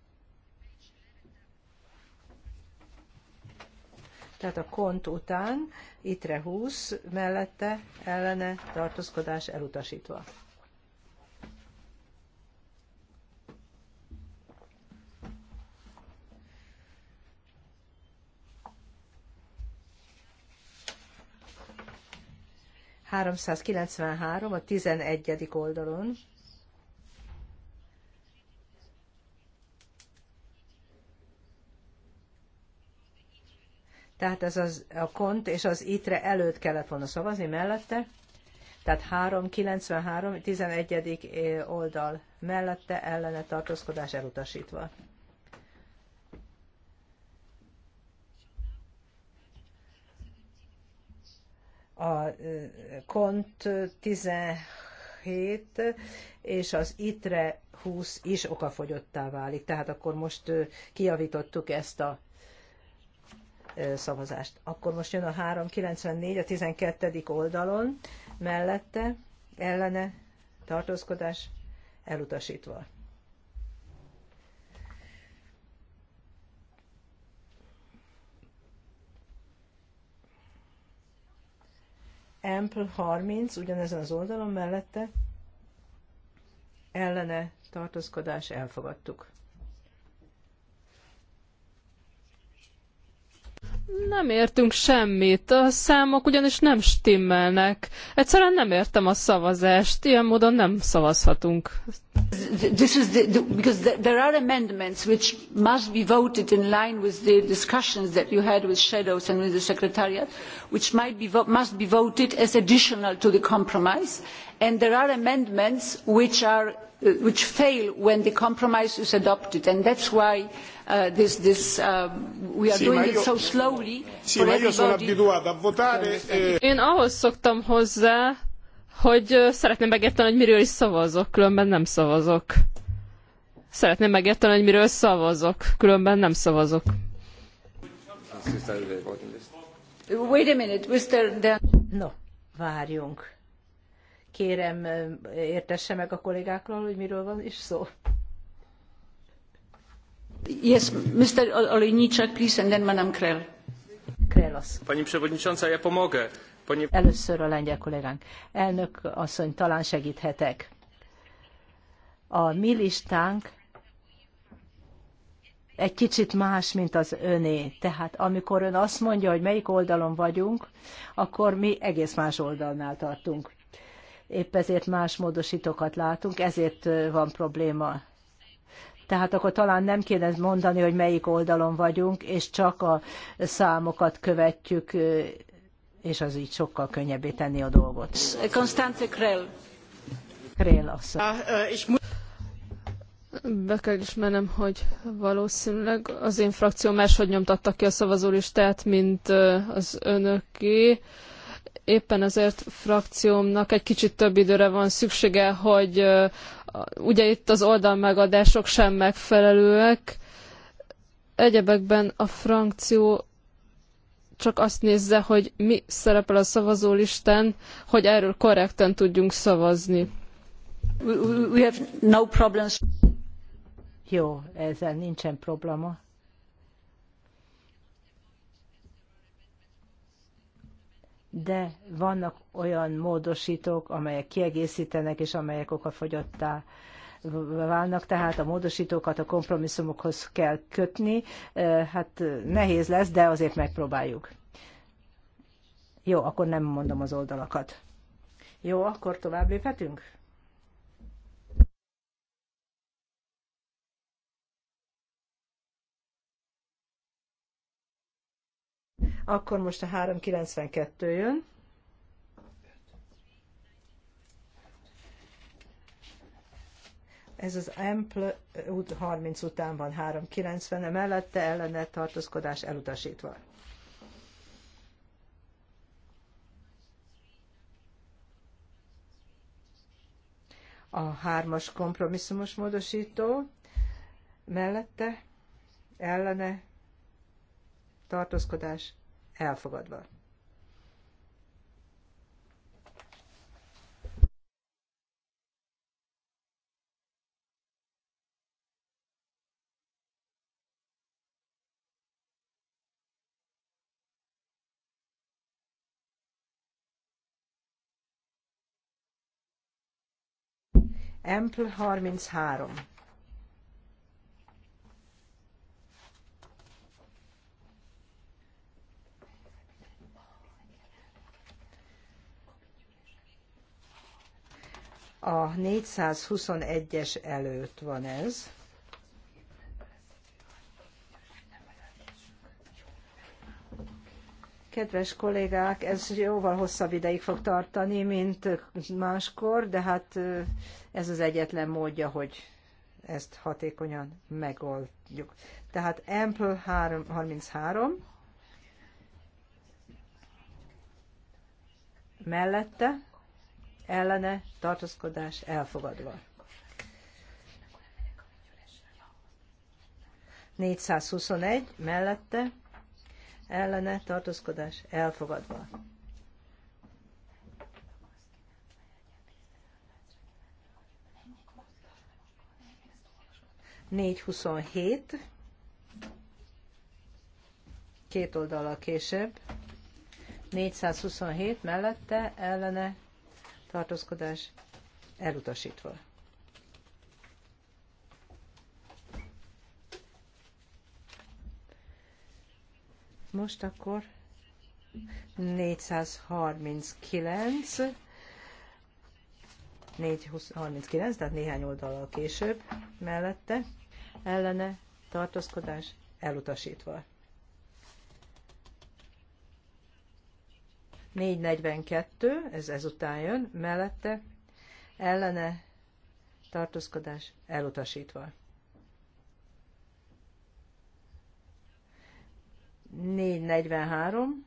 tehát a kont után, ITRE 20, mellette ellene tartózkodás elutasítva. Háromszázkilencvenhárom a tizenegyedik oldalon. Tehát ez az, a kont és az itre előtt kellett volna szavazni mellette. Tehát 393, 11. Eh, oldal mellette ellene tartózkodás elutasítva. a eh, kont 17 és az itre 20 is okafogyottá válik. Tehát akkor most eh, kijavítottuk ezt a szavazást. Akkor most jön a 394 a 12. oldalon, mellette, ellene, tartózkodás elutasítva. Ample 30, ugyanezen az oldalon mellette, ellene tartózkodás elfogadtuk. Nem értünk semmit, a számok ugyanis nem stimmelnek. Egyszerűen nem értem a szavazást, ilyen módon nem szavazhatunk. This is the, the, because there are amendments which must be voted in line with the discussions that you had with shadows and with the secretariat, which might be must be voted as additional to the compromise, and there are amendments which are uh, which fail when the compromise is adopted, and that's why. Uh, this, this, uh, we are doing it so slowly. Eh, Én ahhoz szoktam hozzá, hogy szeretném megérteni, hogy miről is szavazok, különben nem szavazok. Szeretném megérteni, hogy miről szavazok, különben nem szavazok. Wait a minute, Mr. No, várjunk. Kérem, értesse meg a kollégákról, hogy miről van is szó. Mr. Pani Przewodnicząca, ja pomogę. Pani... Először a lengyel kollégánk. Elnök asszony, talán segíthetek. A mi listánk egy kicsit más, mint az öné. Tehát amikor ön azt mondja, hogy melyik oldalon vagyunk, akkor mi egész más oldalnál tartunk. Épp ezért más módostókat látunk, ezért van probléma tehát akkor talán nem kéne mondani, hogy melyik oldalon vagyunk, és csak a számokat követjük, és az így sokkal könnyebbé tenni a dolgot. Konstance Krell. Krell asszony. Ah, Be kell ismernem, hogy valószínűleg az én frakció máshogy nyomtatta ki a szavazólistát, mint az önöké éppen ezért frakciómnak egy kicsit több időre van szüksége, hogy Ugye itt az oldalmegadások sem megfelelőek, egyebekben a frankció csak azt nézze, hogy mi szerepel a szavazólistán, hogy erről korrekten tudjunk szavazni. We have no problems. Jó, ezzel nincsen probléma. de vannak olyan módosítók, amelyek kiegészítenek, és amelyek fogyottá válnak, tehát a módosítókat a kompromisszumokhoz kell kötni. Hát nehéz lesz, de azért megpróbáljuk. Jó, akkor nem mondom az oldalakat. Jó, akkor tovább léphetünk? Akkor most a 392 jön. Ez az Ampl 30 után van 390, -e mellette ellene tartózkodás elutasítva. A hármas kompromisszumos módosító mellette ellene tartózkodás elfogadva. Ample 33. A 421-es előtt van ez. Kedves kollégák, ez jóval hosszabb ideig fog tartani, mint máskor, de hát ez az egyetlen módja, hogy ezt hatékonyan megoldjuk. Tehát Ample 33 mellette ellene tartózkodás elfogadva. 421 mellette ellene tartózkodás elfogadva. 427 két oldalal később, 427 mellette ellene tartózkodás elutasítva. Most akkor 439, 439, tehát néhány oldalal később mellette ellene tartózkodás elutasítva. 442, ez ezután jön, mellette ellene tartózkodás elutasítva. 443,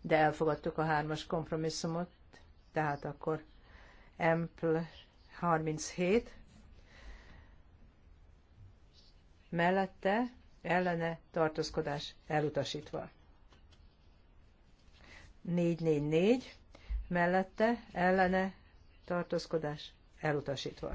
de elfogadtuk a hármas kompromisszumot, tehát akkor Ample 37, mellette ellene tartózkodás elutasítva. 444 mellette ellene tartózkodás elutasítva.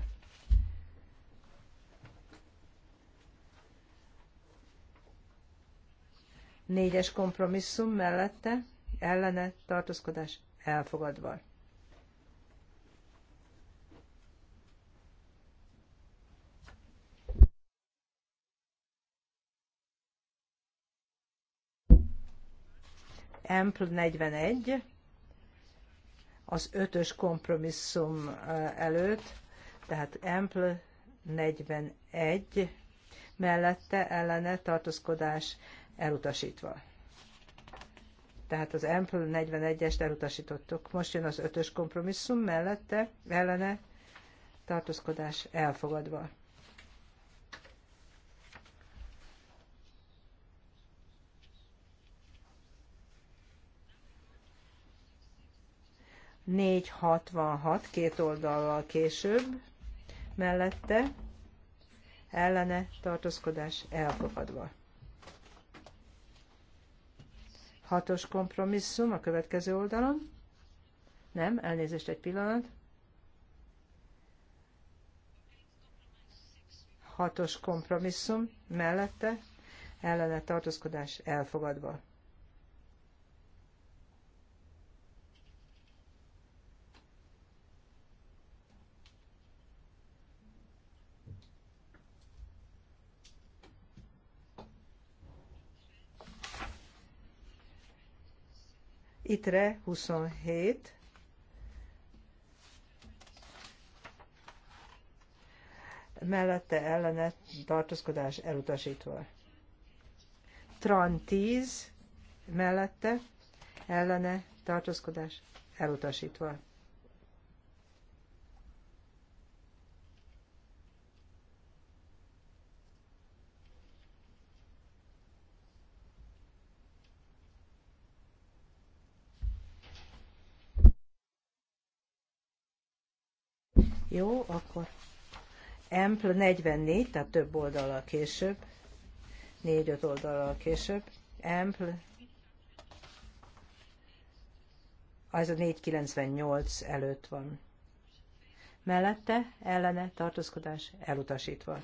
Négyes kompromisszum mellette ellene tartózkodás elfogadva. Ample 41 az ötös kompromisszum előtt, tehát Ample 41 mellette ellene tartózkodás elutasítva. Tehát az Ample 41-est elutasítottuk. Most jön az ötös kompromisszum mellette ellene tartózkodás elfogadva. 466 két oldallal később, mellette ellene tartózkodás elfogadva. Hatos kompromisszum a következő oldalon. Nem, elnézést egy pillanat. Hatos kompromisszum mellette ellene tartózkodás elfogadva. ITRE 27, mellette ellene tartózkodás elutasítva. Tran 10 mellette ellene tartózkodás elutasítva. Jó, akkor Empl 44, tehát több oldalal később, 4-5 oldalal később, Empl, az a 498 előtt van. Mellette ellene tartózkodás elutasítva.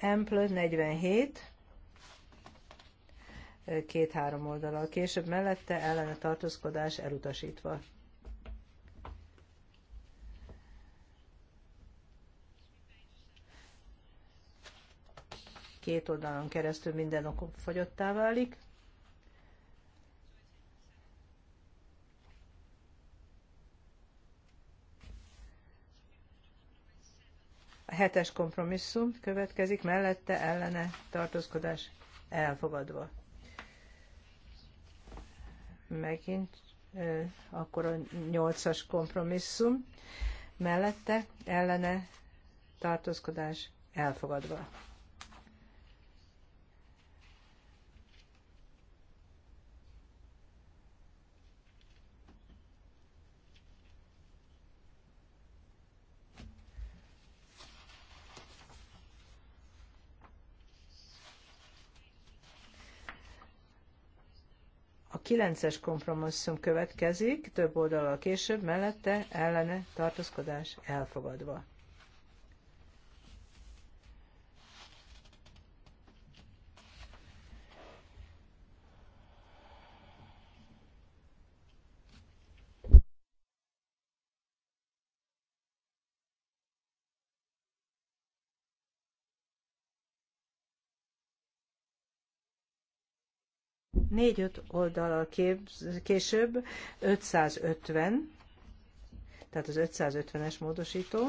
plusz 47, két-három oldalal később mellette ellene tartózkodás elutasítva. Két oldalon keresztül minden okok fogyottá válik. Hetes kompromisszum következik, mellette ellene tartózkodás elfogadva. Megint akkor a nyolcas kompromisszum, mellette ellene tartózkodás elfogadva. Kilences kompromisszum következik, több oldalal később, mellette ellene tartózkodás elfogadva. Négy-öt oldalal később 550, tehát az 550-es módosító,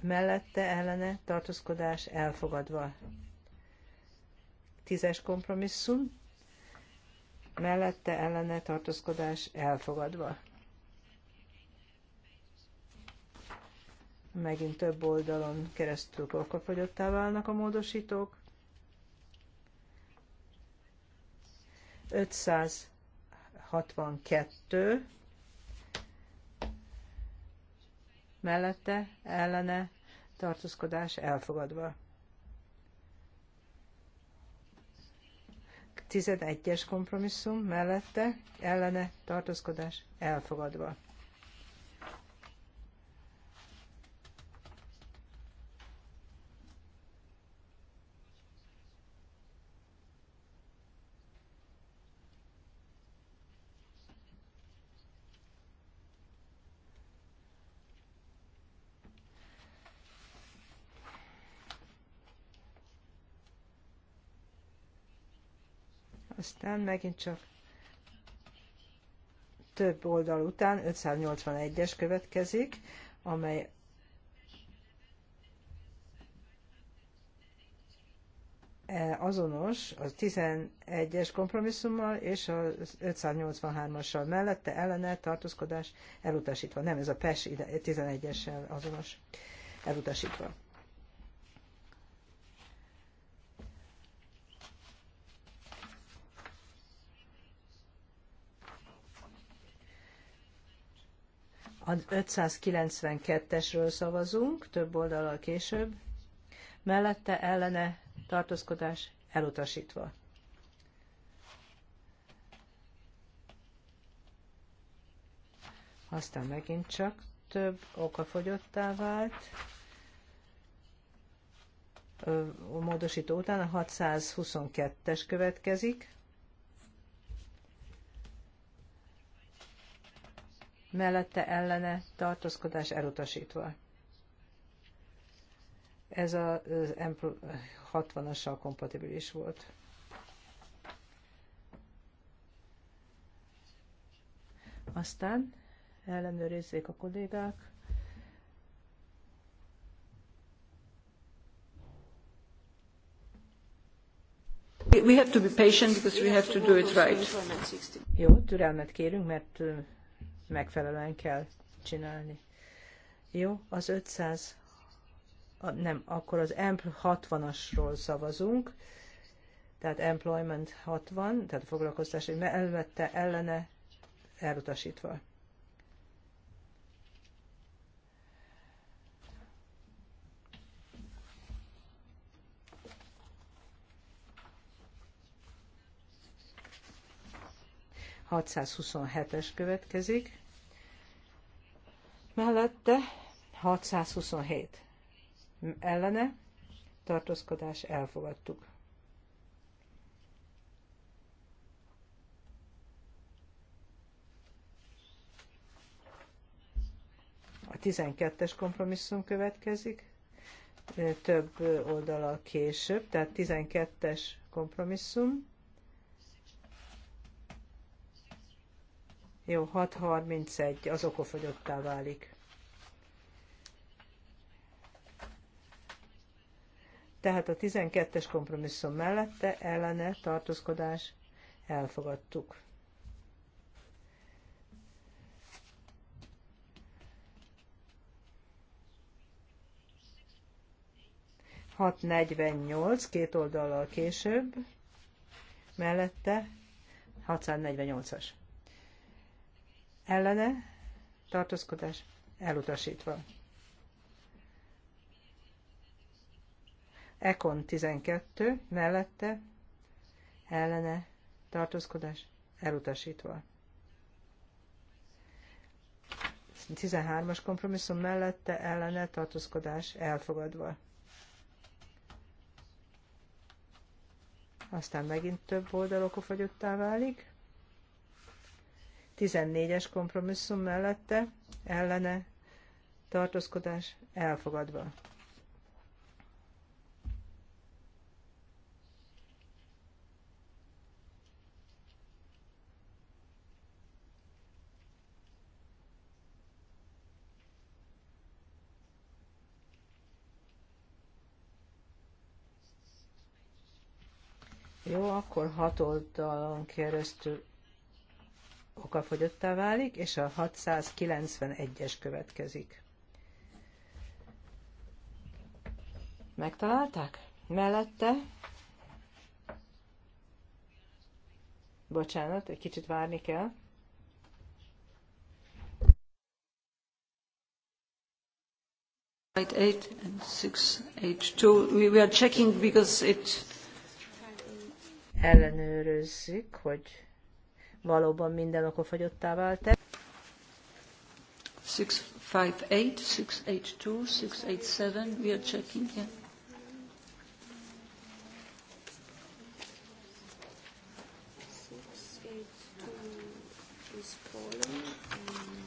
mellette ellene tartózkodás elfogadva. Tízes kompromisszum, mellette ellene tartózkodás elfogadva. Megint több oldalon keresztül korkapogyottá válnak a módosítók. 562 mellette ellene tartózkodás elfogadva. 11-es kompromisszum mellette ellene tartózkodás elfogadva. Nem, megint csak több oldal után 581-es következik, amely e azonos az 11-es kompromisszummal és a 583-assal mellette ellene tartózkodás elutasítva. Nem, ez a PES 11-essel azonos elutasítva. Az 592-esről szavazunk, több oldalal később. Mellette ellene tartózkodás elutasítva. Aztán megint csak több fogyottá vált. A módosító után a 622-es következik. mellette ellene tartózkodás elutasítva. Ez az M 60-assal kompatibilis volt. Aztán ellenőrizzék a kollégák. We have to be patient because we have to do it right. Jó, türelmet kérünk, mert megfelelően kell csinálni. Jó, az 500, nem, akkor az EMPL 60-asról szavazunk, tehát Employment 60, tehát a foglalkoztás, hogy elvette ellene elutasítva. 627-es következik, mellette 627 ellene tartózkodás elfogadtuk. A 12-es kompromisszum következik, több oldala később, tehát 12-es kompromisszum. Jó, 6.31, az okofogyottá válik. Tehát a 12-es kompromisszum mellette ellene tartózkodás elfogadtuk. Hat két oldallal később, mellette 648-as ellene tartózkodás elutasítva. Ekon 12 mellette ellene tartózkodás elutasítva. 13-as kompromisszum mellette ellene tartózkodás elfogadva. Aztán megint több oldalokú fagyottá válik. 14-es kompromisszum mellette ellene tartózkodás elfogadva. Jó, akkor hat oldalon keresztül okafogyottá válik, és a 691-es következik. Megtalálták? Mellette? Bocsánat, egy kicsit várni kell. Right, eight and six, eight, two. We, we are checking because it. Ellenőrözzük, hogy valóban minden okofagyottá vált. 658, 682, 687, we are checking, yeah.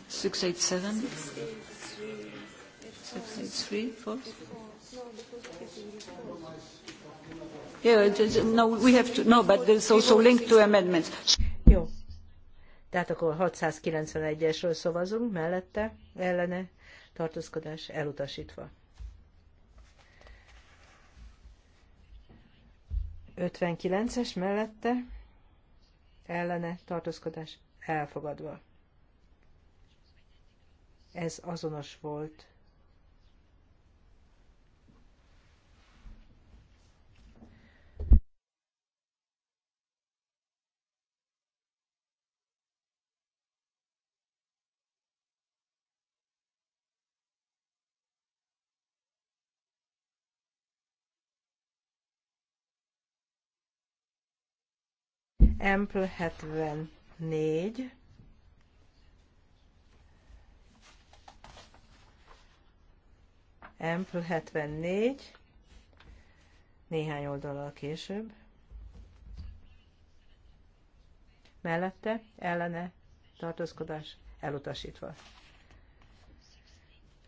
Six eight seven. Six eight three. Four. Yeah, no, we have to. No, but there's also linked to amendments. Tehát akkor 691-esről szavazunk, mellette, ellene, tartózkodás elutasítva. 59-es mellette, ellene, tartózkodás elfogadva. Ez azonos volt Ample 74. Ample 74. Néhány oldalal később. Mellette, ellene, tartózkodás elutasítva.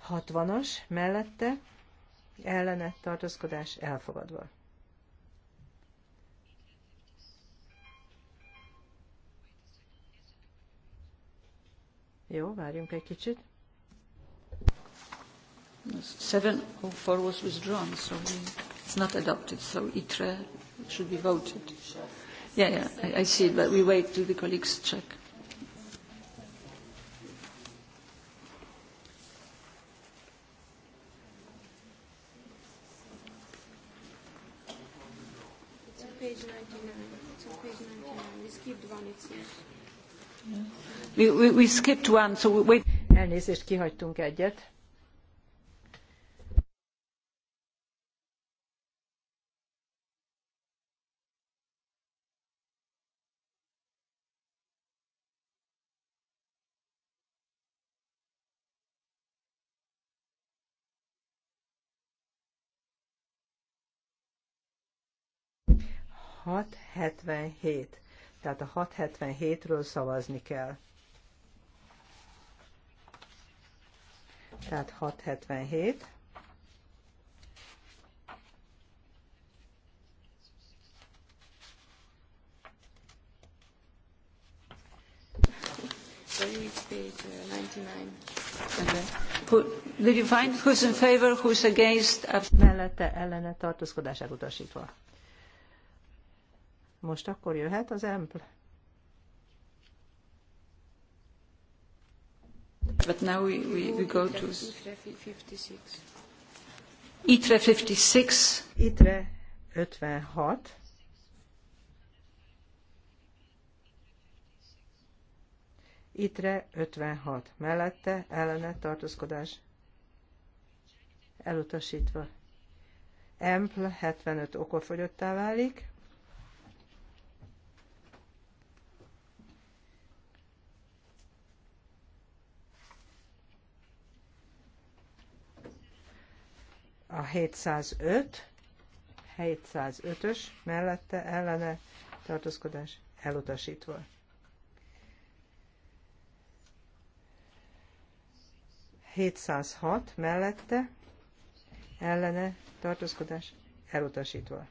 60-as, mellette, ellene, tartózkodás elfogadva. Jó, várjunk egy kicsit. 704 was withdrawn, so we, it's not adopted, so ITRE should be voted. Yeah, yeah, I, I see, but we wait till the colleagues check. Elnézést, kihagytunk egyet. hat 677. Tehát a 677-ről szavazni kell. tehát 677. Did you find who's in favor, who's against? Mellette ellene tartózkodását elutasítva. Most akkor jöhet az emplő. but now we, we, we go to... ITRE 56. ITRE 56. ITRE 56. Mellette ellene tartózkodás elutasítva. EMPL 75 okofogyottá válik. a 705, 705-ös mellette ellene tartózkodás elutasítva. 706 mellette ellene tartózkodás elutasítva.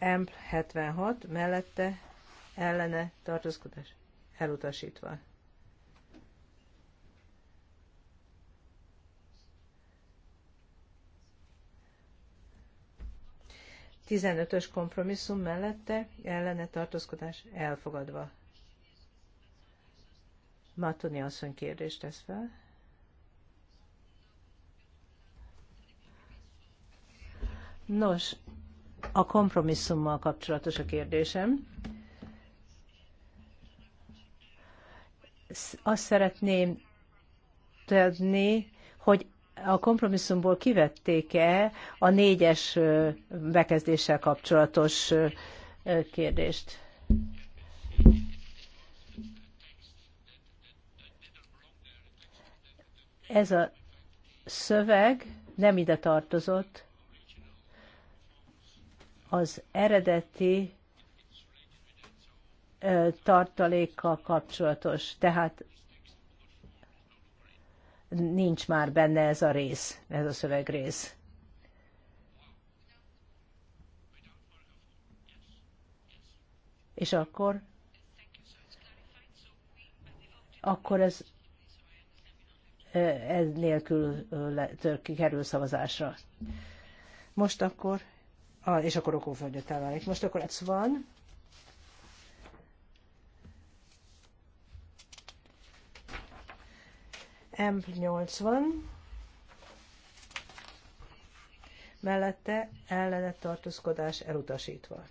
M76 mellette ellene tartózkodás elutasítva. 15-ös kompromisszum mellette ellene tartózkodás elfogadva. Matoni asszony kérdést tesz fel. Nos, a kompromisszummal kapcsolatos a kérdésem. Azt szeretném tudni, hogy a kompromisszumból kivették-e a négyes bekezdéssel kapcsolatos kérdést? Ez a szöveg nem ide tartozott az eredeti tartalékkal kapcsolatos. Tehát nincs már benne ez a rész, ez a szövegrész. És akkor akkor ez, e, ez nélkül kerül szavazásra. Most akkor, és akkor okonfogyott elválik. Most akkor ez van. Amp 80 mellette ellenet tartózkodás elutasítva.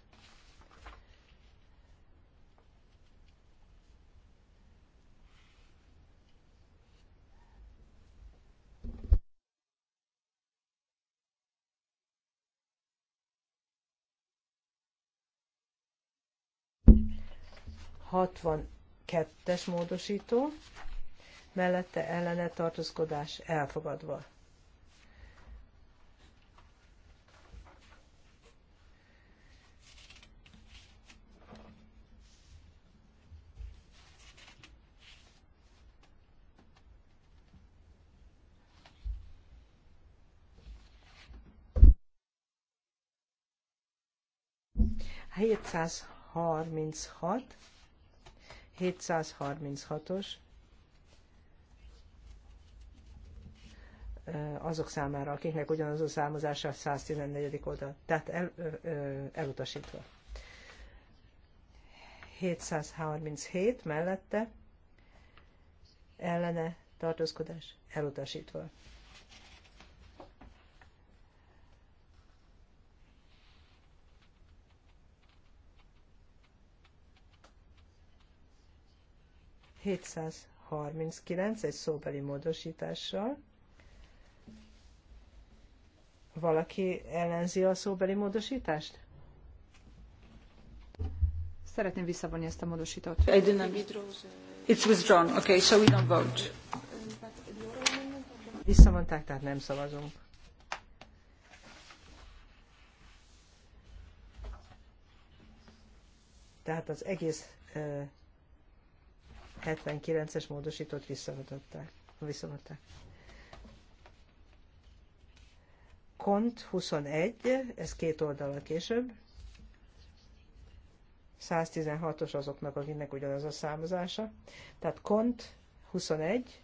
Hatvan kettes módosító mellette ellene tartózkodás elfogadva. Hétszázharminchat, 736 736-os azok számára, akiknek ugyanaz a számozása 114. oldal. Tehát el, elutasítva. 737 mellette ellene tartózkodás elutasítva. 739 egy szóbeli módosítással. Valaki ellenzi a szóbeli módosítást? Szeretném visszavonni ezt a módosítót. I didn't. It's withdrawn. Okay, so we don't vote. Visszavonták, tehát nem szavazunk. Tehát az egész uh, 79-es módosítót visszavonták. visszavonták. Kont 21, ez két oldalak később. 116-os azoknak, akinek ugyanaz a számozása. Tehát Kont 21,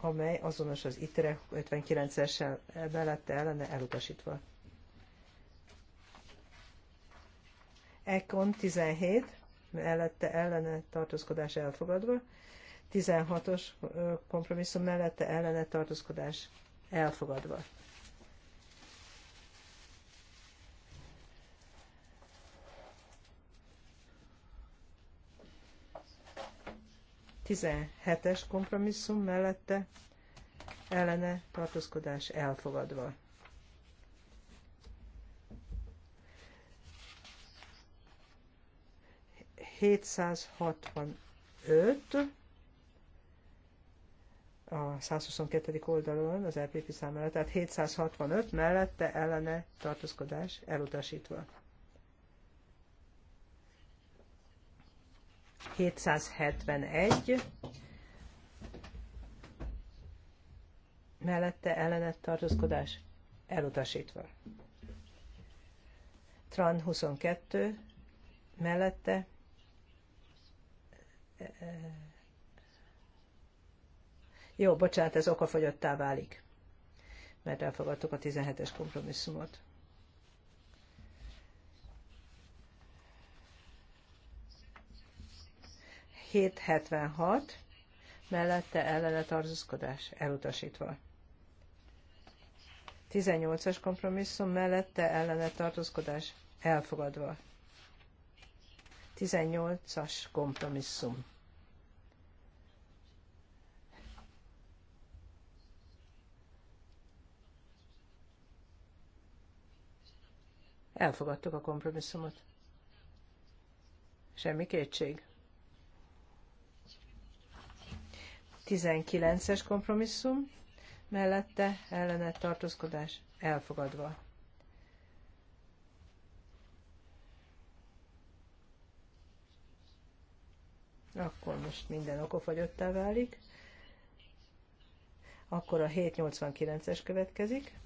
amely azonos az ITRE 59-essel mellette ellene elutasítva. Ekon 17, mellette ellene tartózkodás elfogadva, 16-os kompromisszum mellette ellene tartózkodás elfogadva. Tizenhetes kompromisszum mellette ellene tartózkodás elfogadva. Hétszázhatvanöt a 122. oldalon az szám mellett, tehát 765 mellette ellene tartózkodás elutasítva. 771 mellette ellene tartózkodás elutasítva. Tran 22 mellette jó, bocsánat, ez okafogyottá válik, mert elfogadtuk a 17-es kompromisszumot. hat mellette ellene tarzuszkodás, elutasítva. 18-as kompromisszum mellette ellene tartózkodás elfogadva. 18-as kompromisszum. Elfogadtuk a kompromisszumot. Semmi kétség. 19-es kompromisszum, mellette ellenet tartózkodás elfogadva. Akkor most minden okofagyottá válik. Akkor a 789-es következik.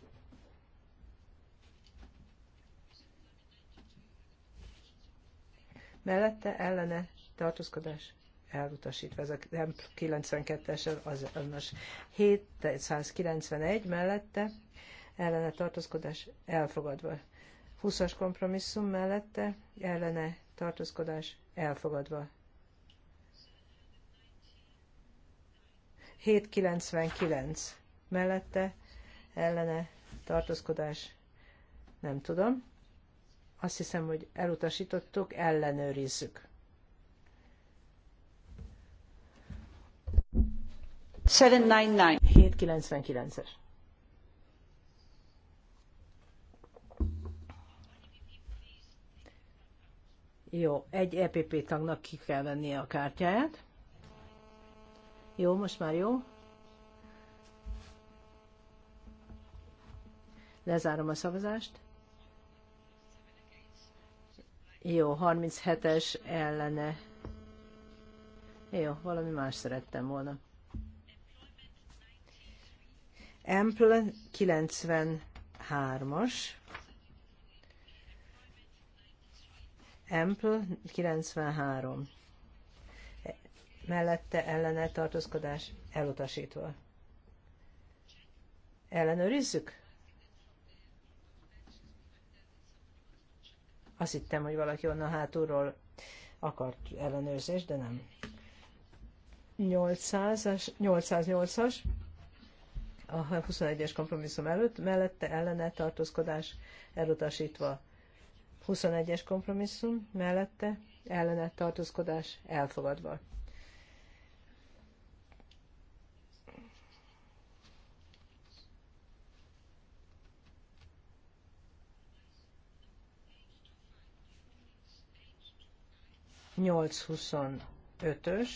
mellette ellene tartózkodás elutasítva. Ez a 92-es az önös 791 mellette ellene tartózkodás elfogadva. 20-as kompromisszum mellette ellene tartózkodás elfogadva. 799 mellette ellene tartózkodás nem tudom. Azt hiszem, hogy elutasítottuk, ellenőrizzük. Seven nine nine. kilencven es Jó, egy EPP tagnak ki kell vennie a kártyáját. Jó, most már jó. Lezárom a szavazást. Jó, 37-es ellene. Jó, valami más szerettem volna. Ample 93-as. Ample 93. Mellette ellene tartózkodás elutasítva. Ellenőrizzük? Azt hittem, hogy valaki onnan hátulról akart ellenőrzést, de nem. 800-as, 808-as, a 21-es kompromisszum előtt, mellette ellene tartózkodás elutasítva. 21-es kompromisszum mellette ellene tartózkodás elfogadva. 825-ös,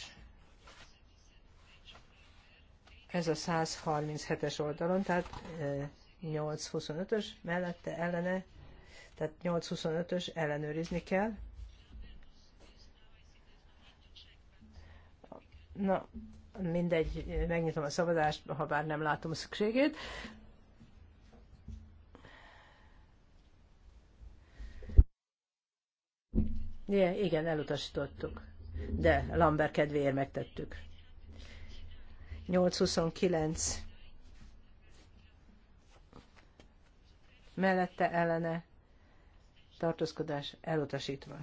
ez a 137-es oldalon, tehát 825-ös mellette ellene, tehát 825-ös ellenőrizni kell. Na, mindegy, megnyitom a szavazást, ha bár nem látom a szükségét. Igen, elutasítottuk, de Lambert kedvéért megtettük. 829 mellette ellene tartózkodás elutasítva.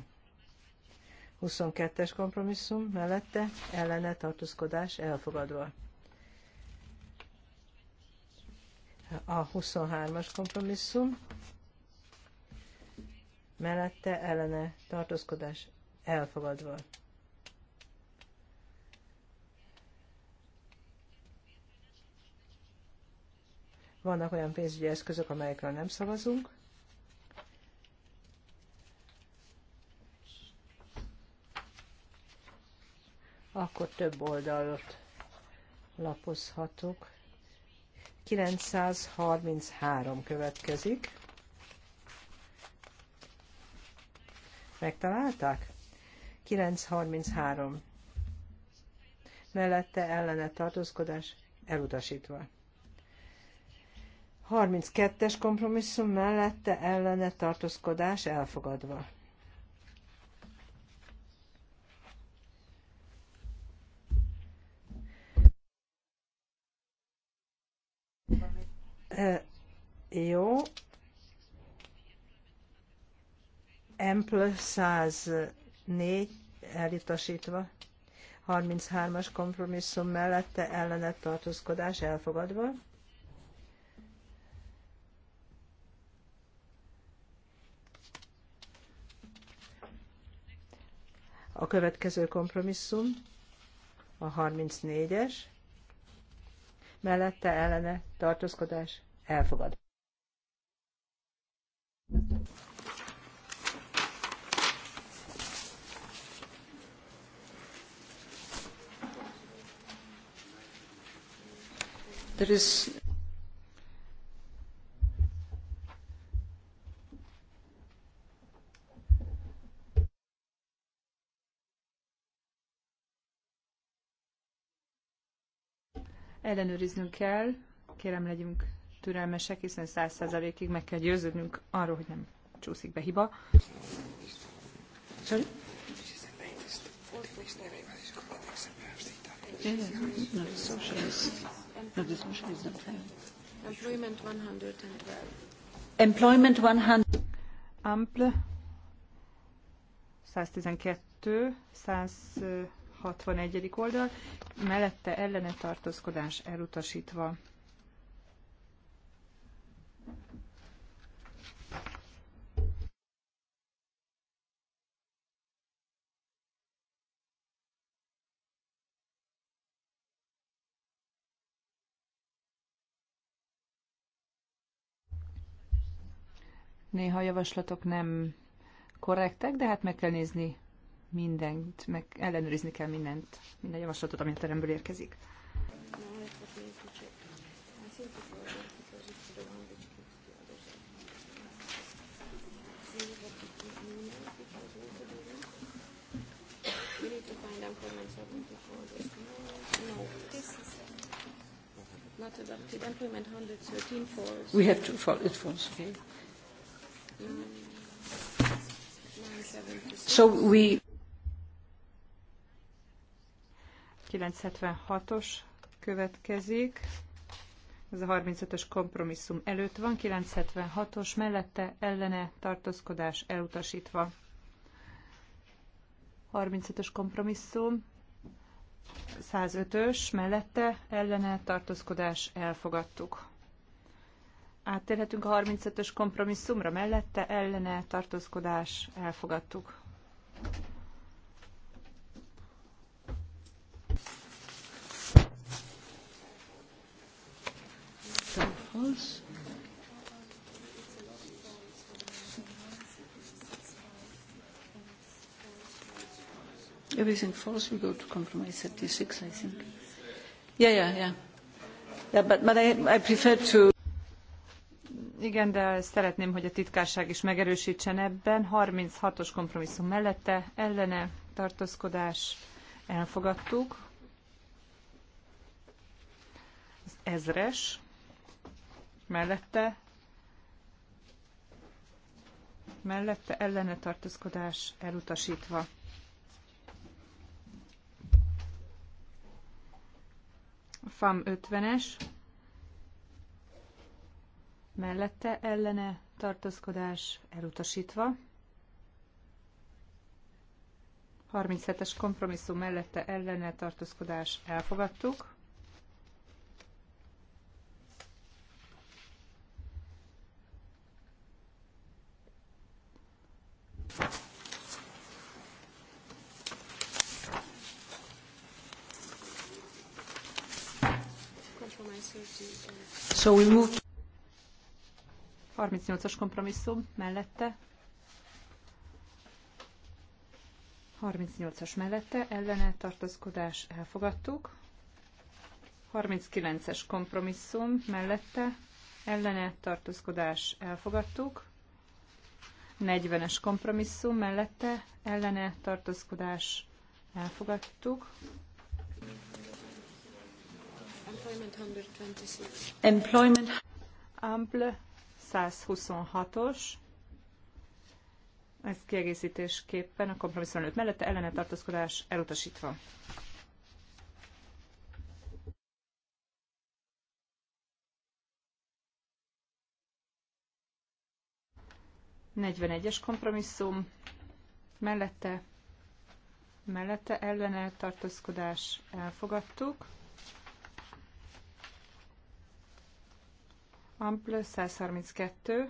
22-es kompromisszum mellette ellene tartózkodás elfogadva. A 23-as kompromisszum mellette ellene tartózkodás elfogadva. Vannak olyan pénzügyi eszközök, amelyekről nem szavazunk. Akkor több oldalot lapozhatok. 933 következik. Megtalálták? 933. Mellette ellene tartózkodás elutasítva. 32-es kompromisszum mellette ellene tartózkodás elfogadva. Jó, Ample 104 elutasítva, 33-as kompromisszum mellette ellenet tartózkodás elfogadva. A következő kompromisszum a 34-es, mellette ellene tartózkodás elfogad. there is ellenőriznünk kell, kérem legyünk türelmesek, hiszen 100 százalékig meg kell győződnünk arról, hogy nem csúszik be hiba. Sorry? Yeah, yeah. No, socialist. Employment 112. Employment 100. Ample 112, 161. oldal, mellette ellene tartózkodás elutasítva. Néha a javaslatok nem korrektek, de hát meg kell nézni mindent, meg ellenőrizni kell mindent, minden javaslatot, ami a teremből érkezik. We have to follow it falls, okay? So we 976-os következik. Ez a 35-ös kompromisszum előtt van, 976-os mellette ellene tartózkodás elutasítva. 35-ös kompromisszum, 105-ös mellette ellene tartózkodás elfogadtuk. Áttérhetünk a 35-ös kompromisszumra mellette, ellene tartózkodás elfogadtuk. False. Everything falls, we go to compromise 36, I think. Yeah, yeah, yeah. Yeah, but, but I, I prefer to... Igen, de szeretném, hogy a titkárság is megerősítsen ebben. 36-os kompromisszum mellette, ellene, tartózkodás, elfogadtuk. Az ezres mellette, mellette ellene tartózkodás elutasítva. FAM 50-es, mellette ellene tartózkodás elutasítva. 37-es kompromisszum mellette ellene tartózkodás elfogadtuk. So we move 38-as kompromisszum mellette. 38-as mellette ellene tartózkodás elfogadtuk. 39-es kompromisszum mellette ellene tartózkodás elfogadtuk. 40-es kompromisszum mellette ellene tartózkodás elfogadtuk. Employment 126. Employment. Ample 126-os, ez kiegészítésképpen a kompromisszum előtt mellette ellene tartózkodás elutasítva. Negyvenegyes kompromisszum mellette mellette ellene tartózkodás elfogadtuk. Ample 132,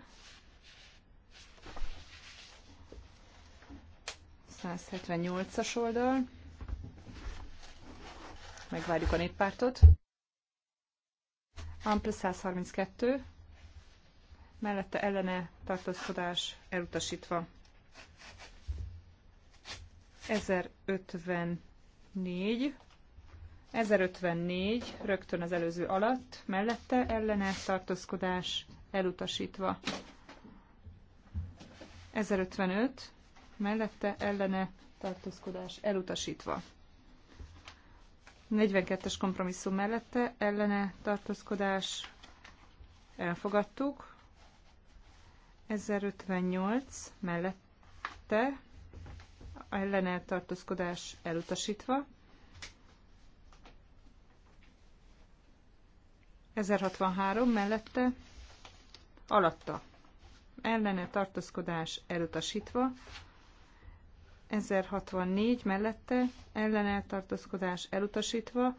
178-as oldal, megvárjuk a néppártot. Ample 132, mellette ellene tartózkodás elutasítva. 1054, 1054, rögtön az előző alatt, mellette ellene tartózkodás elutasítva. 1055, mellette ellene tartózkodás elutasítva. 42-es kompromisszum mellette ellene tartózkodás elfogadtuk. 1058 mellette ellene tartózkodás elutasítva. 1063 mellette alatta ellene tartózkodás elutasítva, 1064 mellette ellene tartózkodás elutasítva,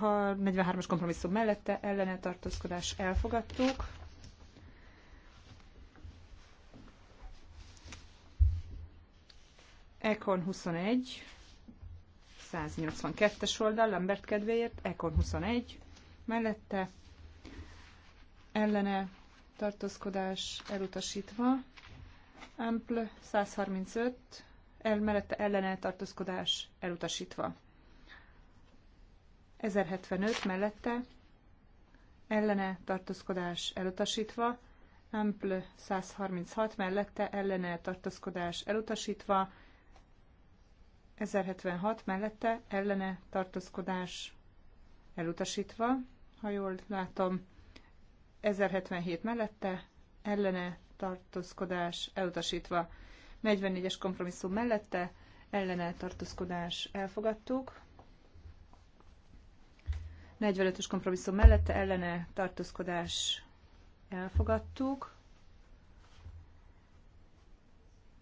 43-as kompromisszum mellette ellene tartózkodás elfogadtuk, Ekon 21, 182-es oldal, Lambert kedvéért, Ekon 21, mellette ellene tartózkodás elutasítva, ampl 135, el, mellette ellene tartózkodás elutasítva. 1075 mellette ellene tartózkodás elutasítva, ampl 136 mellette ellene tartózkodás elutasítva, 1076 mellette ellene tartózkodás elutasítva, ha jól látom, 1077 mellette, ellene tartózkodás elutasítva, 44-es kompromisszum mellette, ellene tartózkodás elfogadtuk, 45-ös kompromisszum mellette, ellene tartózkodás elfogadtuk,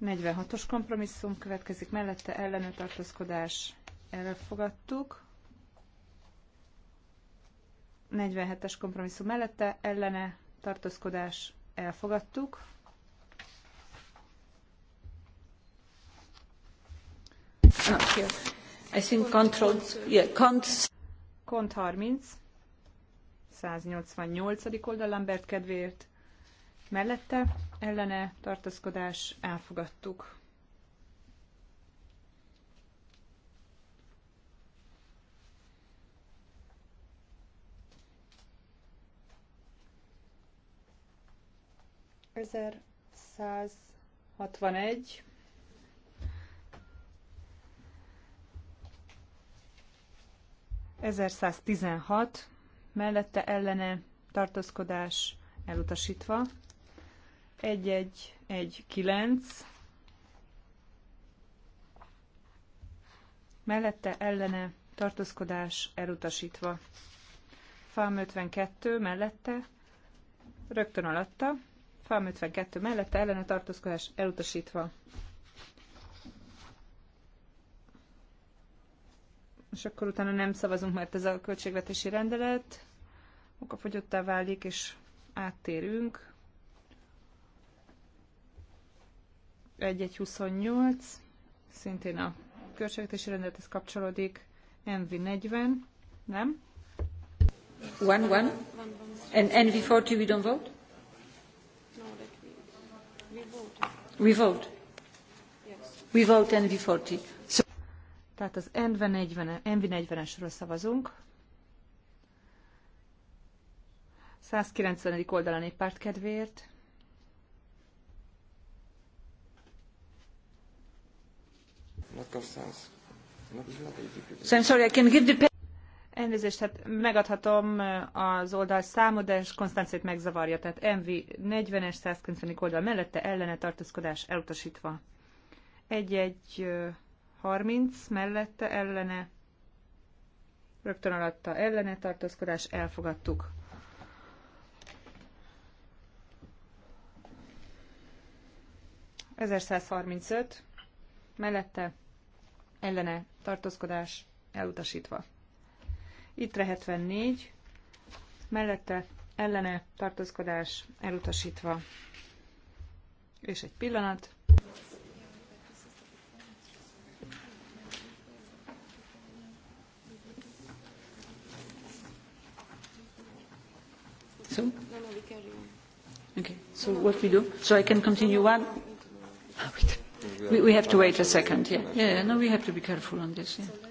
46-os kompromisszum következik mellette, ellene tartózkodás elfogadtuk, 47-es kompromisszum mellette ellene tartózkodás elfogadtuk. Ah, I think control, yeah, cont... Kont 30, 188. oldal Lambert kedvéért. Mellette ellene tartózkodás elfogadtuk. 1161. tizenhat. mellette ellene tartózkodás elutasítva. 1119, mellette ellene tartózkodás elutasítva. FAM 52 mellette, rögtön alatta, FAM 52 mellette ellene tartózkodás elutasítva. És akkor utána nem szavazunk, mert ez a költségvetési rendelet okafogyottá válik, és áttérünk. 1128, szintén a költségvetési rendelethez kapcsolódik, NV40, nem? 1-1. And NV40 we don't vote? We vote. We vote NV40. So... Tehát az NV40, NV40-esről szavazunk. 190. oldalán egy párt kedvéért. Not of sense. Not, so I'm sorry, I can give the Elnézést, hát megadhatom az oldal számot, de Konstancét megzavarja, tehát MV 40-es 190. oldal mellette ellene tartózkodás elutasítva. 1-1 30 mellette ellene, rögtön alatta ellene tartózkodás elfogadtuk. ...1135, mellette ellene tartózkodás elutasítva. Ittre 74, mellette ellene tartózkodás elutasítva. És egy pillanat. So? No, no, we carry on. Okay, so what we do? So I can continue one? Ah, we, we have to wait a second, yeah. Yeah, no, we have to be careful on this, yeah.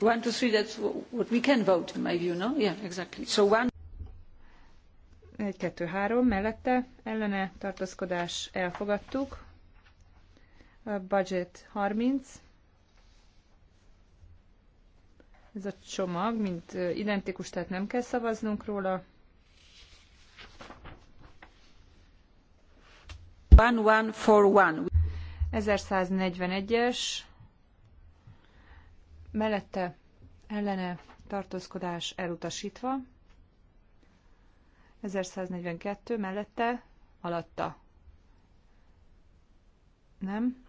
One, two, three, that's what we can vote in my view, no? Yeah, exactly. So one... 1, 2, 3, mellette ellene tartózkodás elfogadtuk. A budget 30. Ez a csomag, mint identikus, tehát nem kell szavaznunk róla. 1141. 1141-es mellette ellene tartózkodás elutasítva, 1142 mellette alatta. Nem?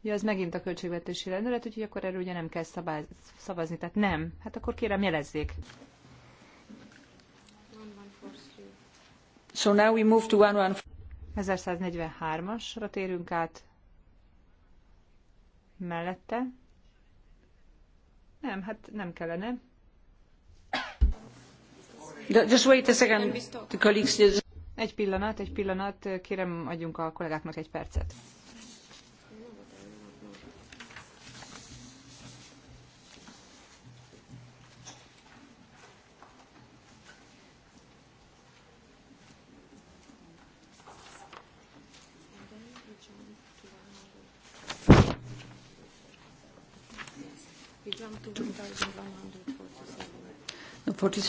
Ja, ez megint a költségvetési rendelet, úgyhogy akkor erről ugye nem kell szabáz, szavazni, tehát nem. Hát akkor kérem, jelezzék. So now we move to 1143-asra térünk át mellette. Nem, hát nem kellene. Just wait a second, the colleagues. Egy pillanat, egy pillanat, kérem adjunk a kollégáknak egy percet.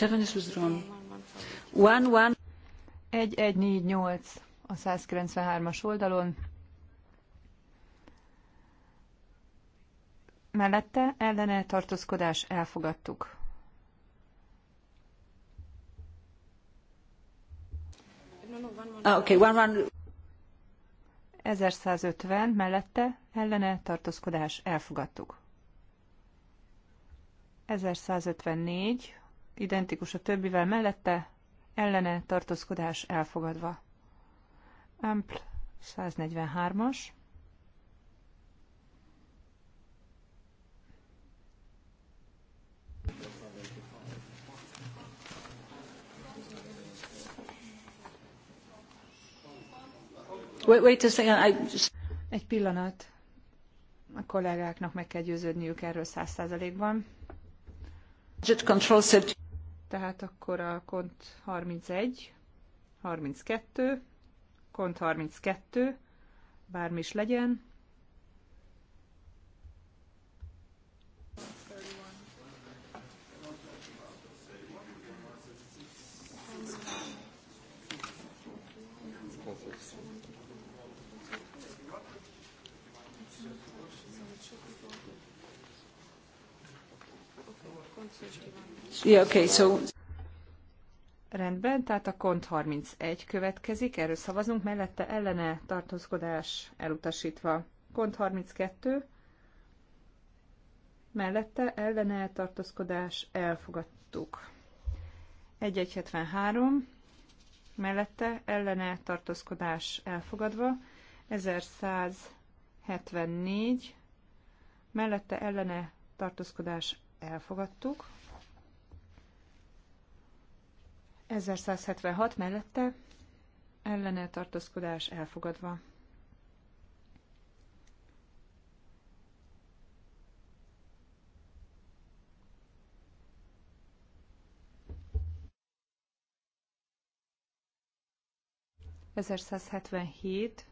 1148 a 193-as oldalon. Mellette ellene tartózkodás elfogadtuk. Ah, okay, one, one. 1150 mellette ellene tartózkodás elfogadtuk. 1154 identikus a többivel mellette, ellene tartózkodás elfogadva. Ampl 143-as. Wait, wait a second, I just... Egy pillanat. A kollégáknak meg kell győződniük erről száz százalékban. control said tehát akkor a kont 31, 32, kont 32, bármi is legyen, Rendben, tehát a kont 31 következik, erről szavazunk, mellette ellene tartózkodás elutasítva. Kont 32, mellette ellene tartózkodás elfogadtuk. 1173, mellette ellene tartózkodás elfogadva, 1174, mellette ellene tartózkodás elfogadtuk, 1176 mellette ellene tartózkodás elfogadva. Ezerszázhetvenhét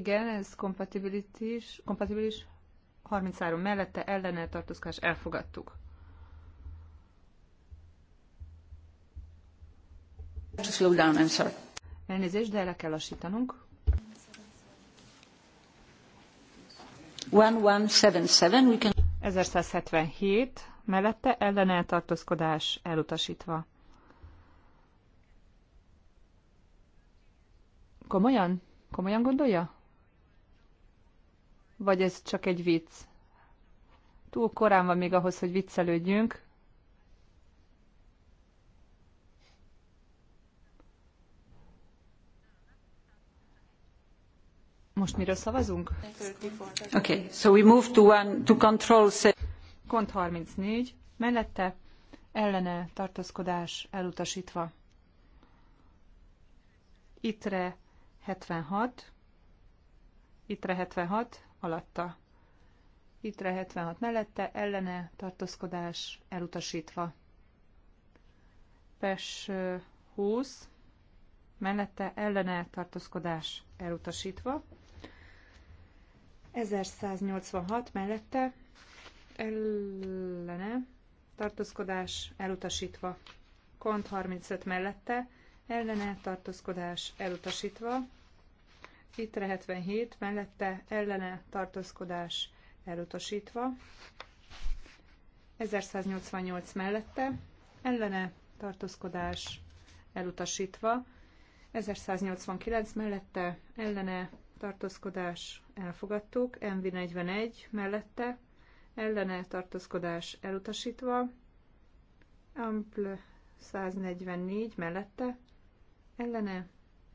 Igen, ez kompatibilitás kompatibilis 33 mellette ellene tartózkodás elfogadtuk. Slow down, I'm sorry. Elnézést, de el kell lassítanunk. 1177, 1177 mellette ellene tartózkodás elutasítva. Komolyan? Komolyan gondolja? Vagy ez csak egy vicc? Túl korán van még ahhoz, hogy viccelődjünk. Most miről szavazunk? Okay, so we move to one to control Kont 34, mellette ellene tartózkodás elutasítva. Itre 76, Itre 76, alatta. Itre 76 mellette, ellene tartózkodás elutasítva. Pes 20 mellette, ellene tartózkodás elutasítva. 1186 mellette, ellene tartózkodás elutasítva. Kont 35 mellette, ellene tartózkodás elutasítva. Itre 77, mellette ellene tartózkodás elutasítva. 1188 mellette ellene tartózkodás elutasítva. 1189 mellette ellene tartózkodás elfogadtuk, MV41 mellette ellene tartózkodás elutasítva, Ampl 144 mellette ellene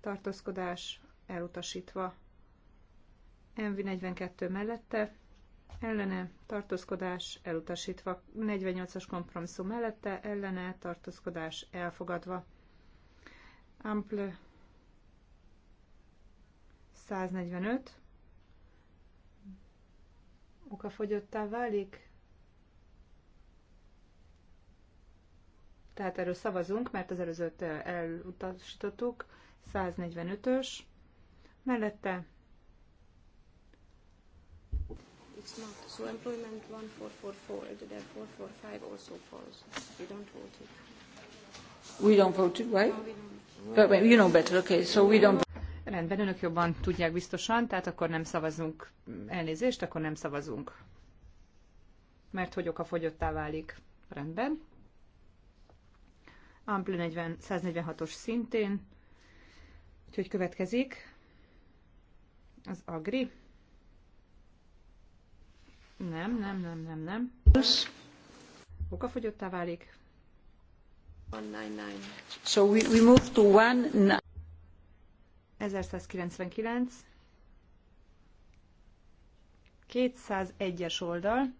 tartózkodás elutasítva. MV42 mellette, ellene tartózkodás elutasítva. 48-as kompromisszum mellette, ellene tartózkodás elfogadva. Ample 145 fogyottá válik. Tehát erről szavazunk, mert az előzőt elutasítottuk. 145-ös mellette. It's not. So employment 1444 and 445 also falls. We don't vote it. We don't vote it, right? No, we don't. But, you know better, okay. So we don't. Rendben, önök jobban tudják biztosan, tehát akkor nem szavazunk elnézést, akkor nem szavazunk. Mert hogy oka fogyottá válik. Rendben. Ampli 146-os szintén. Úgyhogy következik. Az agri. Nem, nem, nem, nem, nem. Okafogyottá válik. nine. So we, we move to one, 1199. 201-es oldal.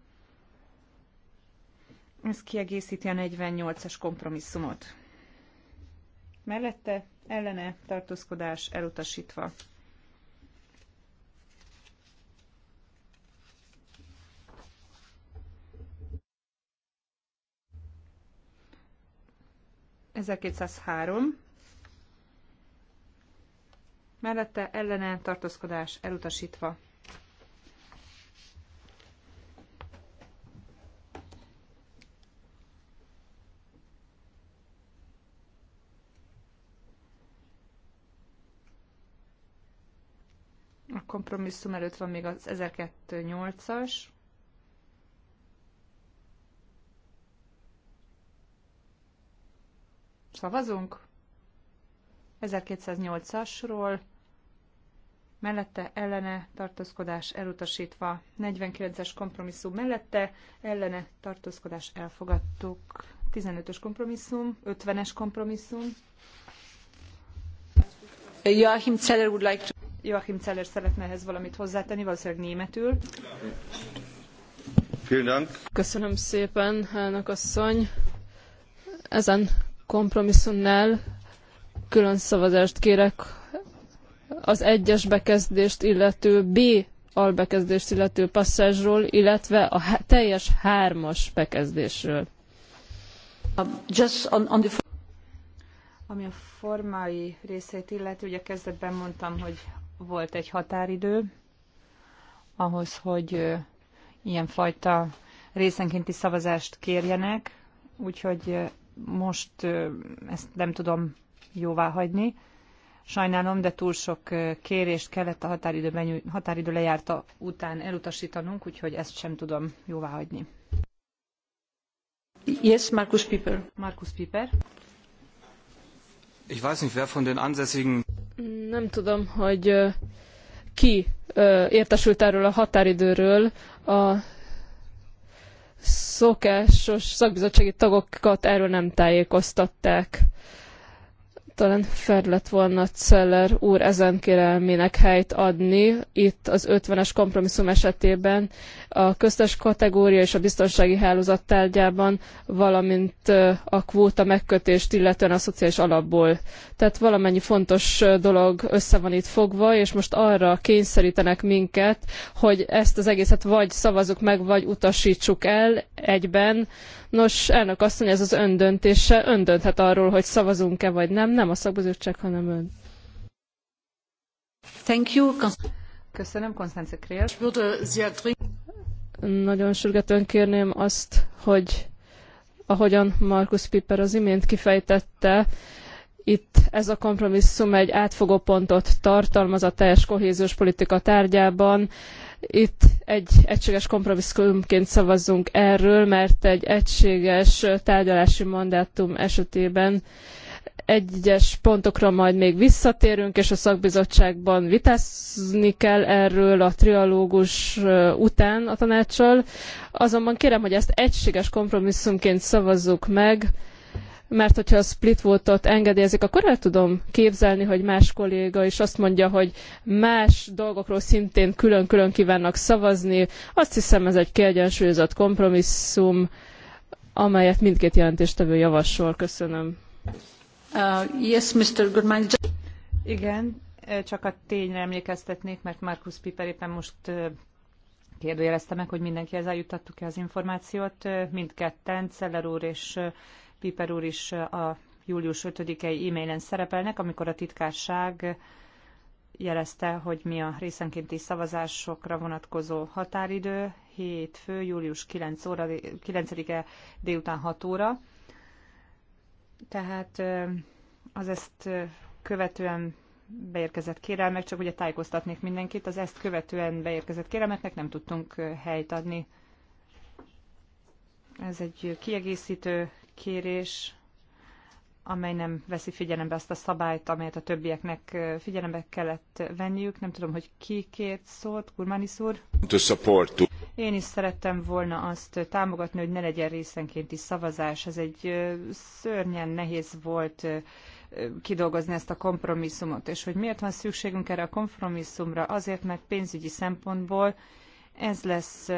Ez kiegészíti a 48-as kompromisszumot. Mellette ellene tartózkodás elutasítva. 1203. Mellette ellene tartózkodás elutasítva. A kompromisszum előtt van még az 1208-as. Szavazunk. 1208-asról mellette ellene tartózkodás elutasítva, 49-es kompromisszum mellette ellene tartózkodás elfogadtuk, 15-ös kompromisszum, 50-es kompromisszum. Joachim Zeller would like to... Joachim Zeller szeretne ehhez valamit hozzátenni, valószínűleg németül. Köszönöm szépen, elnök asszony. Ezen kompromisszumnál külön szavazást kérek az egyes bekezdést illető B albekezdést illető passzázsról, illetve a teljes hármas bekezdésről. Just on, on the... Ami a formai részét illeti, ugye kezdetben mondtam, hogy volt egy határidő ahhoz, hogy ilyenfajta részenkénti szavazást kérjenek, úgyhogy most ezt nem tudom jóvá hagyni. Sajnálom, de túl sok kérést kellett a határidő, benyúj, határidő lejárta után elutasítanunk, úgyhogy ezt sem tudom jóvá hagyni. Yes, Markus Piper. Markus Piper. Ich weiß nicht, wer von den ansässigen... Nem tudom, hogy ki értesült erről a határidőről. A szokásos szakbizottsági tagokat erről nem tájékoztatták talán fel lett volna Celler úr ezen kérelmének helyt adni. Itt az 50-es kompromisszum esetében a köztes kategória és a biztonsági hálózat tárgyában, valamint a kvóta megkötést, illetően a szociális alapból. Tehát valamennyi fontos dolog össze van itt fogva, és most arra kényszerítenek minket, hogy ezt az egészet vagy szavazzuk meg, vagy utasítsuk el egyben. Nos, elnök asszony, ez az öndöntése, dönthet arról, hogy szavazunk-e vagy nem, nem nem a szakbizottság, hanem ön. Thank you. Köszönöm, Konstance Nagyon sürgetően kérném azt, hogy ahogyan Markus Piper az imént kifejtette, itt ez a kompromisszum egy átfogó pontot tartalmaz a teljes kohéziós politika tárgyában. Itt egy egységes kompromisszumként szavazzunk erről, mert egy egységes tárgyalási mandátum esetében egyes pontokra majd még visszatérünk, és a szakbizottságban vitázni kell erről a trialógus után a tanácssal. Azonban kérem, hogy ezt egységes kompromisszumként szavazzuk meg, mert hogyha a split votot engedélyezik, akkor el tudom képzelni, hogy más kolléga is azt mondja, hogy más dolgokról szintén külön-külön kívánnak szavazni. Azt hiszem, ez egy kiegyensúlyozott kompromisszum, amelyet mindkét jelentéstevő javasol. Köszönöm. Uh, Mr. Goodman. Igen, csak a tényre emlékeztetnék, mert Markus Piper éppen most kérdőjelezte meg, hogy mindenkihez eljuttattuk-e az információt. Mindketten, Celler úr és Piper úr is a július 5-i e-mailen szerepelnek, amikor a titkárság jelezte, hogy mi a részenkénti szavazásokra vonatkozó határidő, hétfő, július 9 óra, 9-e délután 6 óra tehát az ezt követően beérkezett kérelmek, csak ugye tájékoztatnék mindenkit, az ezt követően beérkezett kérelmeknek nem tudtunk helyt adni. Ez egy kiegészítő kérés amely nem veszi figyelembe azt a szabályt, amelyet a többieknek figyelembe kellett venniük. Nem tudom, hogy ki kért szót, Kurmanis úr. Én is szerettem volna azt támogatni, hogy ne legyen részenkénti szavazás. Ez egy szörnyen nehéz volt kidolgozni ezt a kompromisszumot, és hogy miért van szükségünk erre a kompromisszumra, azért, mert pénzügyi szempontból ez lesz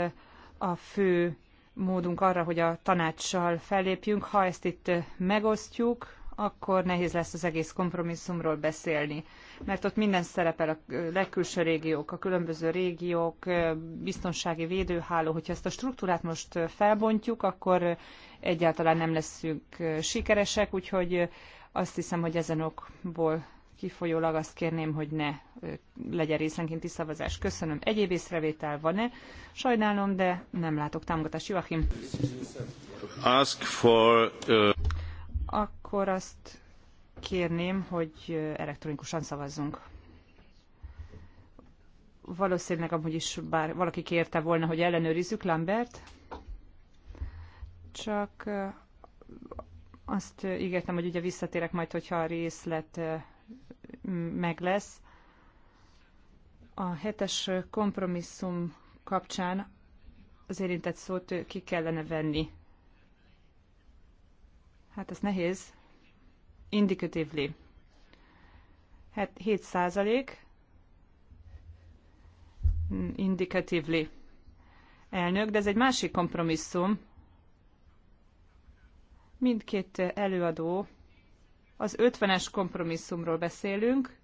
a fő módunk arra, hogy a tanácssal fellépjünk. Ha ezt itt megosztjuk, akkor nehéz lesz az egész kompromisszumról beszélni. Mert ott minden szerepel, a legkülső régiók, a különböző régiók, biztonsági védőháló. Hogyha ezt a struktúrát most felbontjuk, akkor egyáltalán nem leszünk sikeresek, úgyhogy azt hiszem, hogy ezen okból kifolyólag azt kérném, hogy ne legyen részenkénti szavazás. Köszönöm. Egyéb észrevétel van-e? Sajnálom, de nem látok támogatást. Joachim. Ask for, uh akkor azt kérném, hogy elektronikusan szavazzunk. Valószínűleg amúgy is bár valaki kérte volna, hogy ellenőrizzük Lambert, csak azt ígértem, hogy ugye visszatérek majd, hogyha a részlet meg lesz. A hetes kompromisszum kapcsán az érintett szót ki kellene venni. Hát ez nehéz indicatively. Hát 7 százalék indicatively. Elnök, de ez egy másik kompromisszum. Mindkét előadó, az 50-es kompromisszumról beszélünk,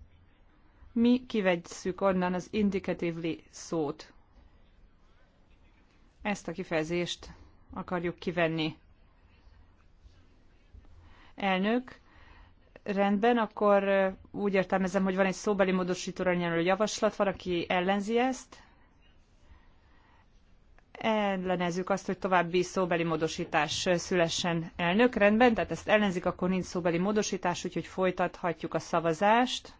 mi kivegyszük onnan az indicatively szót. Ezt a kifejezést akarjuk kivenni. Elnök, Rendben, akkor úgy értelmezem, hogy van egy szóbeli módosítóra nyelő javaslat, van, aki ellenzi ezt. Ellenezzük azt, hogy további szóbeli módosítás szülessen elnök. Rendben, tehát ezt ellenzik, akkor nincs szóbeli módosítás, úgyhogy folytathatjuk a szavazást.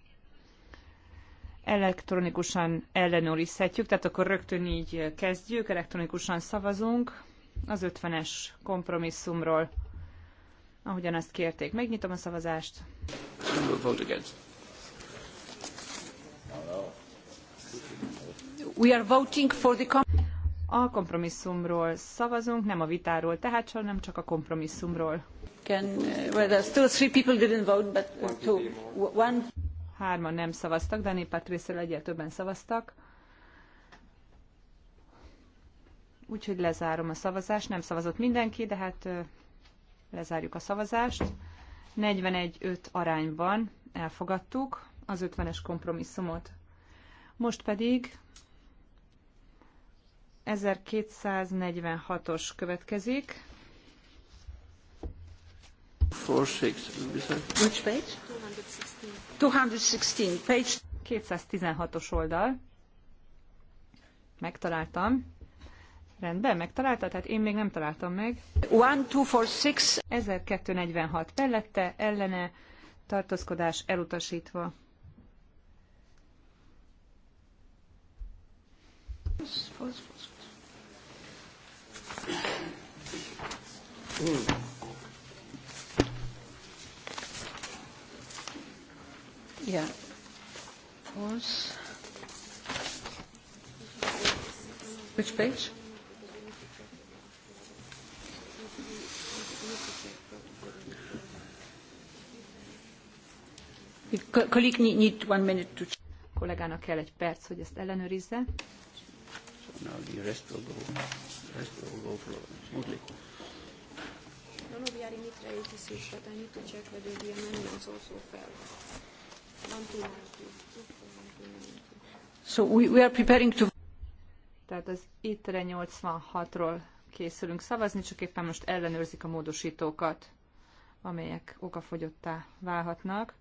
Elektronikusan ellenőrizhetjük, tehát akkor rögtön így kezdjük, elektronikusan szavazunk az 50-es kompromisszumról ahogyan ezt kérték. Megnyitom a szavazást. We are voting for the a kompromisszumról szavazunk, nem a vitáról, tehát csak nem csak a kompromisszumról. Can, uh, well, still three people didn't vote, but uh, two, one. Hárman nem szavaztak, de a néppárt egyre többen szavaztak. Úgyhogy lezárom a szavazást, nem szavazott mindenki, de hát uh, Lezárjuk a szavazást. 41-5 arányban elfogadtuk az 50-es kompromisszumot. Most pedig 1246-os következik. Four, six, Which page? 216. Page. 216-os oldal. Megtaláltam. Rendben, megtalálta? Tehát én még nem találtam meg. 1246. 1246 mellette, ellene, tartózkodás elutasítva. Yeah. Which page? kollégának kell egy perc, hogy ezt ellenőrizze. So we are So we, we are preparing to... Tehát az ITRE 86-ról készülünk szavazni, csak éppen most ellenőrzik a módosítókat, amelyek okafogyottá válhatnak.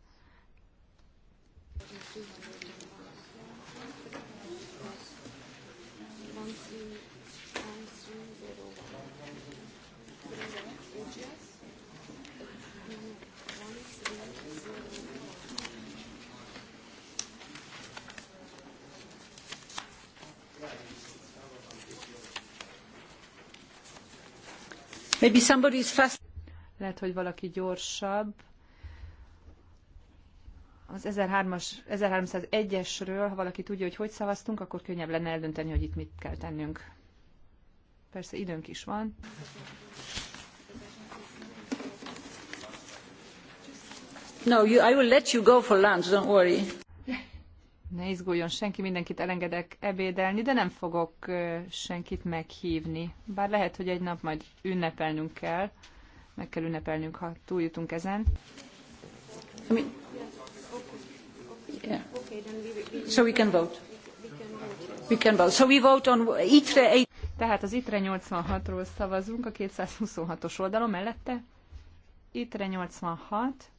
Maybe fast. Lehet, hogy valaki gyorsabb az 1003-as, 1301-esről, ha valaki tudja, hogy hogy szavaztunk, akkor könnyebb lenne eldönteni, hogy itt mit kell tennünk. Persze időnk is van. No, you, I will let you go for lunch, don't worry. Ne izguljon senki, mindenkit elengedek ebédelni, de nem fogok senkit meghívni. Bár lehet, hogy egy nap majd ünnepelnünk kell, meg kell ünnepelnünk, ha túljutunk ezen. I mean, Yeah. so we can vote. We can vote. So we vote on ITRE 8. Tehát az ITRE 86-ról szavazunk a 226-os oldalon mellette. ITRE 86.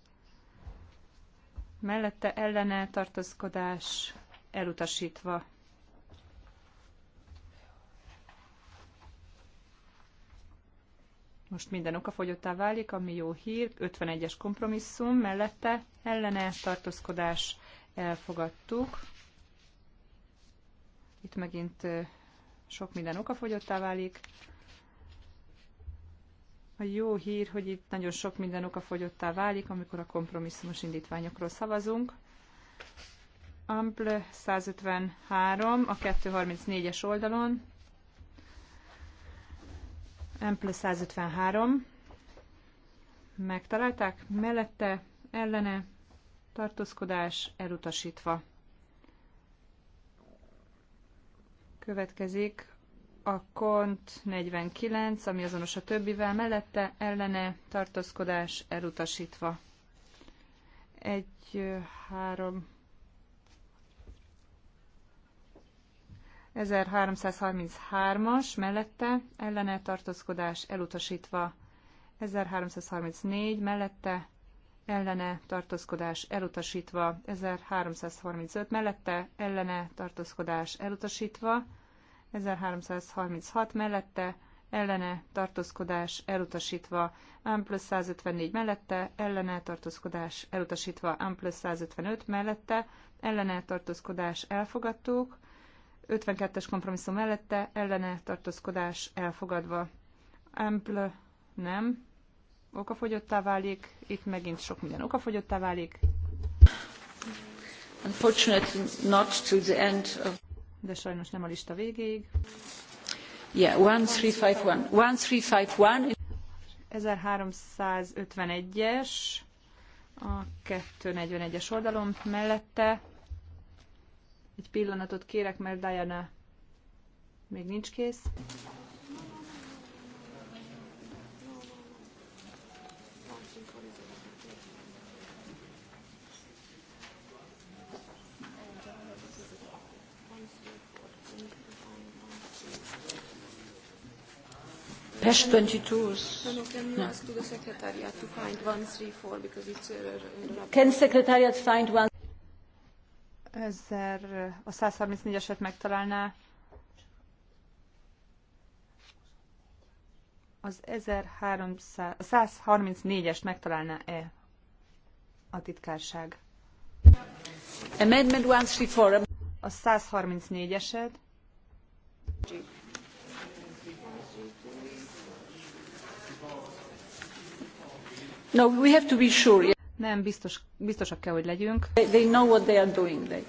Mellette ellene tartozkodás elutasítva. most minden okafogyottá válik, ami jó hír, 51-es kompromisszum, mellette ellene tartózkodás elfogadtuk. Itt megint sok minden okafogyottá válik. A jó hír, hogy itt nagyon sok minden okafogyottá válik, amikor a kompromisszumos indítványokról szavazunk. Ample 153 a 234-es oldalon. Ample 153. Megtalálták? Mellette, ellene, tartózkodás elutasítva. Következik a kont 49, ami azonos a többivel, mellette ellene tartózkodás elutasítva. Egy, három, 1333-as mellette ellene tartózkodás elutasítva. 1334 mellette ellene tartózkodás elutasítva, 1335 mellette ellene tartózkodás elutasítva, 1336 mellette ellene tartózkodás elutasítva, M plusz 154 mellette ellene tartózkodás elutasítva, M plusz 155 mellette ellene tartózkodás elfogadtuk, 52-es kompromisszum mellette ellene tartózkodás elfogadva. plusz nem, okafogyottá válik, itt megint sok minden okafogyottá válik. Unfortunately not to the end of... De sajnos nem a lista végéig. Yeah, 1351. 1351. 1351-es, a 241-es oldalon mellette. Egy pillanatot kérek, mert Diana még nincs kész. Dash 22. No, no, can you no. ask to the Secretariat to find 134 because it's a... Uh, can Secretariat find one... Ezer a 134-eset megtalálná. Az 1300, 134-est megtalálná-e a titkárság? Amendment 134. A 134-eset. No, we have to be sure. Nem, biztos, biztosak kell, hogy legyünk. They, they know what they are doing. They.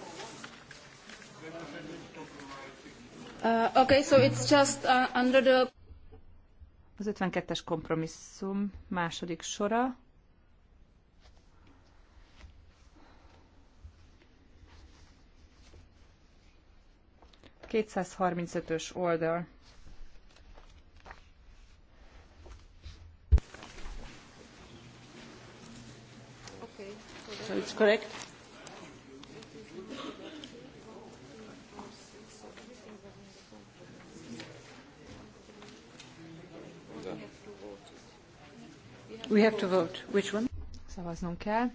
Uh, okay, so it's just uh, under the... Az 52-es kompromisszum második sora. Kétszázharmincötös oldal. so it's correct. We have to vote. Which one? Szavaznunk kell.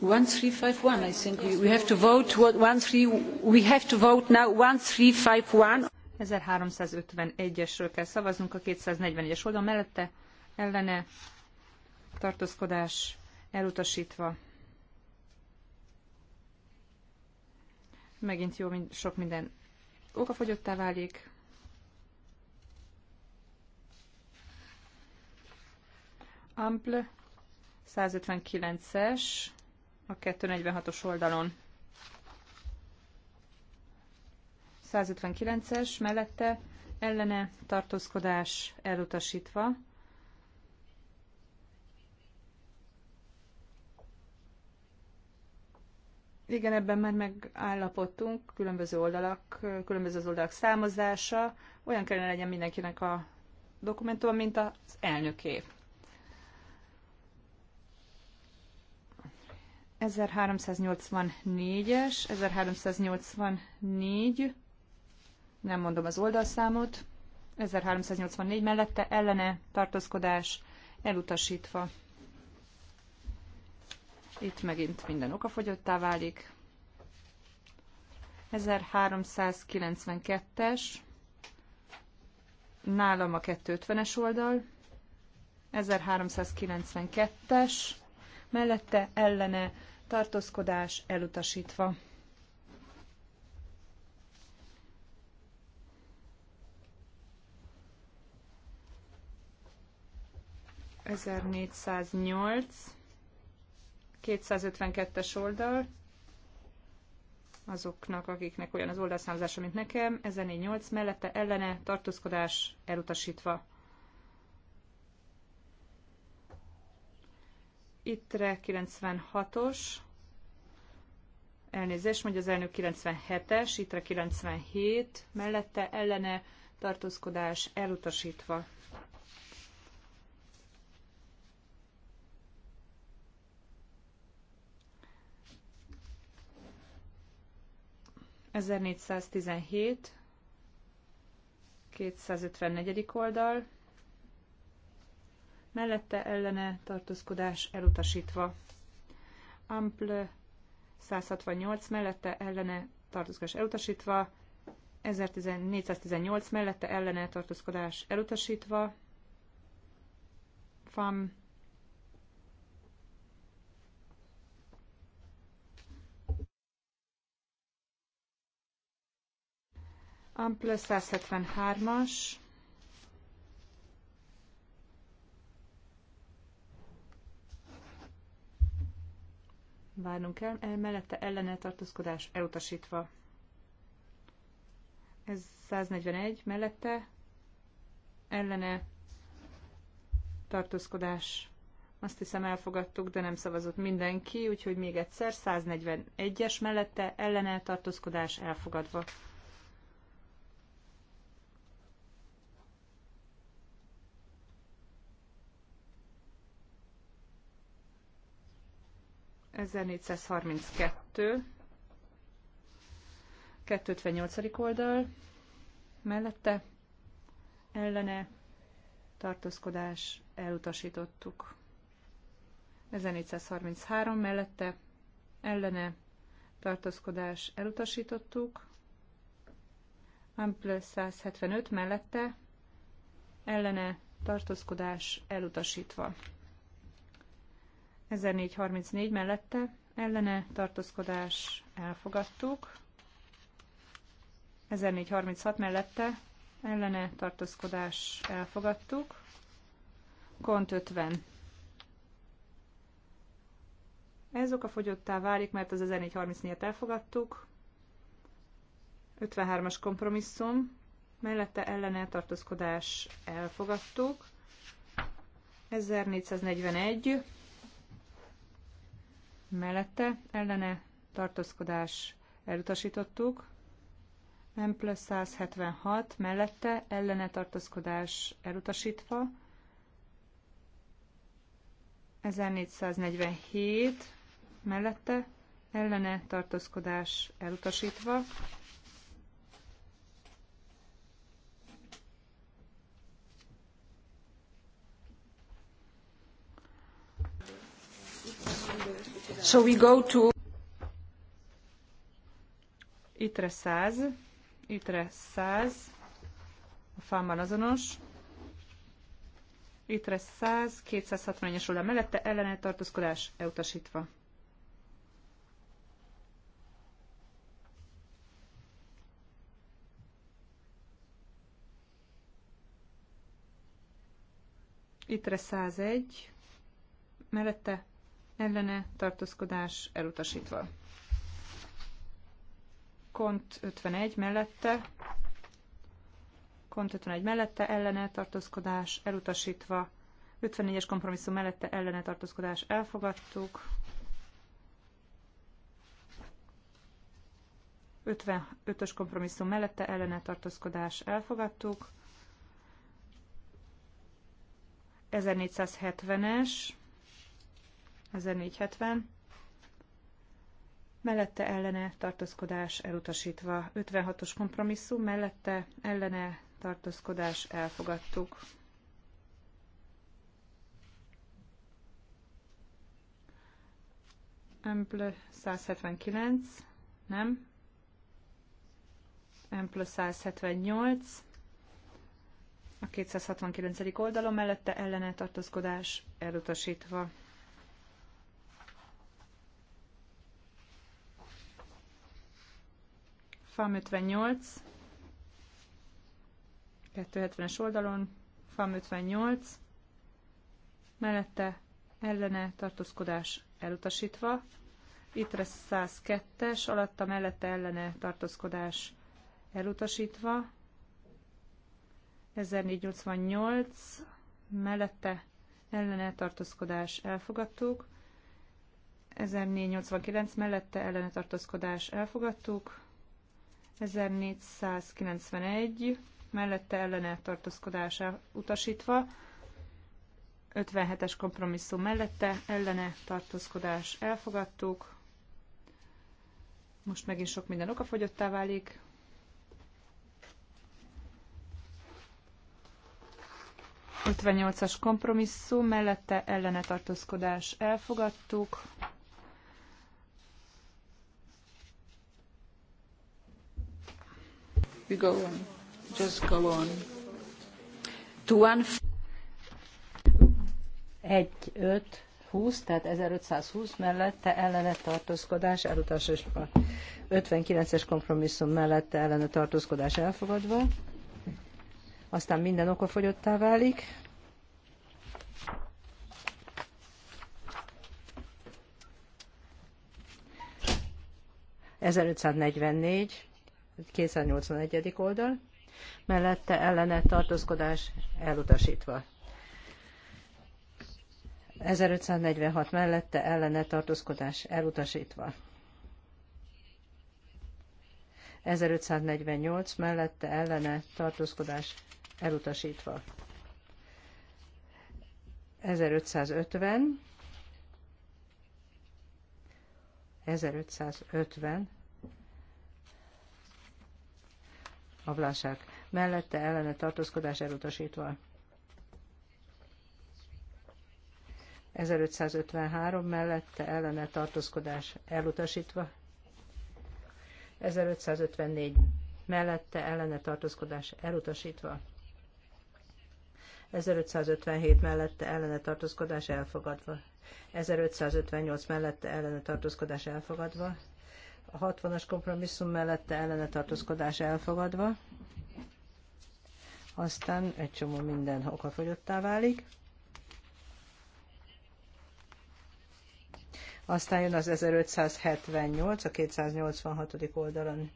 One three five one. I think we, we have to vote. What, one three. We have to vote now. One three five one. 1351-esről kell szavaznunk a 241-es oldal mellette, ellene tartózkodás elutasítva. Megint jó, sok minden okafogyottá válik. Ample 159-es a 246-os oldalon. 159-es mellette ellene tartózkodás elutasítva. Igen, ebben már megállapodtunk, különböző oldalak, különböző az oldalak számozása. Olyan kellene legyen mindenkinek a dokumentum, mint az elnöké. 1384-es, 1384, nem mondom az oldalszámot, 1384 mellette ellene tartózkodás elutasítva. Itt megint minden okafogyottá válik. 1392-es, nálam a 250-es oldal, 1392-es, mellette ellene tartózkodás elutasítva. 1408, 252-es oldal, azoknak, akiknek olyan az oldalszámzása, mint nekem, 1408 mellette ellene tartózkodás elutasítva. Ittre 96-os, elnézést, mondja az elnök 97-es, ittre 97, mellette ellene tartózkodás elutasítva. 1417, 254. oldal, mellette ellene tartózkodás elutasítva. Ample 168 mellette ellene tartózkodás elutasítva, 1418 mellette ellene tartózkodás elutasítva, FAM Ample 173-as. Várnunk kell, mellette ellene tartózkodás elutasítva. Ez 141, mellette ellene tartózkodás. Azt hiszem elfogadtuk, de nem szavazott mindenki, úgyhogy még egyszer 141-es mellette ellene tartózkodás elfogadva. 1432, 258. oldal, mellette ellene tartózkodás elutasítottuk. 1433 mellette ellene tartózkodás elutasítottuk. Ample 175 mellette ellene tartózkodás elutasítva. 1434 mellette ellene tartózkodás elfogadtuk. 1436 mellette ellene tartózkodás elfogadtuk. Kont 50. Ez fogyottá válik, mert az 1434-et elfogadtuk. 53-as kompromisszum, mellette ellene tartózkodás elfogadtuk. 1441 mellette ellene tartózkodás elutasítottuk, Nem plusz 176 mellette ellene tartózkodás elutasítva, 1447 mellette ellene tartózkodás elutasítva, So we 100, Itre 100, a fámmal azonos. Itre 100, 260-es oldal mellette, ellene tartózkodás elutasítva. Itre 101, mellette ellene tartózkodás elutasítva. Kont 51 mellette, Kont 51 mellette ellene tartózkodás elutasítva, 54-es kompromisszum mellette ellene tartózkodás elfogadtuk, 55-ös kompromisszum mellette ellene tartózkodás elfogadtuk, 1470-es 1470. Mellette ellene tartózkodás elutasítva. 56-os kompromisszum. Mellette ellene tartózkodás elfogadtuk. plusz 179, nem? plusz 178, a 269. oldalon mellette ellene tartózkodás elutasítva. FAM 58, 270-es oldalon, FAM 58, mellette ellene tartózkodás elutasítva, itt lesz 102-es, alatta mellette ellene tartózkodás elutasítva, 1488, mellette ellene tartózkodás elfogadtuk, 1489 mellette ellene tartózkodás elfogadtuk, 1491, mellette ellene tartózkodása utasítva, 57-es kompromisszum mellette ellene tartózkodás elfogadtuk. Most megint sok minden okafogyottá válik. as kompromisszum mellette ellene tartózkodás elfogadtuk. We go on. Just go on. To one... 1, 5, 20, tehát 1520 mellette ellene tartózkodás elutasítva. 59-es kompromisszum mellette ellene tartózkodás elfogadva. Aztán minden okafogyottá válik. Ezerötszáznegyvennégy 281. oldal, mellette ellene tartózkodás elutasítva. 1546 mellette ellene tartózkodás elutasítva. 1548 mellette ellene tartózkodás elutasítva. 1550 1550 avlásák mellette ellene tartózkodás elutasítva. 1553 mellette ellene tartózkodás elutasítva. 1554 mellette ellene tartózkodás elutasítva. 1557 mellette ellene tartózkodás elfogadva. 1558 mellette ellene tartózkodás elfogadva. A 60-as kompromisszum mellette ellene tartózkodás elfogadva. Aztán egy csomó minden okafogyottá válik. Aztán jön az 1578, a 286. oldalon.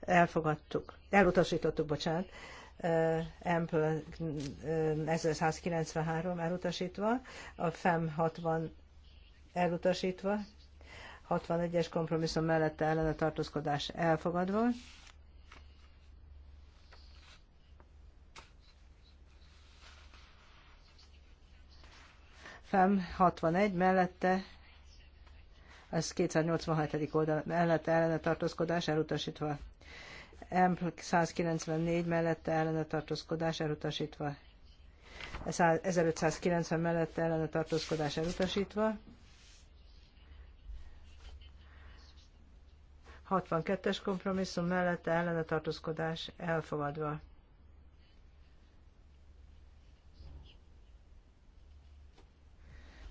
Elfogadtuk. Elutasítottuk, bocsánat. Ample 1193 elutasítva, a FEM 60 elutasítva, 61-es kompromisszum mellette ellene tartózkodás elfogadva. FEM 61 mellette ez 287. oldal mellett ellene tartózkodás elutasítva. 194 mellette ellene tartózkodás elutasítva. 1590 mellette ellene tartózkodás elutasítva. 62-es kompromisszum mellette ellene tartózkodás elfogadva.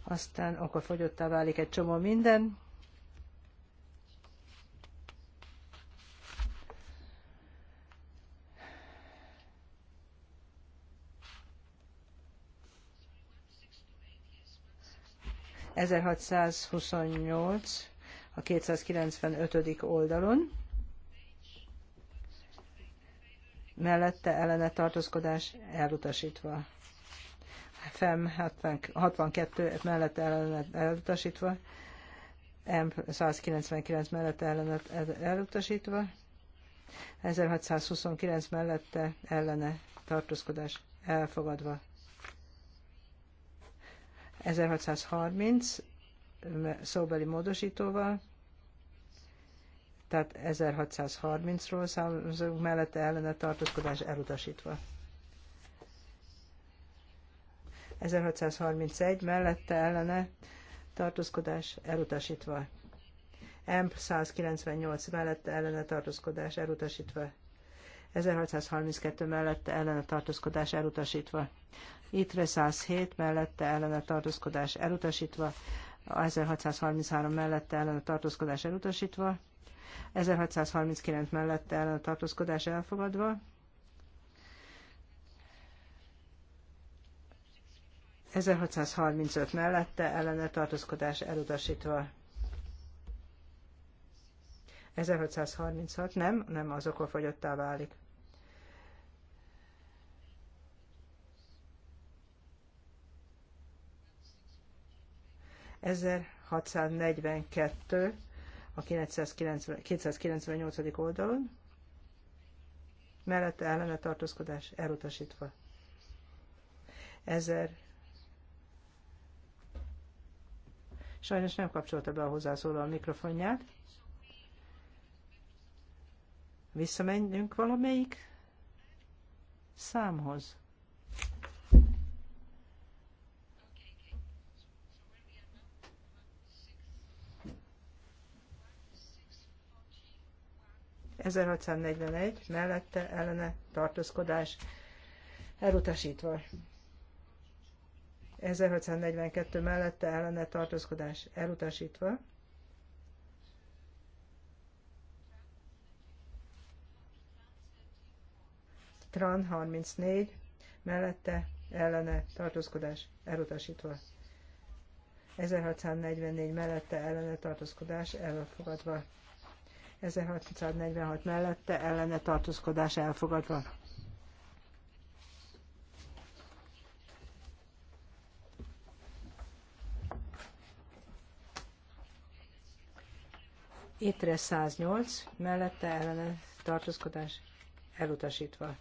Aztán akkor fogyottá válik egy csomó minden. 1628 a 295. oldalon. Mellette ellene tartózkodás elutasítva. FM 62 mellette ellene elutasítva. M 199 mellette ellene elutasítva. 1629 mellette ellene tartózkodás elfogadva. 1630 szóbeli módosítóval, tehát 1630-ról számozunk mellette ellene tartózkodás elutasítva. 1631 mellette ellene tartózkodás elutasítva. EMP 198 mellette ellene tartózkodás elutasítva. 1632 mellette ellene tartózkodás elutasítva. ITRE 107 mellette ellene tartózkodás elutasítva, 1633 mellette ellene tartózkodás elutasítva, 1639 mellette ellene tartózkodás elfogadva, 1635 mellette ellene tartózkodás elutasítva. 1636 nem, nem az fogyottá válik. 1642 a 298. oldalon, mellette ellene tartózkodás elutasítva. 1000 Sajnos nem kapcsolta be a hozzászóló a mikrofonját. Visszamenjünk valamelyik számhoz. 1641 mellette ellene tartózkodás elutasítva. 1642 mellette ellene tartózkodás elutasítva. 'Tran 34 mellette ellene tartózkodás elutasítva. 1644 mellette ellene tartózkodás elfogadva. 1646 mellette ellene tartózkodás elfogadva. Étre 108 mellette ellene tartózkodás elutasítva.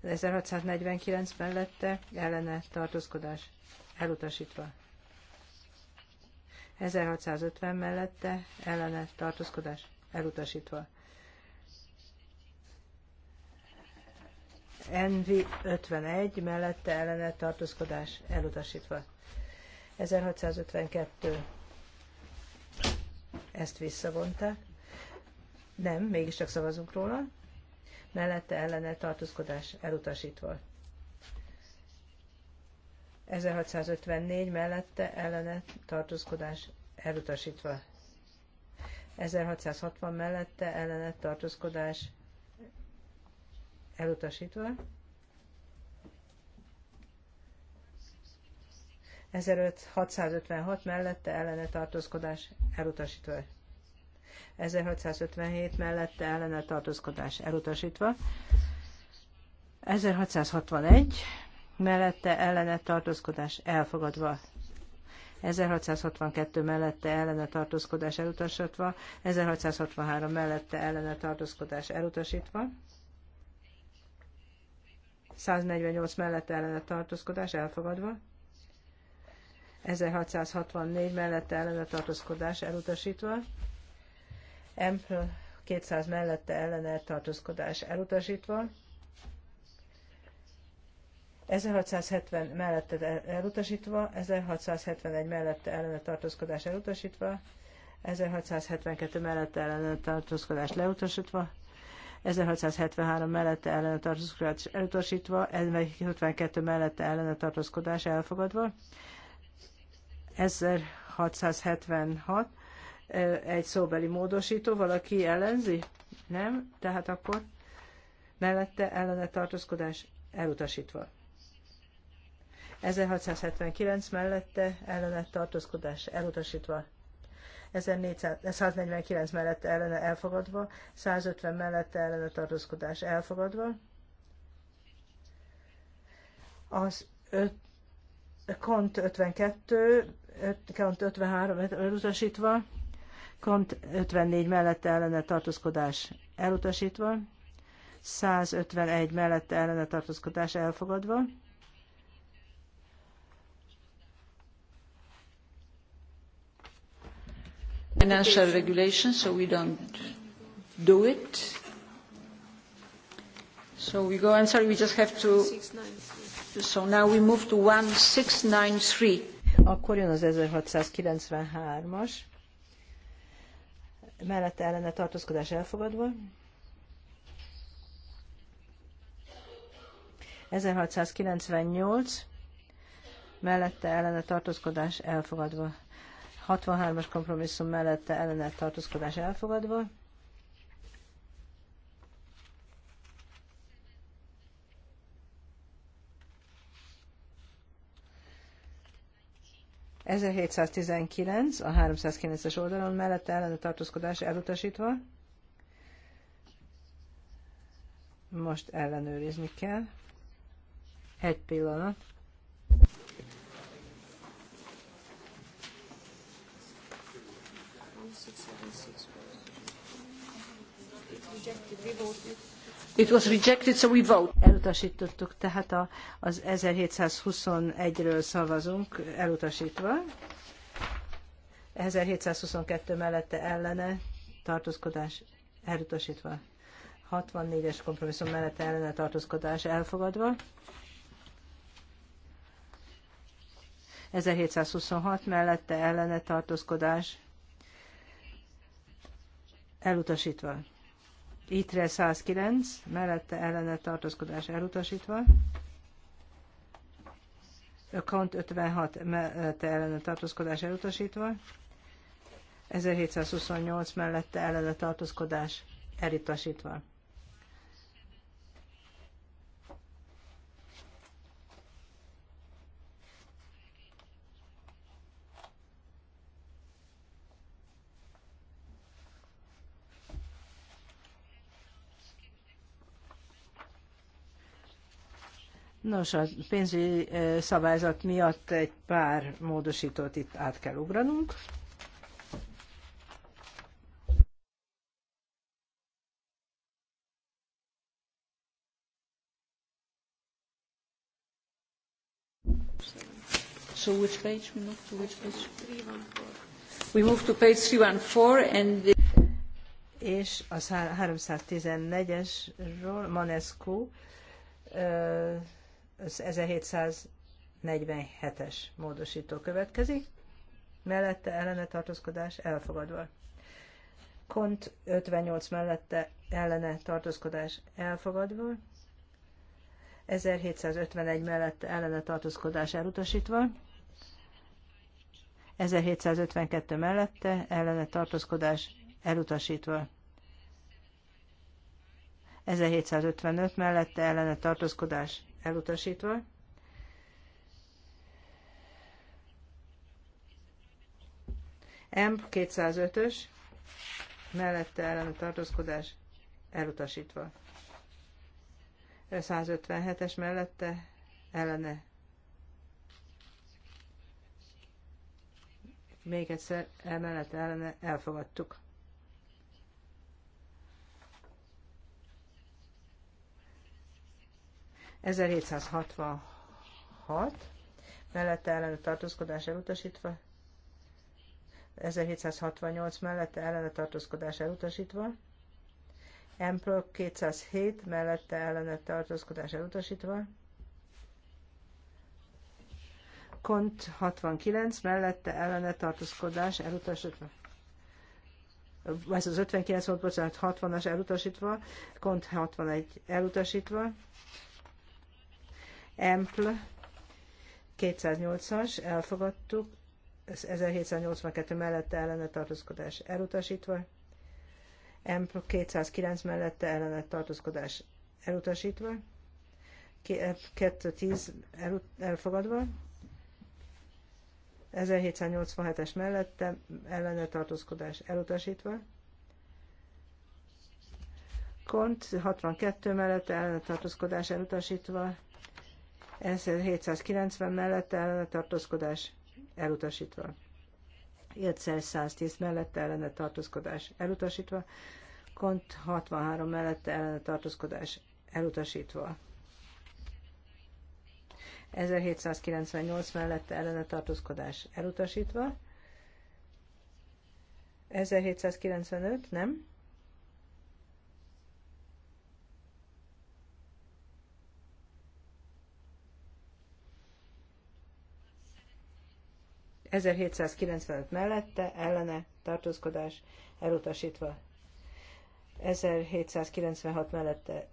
1649 mellette ellene tartózkodás elutasítva. 1650 mellette ellene tartózkodás elutasítva. NV 51 mellette ellene tartózkodás elutasítva. 1652 ezt visszavonták. Nem, mégiscsak szavazunk róla. Mellette ellene tartózkodás elutasítva. 1654 mellette ellene tartózkodás elutasítva. 1660 mellette ellene tartózkodás elutasítva. 1656 mellette ellene tartózkodás elutasítva. 1657 mellette ellene tartózkodás elutasítva. 1661 mellette ellene tartózkodás elfogadva. 1662 mellette ellene tartózkodás elutasítva, 1663 mellette ellene tartózkodás elutasítva, 148 mellette ellene tartózkodás elfogadva, 1664 mellette ellene tartózkodás elutasítva, Empl 200 mellette ellene tartózkodás elutasítva, 1670 mellette elutasítva, 1671 mellette ellene tartózkodás elutasítva, 1672 mellette ellene tartózkodás leutasítva, 1673 mellette ellene tartózkodás elutasítva, 1052 mellette ellene tartózkodás elfogadva, 1676 egy szóbeli módosító, valaki ellenzi? Nem? Tehát akkor mellette ellene tartózkodás elutasítva. 1679 mellette ellene tartózkodás elutasítva. 1449 mellette ellene elfogadva, 150 mellette ellene tartózkodás elfogadva. Az 5, kont 52, kont 53 elutasítva, kont 54 mellette ellene tartózkodás elutasítva, 151 mellette ellene tartózkodás elfogadva. Financial regulation, so we don't do it. So we go, I'm sorry, we just have to, so now we move to 1693. Akkor jön az 1693-as, mellette ellene tartózkodás elfogadva. 1698, mellette ellene tartózkodás elfogadva. 63-as kompromisszum mellette ellene tartózkodás elfogadva. 1719 a 309-es oldalon mellette ellene tartózkodás elutasítva. Most ellenőrizni kell. Egy pillanat. It was rejected, so we vote. Elutasítottuk, tehát a, az 1721-ről szavazunk, elutasítva. 1722 mellette ellene tartózkodás elutasítva. 64-es kompromisszum mellette ellene tartózkodás elfogadva. 1726 mellette ellene tartózkodás elutasítva. ITRE 109, mellette ellene tartózkodás elutasítva. Account 56, mellette ellene tartózkodás elutasítva. 1728 mellette ellene tartózkodás elutasítva. Nos, a pénzügyi szabályzat miatt egy pár módosítót itt át kell ugranunk. So which page we move to which page? We move to page 314 and the és a 314-esről Manescu 1747-es módosító következik, mellette ellene tartózkodás elfogadva. Kont 58 mellette ellene tartózkodás elfogadva, 1751 mellette ellene tartózkodás elutasítva, 1752 mellette ellene tartózkodás elutasítva. 1755 mellette ellene tartózkodás elutasítva. M 205-ös, mellette a tartózkodás elutasítva. 157-es mellette ellene. Még egyszer emellett ellene elfogadtuk. 1766 mellette ellene tartózkodás elutasítva, 1768 mellette ellene tartózkodás elutasítva, Empro 207 mellette ellene tartózkodás elutasítva, Kont 69 mellette ellene tartózkodás elutasítva. Ez az 59 volt, bocsánat, 60-as elutasítva, Kont 61 elutasítva, Empl 208-as, elfogadtuk, 1782 mellette ellene tartózkodás elutasítva, Empl 209 mellette ellene tartózkodás elutasítva, 210 eh, elfogadva, 1787-es mellette ellene tartózkodás elutasítva, Kont 62 ellene tartózkodás elutasítva, 1790 mellett ellene tartózkodás elutasítva. 1710 mellett ellene tartózkodás elutasítva. Kont 63 mellett ellene tartózkodás elutasítva. 1798 mellett ellene tartózkodás elutasítva. 1795, nem? 1795 mellette ellene tartózkodás elutasítva. 1796 mellette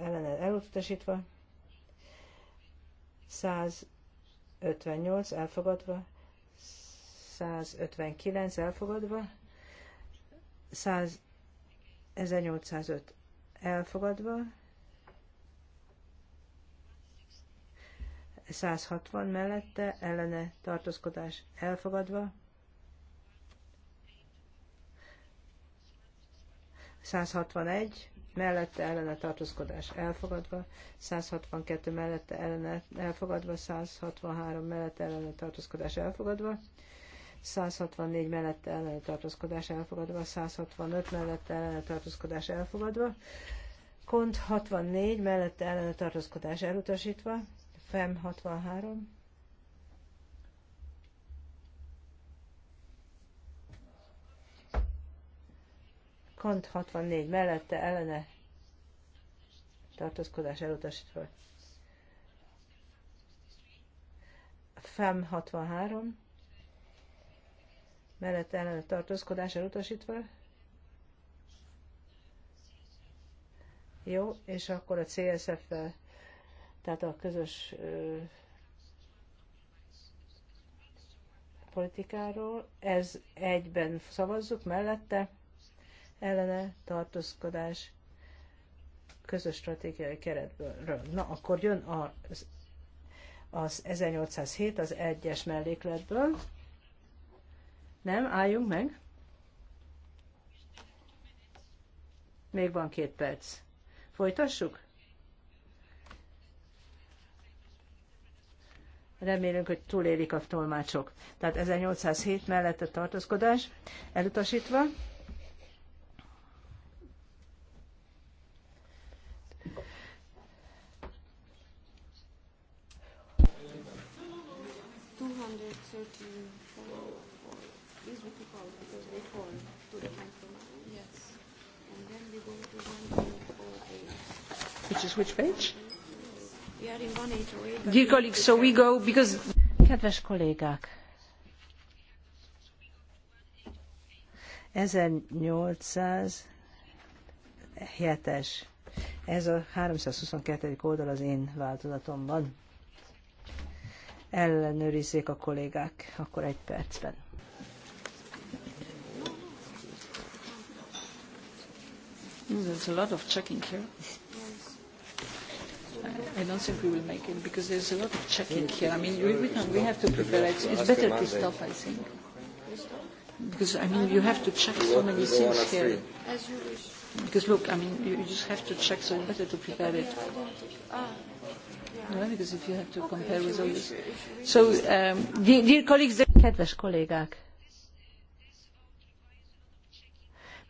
ellene elutasítva. 158 elfogadva. 159 elfogadva. 100, 1805 elfogadva. 160 mellette ellene tartózkodás elfogadva, 161 mellette ellene tartózkodás elfogadva, 162 mellette ellene elfogadva, 163 mellette ellene tartózkodás elfogadva, 164 mellette ellene tartózkodás elfogadva, 165 mellette ellene tartózkodás elfogadva, kont 64 mellette ellene tartózkodás elutasítva, FEM 63. Kant 64 mellette ellene tartózkodás elutasítva. FEM 63 mellette ellene tartózkodás elutasítva. Jó, és akkor a CSF-vel tehát a közös politikáról. Ez egyben szavazzuk, mellette ellene tartózkodás közös stratégiai keretből. Na, akkor jön az, az 1807, az egyes mellékletből. Nem, álljunk meg. Még van két perc. Folytassuk? Remélünk, hogy túlélik a tolmácsok. Tehát 1807 mellett a tartózkodás elutasítva. Which is which page? Kedves kollégák, 1807-es, ez a 322. oldal az én változatomban. Ellenőrizzék a kollégák, akkor egy percben. There's a lot of checking here. I don't think we will make it because there's a lot of checking here. I mean, we, we, can, we have to prepare. It's, it's better to stop, I think. Because, I mean, you have to check so many things here. Because, look, I mean, you, just have to check, so it's better to prepare it. Yeah, because if you have to compare with all this. So, um, dear, dear colleagues... Kedves kollégák,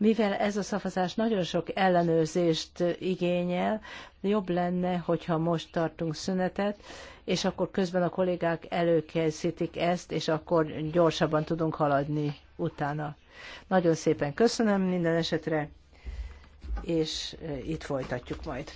Mivel ez a szavazás nagyon sok ellenőrzést igényel, jobb lenne, hogyha most tartunk szünetet, és akkor közben a kollégák előkészítik ezt, és akkor gyorsabban tudunk haladni utána. Nagyon szépen köszönöm minden esetre, és eh, itt folytatjuk majd.